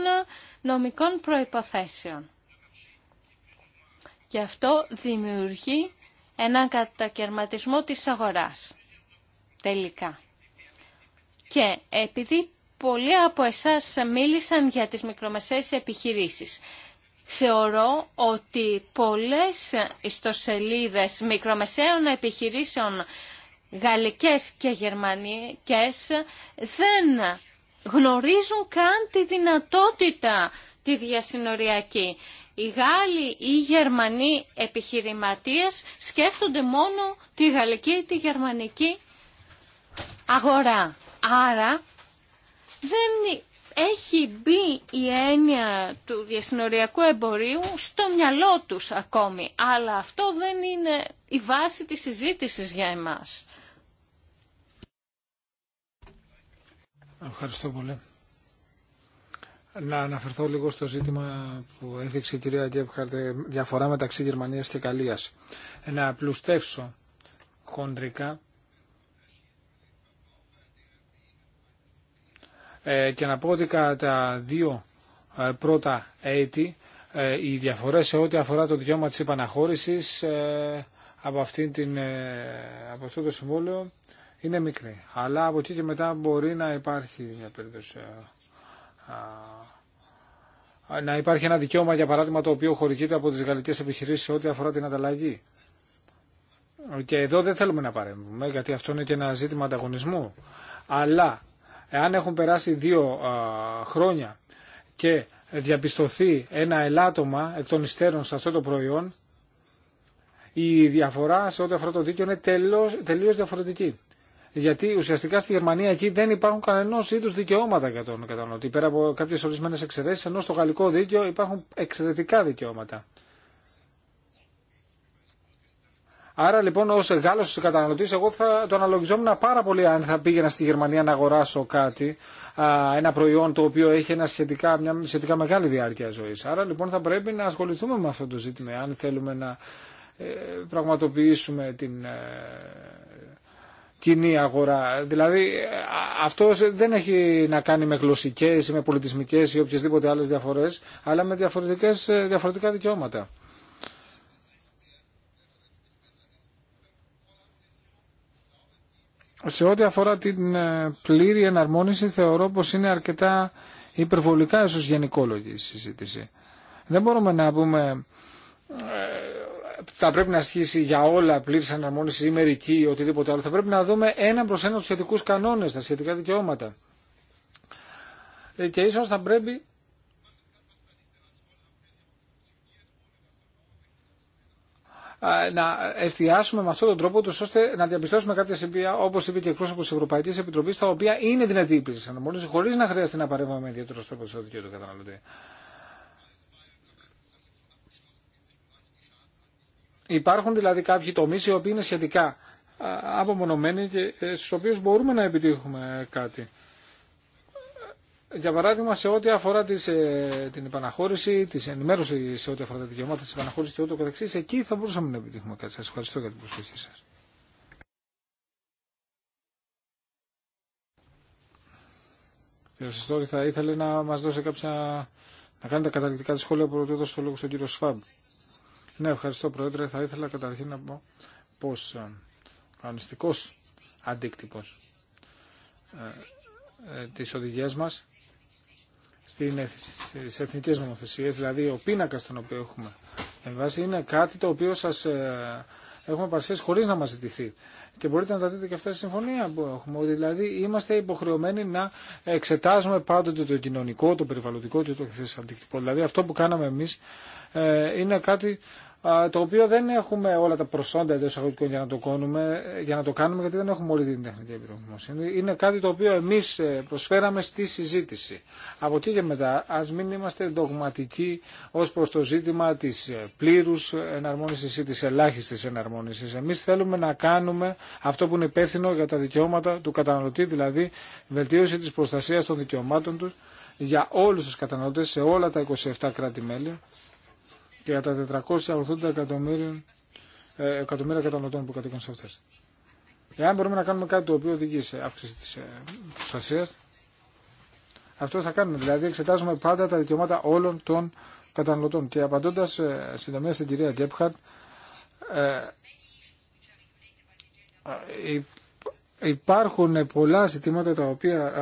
S4: νομικών προϋποθέσεων. Και αυτό δημιουργεί έναν κατακαιρματισμό της αγοράς. Τελικά. Και επειδή πολλοί από εσάς μίλησαν για τις μικρομεσαίες επιχειρήσεις, θεωρώ ότι πολλές ιστοσελίδες μικρομεσαίων επιχειρήσεων γαλλικές και γερμανικές δεν γνωρίζουν καν τη δυνατότητα τη διασυνοριακή. Οι Γάλλοι ή οι Γερμανοί επιχειρηματίες σκέφτονται μόνο τη γαλλική ή τη γερμανική αγορά. Άρα δεν έχει μπει η έννοια του διασυνοριακού εμπορίου στο μυαλό τους ακόμη. Αλλά αυτό δεν είναι η βάση της συζήτησης για εμάς.
S3: Ευχαριστώ πολύ να αναφερθώ λίγο στο ζήτημα που έδειξε η κυρία Γκέπχαρτε, διαφορά μεταξύ Γερμανίας και Καλλίας. Να πλουστεύσω χοντρικά ε, και να πω ότι κατά δύο ε, πρώτα έτη ε, οι διαφορές σε ό,τι αφορά το δικαίωμα της επαναχώρησης από, την, από αυτό το συμβόλαιο είναι μικρή. Αλλά από εκεί και μετά μπορεί να υπάρχει μια περίπτωση να υπάρχει ένα δικαίωμα, για παράδειγμα, το οποίο χορηγείται από τις γαλλικές επιχειρήσεις σε ό,τι αφορά την ανταλλαγή. Και εδώ δεν θέλουμε να παρέμβουμε, γιατί αυτό είναι και ένα ζήτημα ανταγωνισμού. Αλλά, εάν έχουν περάσει δύο χρόνια και διαπιστωθεί ένα ελάττωμα εκ των υστέρων σε αυτό το προϊόν, η διαφορά σε ό,τι αφορά το δίκαιο είναι τελείω διαφορετική γιατί ουσιαστικά στη Γερμανία εκεί δεν υπάρχουν κανένα είδου δικαιώματα για τον καταναλωτή. Πέρα από κάποιε ορισμένε εξαιρέσει, ενώ στο γαλλικό δίκαιο υπάρχουν εξαιρετικά δικαιώματα. Άρα λοιπόν ω Γάλλο καταναλωτή, εγώ θα το αναλογιζόμουν πάρα πολύ αν θα πήγαινα στη Γερμανία να αγοράσω κάτι, ένα προϊόν το οποίο έχει ένα σχετικά, μια σχετικά μεγάλη διάρκεια ζωή. Άρα λοιπόν θα πρέπει να ασχοληθούμε με αυτό το ζήτημα, αν θέλουμε να ε, πραγματοποιήσουμε την ε, κοινή αγορά. Δηλαδή αυτό δεν έχει να κάνει με ή με πολιτισμικές ή οποιασδήποτε άλλες διαφορές, αλλά με διαφορετικές, ε, διαφορετικά δικαιώματα. Σε ό,τι αφορά την ε, πλήρη εναρμόνιση θεωρώ πως είναι αρκετά υπερβολικά ίσως γενικόλογη η συζήτηση. Δεν μπορούμε να πούμε ε, θα πρέπει να ασχίσει για όλα πλήρης αναρμόνιση ή μερική ή οτιδήποτε άλλο. Θα πρέπει να δούμε ένα προς ένα τους σχετικούς κανόνες, τα σχετικά δικαιώματα. Ε, και ίσως θα πρέπει να εστιάσουμε με αυτόν τον τρόπο τους ώστε να διαπιστώσουμε κάποια σημεία όπως είπε και εκπρόσωπο τη Ευρωπαϊκή Επιτροπή, τα οποία είναι δυνατή η πλήρη αναμόνωση χωρί να χρειάζεται να παρέμβαμε με αυτον τον τροπο του ωστε να διαπιστωσουμε καποια σημεια οπω ειπε και εκπροσωπο τη ευρωπαικη επιτροπη τα οποια ειναι δυνατη η πληρη αναμονωση χωρι να χρειαζεται να παρεύουμε με ιδιαιτερο τροπο στο δικαίωμα του καταναλωτή. Υπάρχουν δηλαδή κάποιοι τομείς οι οποίοι είναι σχετικά απομονωμένοι και ε, στους οποίους μπορούμε να επιτύχουμε κάτι. Για παράδειγμα, σε ό,τι αφορά τις, ε, την επαναχώρηση, τη ενημέρωση σε ό,τι αφορά τα δικαιώματα τη επαναχώρησης και ούτω καθεξής, εκεί θα μπορούσαμε να επιτύχουμε κάτι. Σας ευχαριστώ για την προσοχή σα. Κύριε Σιστόρη, θα ήθελε να μας δώσει κάποια, να κάνει τα καταληκτικά τη σχόλια που δώσω στο λόγο στον κύριο Σφάμπ. Ναι, ευχαριστώ Πρόεδρε. Θα ήθελα καταρχήν να πω πως ο ε, αγωνιστικός αντίκτυπος ε, ε, της οδηγίας μας στις εθνικές νομοθεσίες, δηλαδή ο πίνακας τον οποίο έχουμε εμβάσει, είναι κάτι το οποίο σας έχουμε παρουσιάσει χωρίς να μας ζητηθεί. Και μπορείτε να τα δείτε και αυτά στη συμφωνία που έχουμε. δηλαδή είμαστε υποχρεωμένοι να εξετάζουμε πάντοτε το κοινωνικό, το περιβαλλοντικό και το χθες αντίκτυπο. Δηλαδή αυτό που κάναμε εμείς είναι κάτι το οποίο δεν έχουμε όλα τα προσόντα εντό εισαγωγικών για να το κάνουμε, για να το κάνουμε γιατί δεν έχουμε όλη την τεχνική επιδομοσύνη. Είναι κάτι το οποίο εμεί ε, προσφέραμε στη συζήτηση. Από εκεί και μετά, α μην είμαστε ντογματικοί ω προ το ζήτημα τη ε, πλήρου εναρμόνιση ή τη ελάχιστη εναρμόνιση. Εμεί θέλουμε να κάνουμε αυτό που είναι υπεύθυνο για τα δικαιώματα του καταναλωτή, δηλαδή βελτίωση τη προστασία των δικαιωμάτων του για όλου του καταναλωτέ σε όλα τα 27 κράτη-μέλη και για τα 480 εκατομμύρια, ε, εκατομμύρια καταναλωτών που κατοικούν σε αυτές. Εάν μπορούμε να κάνουμε κάτι το οποίο οδηγεί σε αύξηση της ε, προστασίας, αυτό θα κάνουμε. Δηλαδή εξετάζουμε πάντα τα δικαιώματα όλων των καταναλωτών. Και απαντώντας ε, συντομία στην κυρία Γκέπχαρτ, υπάρχουν πολλά ζητήματα τα οποία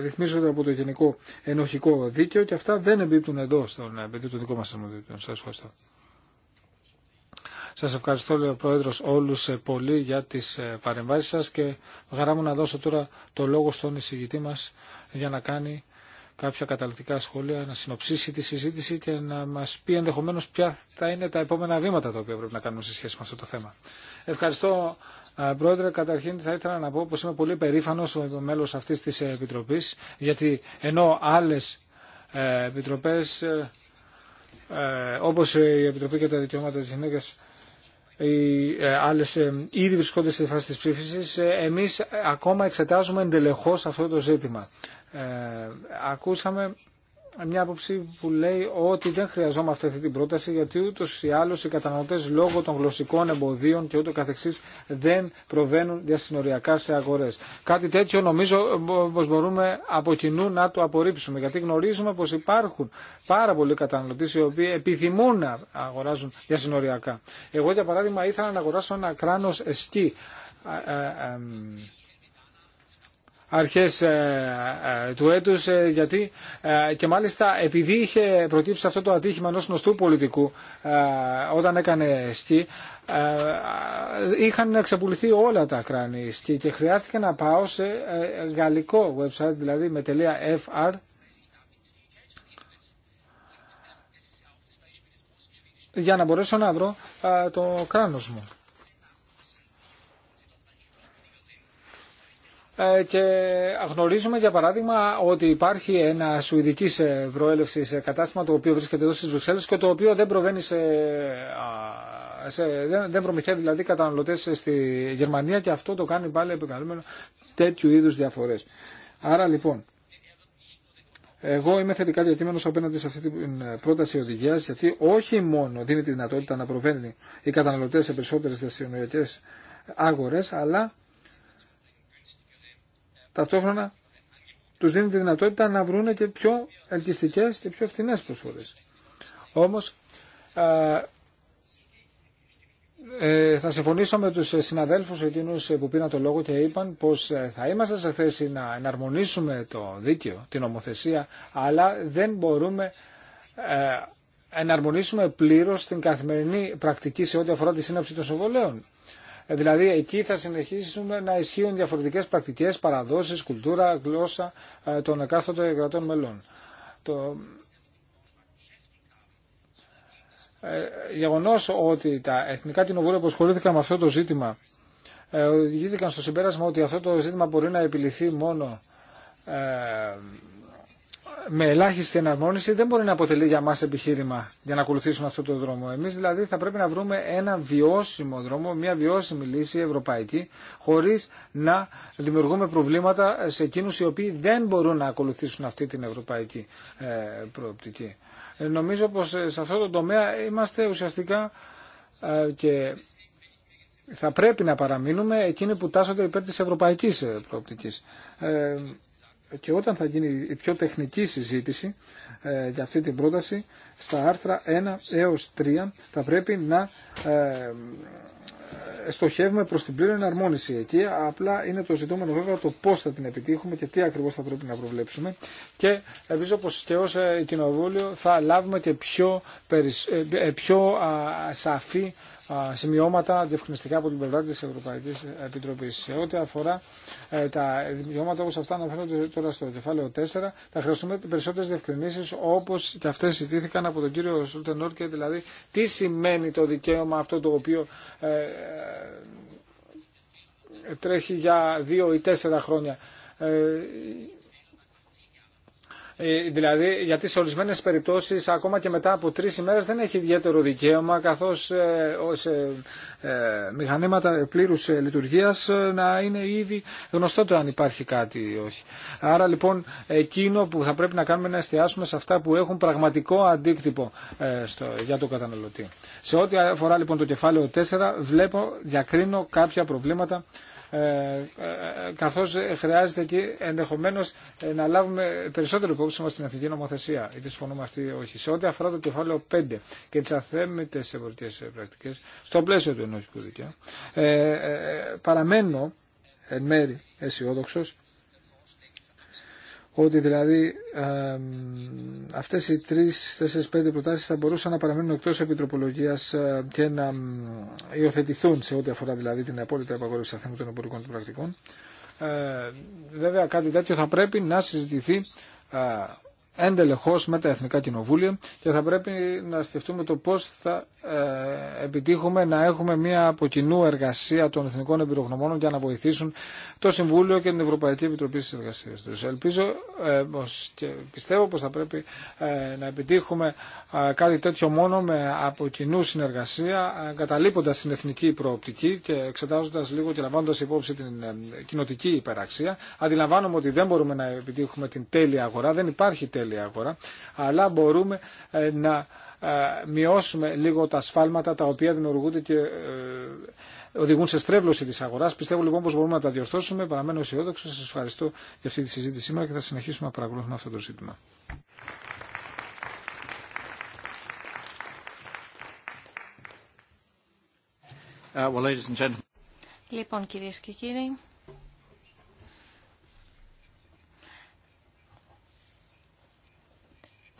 S3: ρυθμίζονται από το Γενικό Ενοχικό Δίκαιο και αυτά δεν εμπίπτουν εδώ στον ε, πεδίο του δικού μας αρμοδιότητων. Σας ευχαριστώ. Σας ευχαριστώ, λέει ο Πρόεδρος, όλους ε, πολύ για τις ε, παρεμβάσεις σας και χαρά μου να δώσω τώρα το λόγο στον εισηγητή μας για να κάνει κάποια καταληκτικά σχόλια, να συνοψίσει τη συζήτηση και να μας πει ενδεχομένως ποια θα είναι τα επόμενα βήματα τα οποία πρέπει να κάνουμε σε σχέση με αυτό το θέμα. Ευχαριστώ Πρόεδρε, καταρχήν θα ήθελα να πω πως είμαι πολύ περήφανος ο μέλος αυτής της Επιτροπής, γιατί ενώ άλλες ε, επιτροπές, ε, ε, όπως η Επιτροπή για τα Δικαιώματα της Γυναίκας, οι άλλε ήδη βρισκόνται στη φάση τη ψήφιση. Εμεί ακόμα εξετάζουμε εντελεχώ αυτό το ζήτημα. ακούσαμε μια άποψη που λέει ότι δεν χρειαζόμαστε αυτή την πρόταση γιατί ούτω ή άλλω οι καταναλωτέ λόγω των γλωσσικών εμποδίων και ούτω καθεξής δεν προβαίνουν διασυνοριακά σε αγορέ. Κάτι τέτοιο νομίζω πω μπορούμε από κοινού να το απορρίψουμε γιατί γνωρίζουμε πω υπάρχουν πάρα πολλοί καταναλωτέ οι οποίοι επιθυμούν να αγοράζουν διασυνοριακά. Εγώ για παράδειγμα ήθελα να αγοράσω ένα κράνο σκι ε, ε, αρχές ε, ε, του έτους ε, γιατί και μάλιστα επειδή είχε προκύψει αυτό το ατύχημα ενός γνωστού πολιτικού όταν έκανε σκι είχαν ξεπουληθεί όλα τα κράνη σκι και χρειάστηκε να πάω σε γαλλικό website δηλαδή με τελεία .fr για να μπορέσω να βρω το κράνος μου. Ε, και γνωρίζουμε για παράδειγμα ότι υπάρχει ένα σουηδική προέλευση ε, ε, κατάστημα το οποίο βρίσκεται εδώ στι Βρυξέλλε και το οποίο δεν προβαίνει σε, δεν, δεν προμηθεύει δηλαδή καταναλωτές στη Γερμανία και αυτό το κάνει πάλι επικαλούμενο τέτοιου είδου διαφορέ. Άρα λοιπόν εγώ είμαι θετικά διατήμενος απέναντι σε αυτή την πρόταση οδηγία, γιατί όχι μόνο δίνει τη δυνατότητα να προβαίνει οι καταναλωτέ σε περισσότερε δασιονομικές άγορες, αλλά ταυτόχρονα τους δίνει τη δυνατότητα να βρούνε και πιο ελκυστικές και πιο φθηνές προσφορές. Όμως ε, θα συμφωνήσω με τους συναδέλφους εκείνους που πήραν το λόγο και είπαν πως ε, θα είμαστε σε θέση να εναρμονίσουμε το δίκαιο, την ομοθεσία, αλλά δεν μπορούμε ε, εναρμονίσουμε πλήρως την καθημερινή πρακτική σε ό,τι αφορά τη σύναψη των συμβολέων. Ε, δηλαδή εκεί θα συνεχίσουμε να ισχύουν διαφορετικές πρακτικές, παραδόσεις, κουλτούρα, γλώσσα ε, των εκάστοτε κρατών μελών. Το ε, γεγονός ότι τα εθνικά κοινοβούλια που ασχολήθηκαν με αυτό το ζήτημα οδηγήθηκαν στο συμπέρασμα ότι αυτό το ζήτημα μπορεί να επιληθεί μόνο με ελάχιστη εναρμόνιση δεν μπορεί να αποτελεί για μας επιχείρημα για να ακολουθήσουμε αυτό το δρόμο. Εμείς δηλαδή θα πρέπει να βρούμε ένα βιώσιμο δρόμο, μια βιώσιμη λύση ευρωπαϊκή, χωρίς να δημιουργούμε προβλήματα σε εκείνους οι οποίοι δεν μπορούν να ακολουθήσουν αυτή την ευρωπαϊκή ε, προοπτική. Ε, νομίζω πως ε, σε αυτό το τομέα είμαστε ουσιαστικά και θα πρέπει να παραμείνουμε εκείνοι που τάσσονται υπέρ της ευρωπαϊκής προοπτικής και όταν θα γίνει η πιο τεχνική συζήτηση ε, για αυτή την πρόταση, στα άρθρα 1 έως 3 θα πρέπει να ε, ε, στοχεύουμε προς την πλήρη εναρμόνιση εκεί. Απλά είναι το ζητούμενο βέβαια το πώς θα την επιτύχουμε και τι ακριβώς θα πρέπει να προβλέψουμε. Και ελπίζω πως και ως ε, κοινοβούλιο θα λάβουμε και πιο, πιο σαφή σημειώματα διευκρινιστικά από την πλευρά τη Ευρωπαϊκή Επιτροπή. Σε ό,τι αφορά ε, τα δικαιώματα όπω αυτά αναφέρονται τώρα στο κεφάλαιο 4, θα χρειαστούμε περισσότερε διευκρινήσει όπω και αυτέ ζητήθηκαν από τον κύριο Σούλτεν και δηλαδή τι σημαίνει το δικαίωμα αυτό το οποίο ε, ε, τρέχει για δύο ή τέσσερα χρόνια ε, δηλαδή γιατί σε ορισμένε περιπτώσεις ακόμα και μετά από τρει ημέρες δεν έχει ιδιαίτερο δικαίωμα καθώς ε, σε ε, μηχανήματα πλήρους λειτουργίας να είναι ήδη γνωστό το αν υπάρχει κάτι ή όχι. Άρα λοιπόν εκείνο που θα πρέπει να κάνουμε να εστιάσουμε σε αυτά που έχουν πραγματικό αντίκτυπο στο, για τον καταναλωτή. Σε ό,τι αφορά λοιπόν το κεφάλαιο 4 βλέπω, διακρίνω κάποια προβλήματα ε, ε, καθώς χρειάζεται εκεί ενδεχομένως ε, να λάβουμε περισσότερο υπόψη μας στην εθνική νομοθεσία. Είτε συμφωνούμε αυτή όχι. Σε ό,τι αφορά το κεφάλαιο 5 και τις αθέμητες εμπορικές πρακτικές, στο πλαίσιο του ενοχικού δικαίου, παραμένω εν μέρη αισιόδοξο ότι δηλαδή ε, αυτές οι τρεις, τέσσερις, πέντε προτάσεις θα μπορούσαν να παραμείνουν εκτός επιτροπολογίας ε, και να υιοθετηθούν σε ό,τι αφορά δηλαδή την απόλυτη απαγόρευση στα θέματα των εμπορικών των πρακτικών. Ε, βέβαια κάτι τέτοιο θα πρέπει να συζητηθεί ε, Εντελεχώ με τα Εθνικά Κοινοβούλια και θα πρέπει να σκεφτούμε το πώς θα ε, επιτύχουμε να έχουμε μια από κοινού εργασία των Εθνικών Εμπειρογνωμόνων για να βοηθήσουν το Συμβούλιο και την Ευρωπαϊκή Επιτροπή στις εργασίες τους. Ελπίζω ε, και πιστεύω πω θα πρέπει ε, να εχουμε μια απο κοινου εργασια των εθνικων εμπειρογνωμονων για να βοηθησουν το συμβουλιο και την ευρωπαικη επιτροπη στι εργασιε του ελπιζω και πιστευω πω θα πρεπει να επιτυχουμε κάτι τέτοιο μόνο με από κοινού συνεργασία, καταλείποντα την εθνική προοπτική και εξετάζοντα λίγο και λαμβάνοντα υπόψη την ε, κοινοτική υπεραξία. Αντιλαμβάνομαι ότι δεν μπορούμε να επιτύχουμε την τέλεια αγορά, δεν υπάρχει τέλεια αγορά, αλλά μπορούμε ε, να ε, μειώσουμε λίγο τα σφάλματα τα οποία δημιουργούνται και οδηγούν σε στρέβλωση τη αγορά. Πιστεύω λοιπόν πω μπορούμε να τα διορθώσουμε. Παραμένω αισιόδοξο. Σα ευχαριστώ για αυτή τη συζήτηση σήμερα και θα συνεχίσουμε να παρακολουθούμε αυτό το ζήτημα.
S1: Uh,
S4: λοιπόν, κυρίες και κύριοι,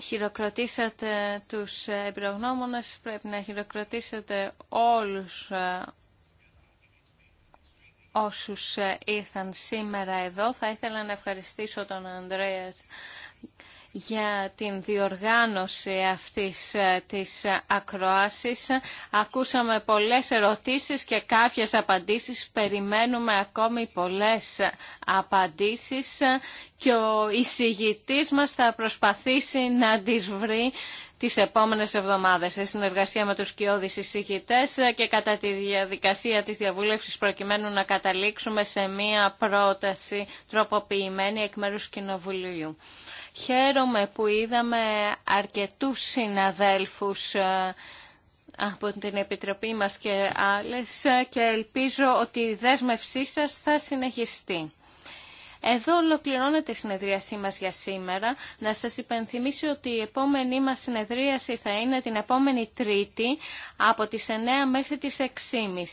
S4: χειροκροτήσατε τους εμπειρογνώμονες, πρέπει να χειροκροτήσετε όλους ε, όσους ε, ήρθαν σήμερα εδώ. Θα ήθελα να ευχαριστήσω τον Ανδρέας για την διοργάνωση αυτής ε, της ε, ακροάσης. Ακούσαμε πολλές ερωτήσεις και κάποιες απαντήσεις. Περιμένουμε ακόμη πολλές ε, απαντήσεις και ο εισηγητής μας θα προσπαθήσει να τις βρει τις επόμενες εβδομάδες σε συνεργασία με τους κοιόδης εισηγητές και κατά τη διαδικασία της διαβούλευσης προκειμένου να καταλήξουμε σε μία πρόταση τροποποιημένη εκ μέρους Κοινοβουλίου. Χαίρομαι που είδαμε αρκετούς συναδέλφους ε, από την Επιτροπή μας και άλλες ε, και ελπίζω ότι η δέσμευσή σας θα συνεχιστεί. Εδώ ολοκληρώνεται η συνεδρίασή μας για σήμερα. Να σας υπενθυμίσω ότι η επόμενή μας συνεδρίαση θα είναι την επόμενη Τρίτη από τις 9 μέχρι τις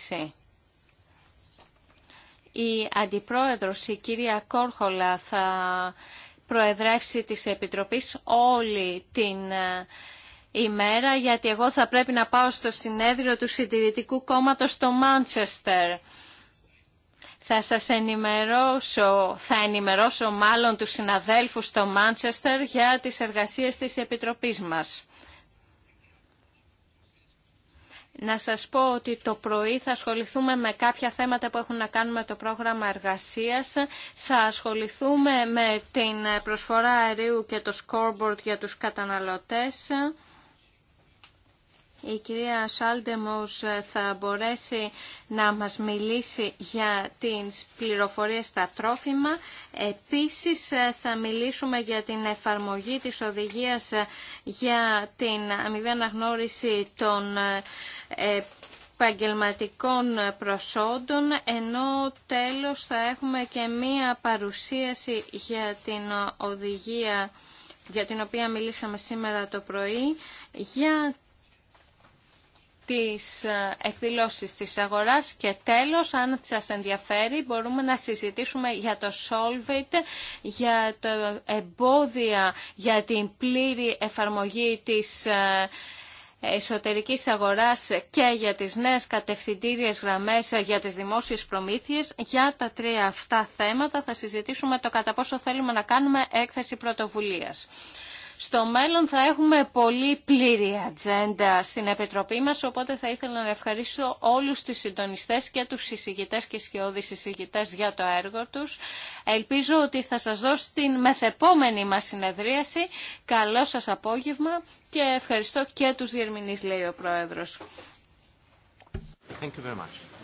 S4: 6.30. Η Αντιπρόεδρος, η κυρία Κόρχολα, θα προεδρεύσει της Επιτροπής όλη την ε, ημέρα, γιατί εγώ θα πρέπει να πάω στο συνέδριο του Συντηρητικού Κόμματος στο Μάντσεστερ. Θα σας ενημερώσω, θα ενημερώσω μάλλον τους συναδέλφους στο Μάντσεστερ για τις εργασίες της Επιτροπής μας. Να σας πω ότι το πρωί θα ασχοληθούμε με κάποια θέματα που έχουν να κάνουν με το πρόγραμμα εργασίας. Θα ασχοληθούμε με την προσφορά αερίου και το scoreboard για τους καταναλωτές η κυρία Σάλτεμος ε, θα μπορέσει να μας μιλήσει για τις πληροφορίες στα τρόφιμα. Επίσης ε, θα μιλήσουμε για την εφαρμογή της οδηγίας ε, για την αμοιβή αναγνώριση των επαγγελματικών προσόντων, ενώ τέλος θα έχουμε και μία παρουσίαση για την οδηγία για την οποία μιλήσαμε σήμερα το πρωί, για τις ε, εκδηλώσεις της αγοράς και τέλος, αν σας ενδιαφέρει, μπορούμε να συζητήσουμε για το Solvit, για το εμπόδια για την πλήρη εφαρμογή της ε, εσωτερικής αγοράς και για τις νέες κατευθυντήριες γραμμές ε, για τις δημόσιες προμήθειες. Για τα τρία αυτά θέματα θα συζητήσουμε το κατά πόσο θέλουμε να κάνουμε έκθεση πρωτοβουλίας. Στο μέλλον θα έχουμε πολύ πλήρη ατζέντα στην Επιτροπή μας, οπότε θα ήθελα να ευχαριστήσω όλους τους συντονιστές και τους συζητητές και σχεώδεις συζητητές για το έργο τους. Ελπίζω ότι θα σας δώσω την μεθεπόμενη μας συνεδρίαση. Καλό σας απόγευμα και ευχαριστώ και τους διερμηνείς, λέει ο Πρόεδρος.
S1: Thank you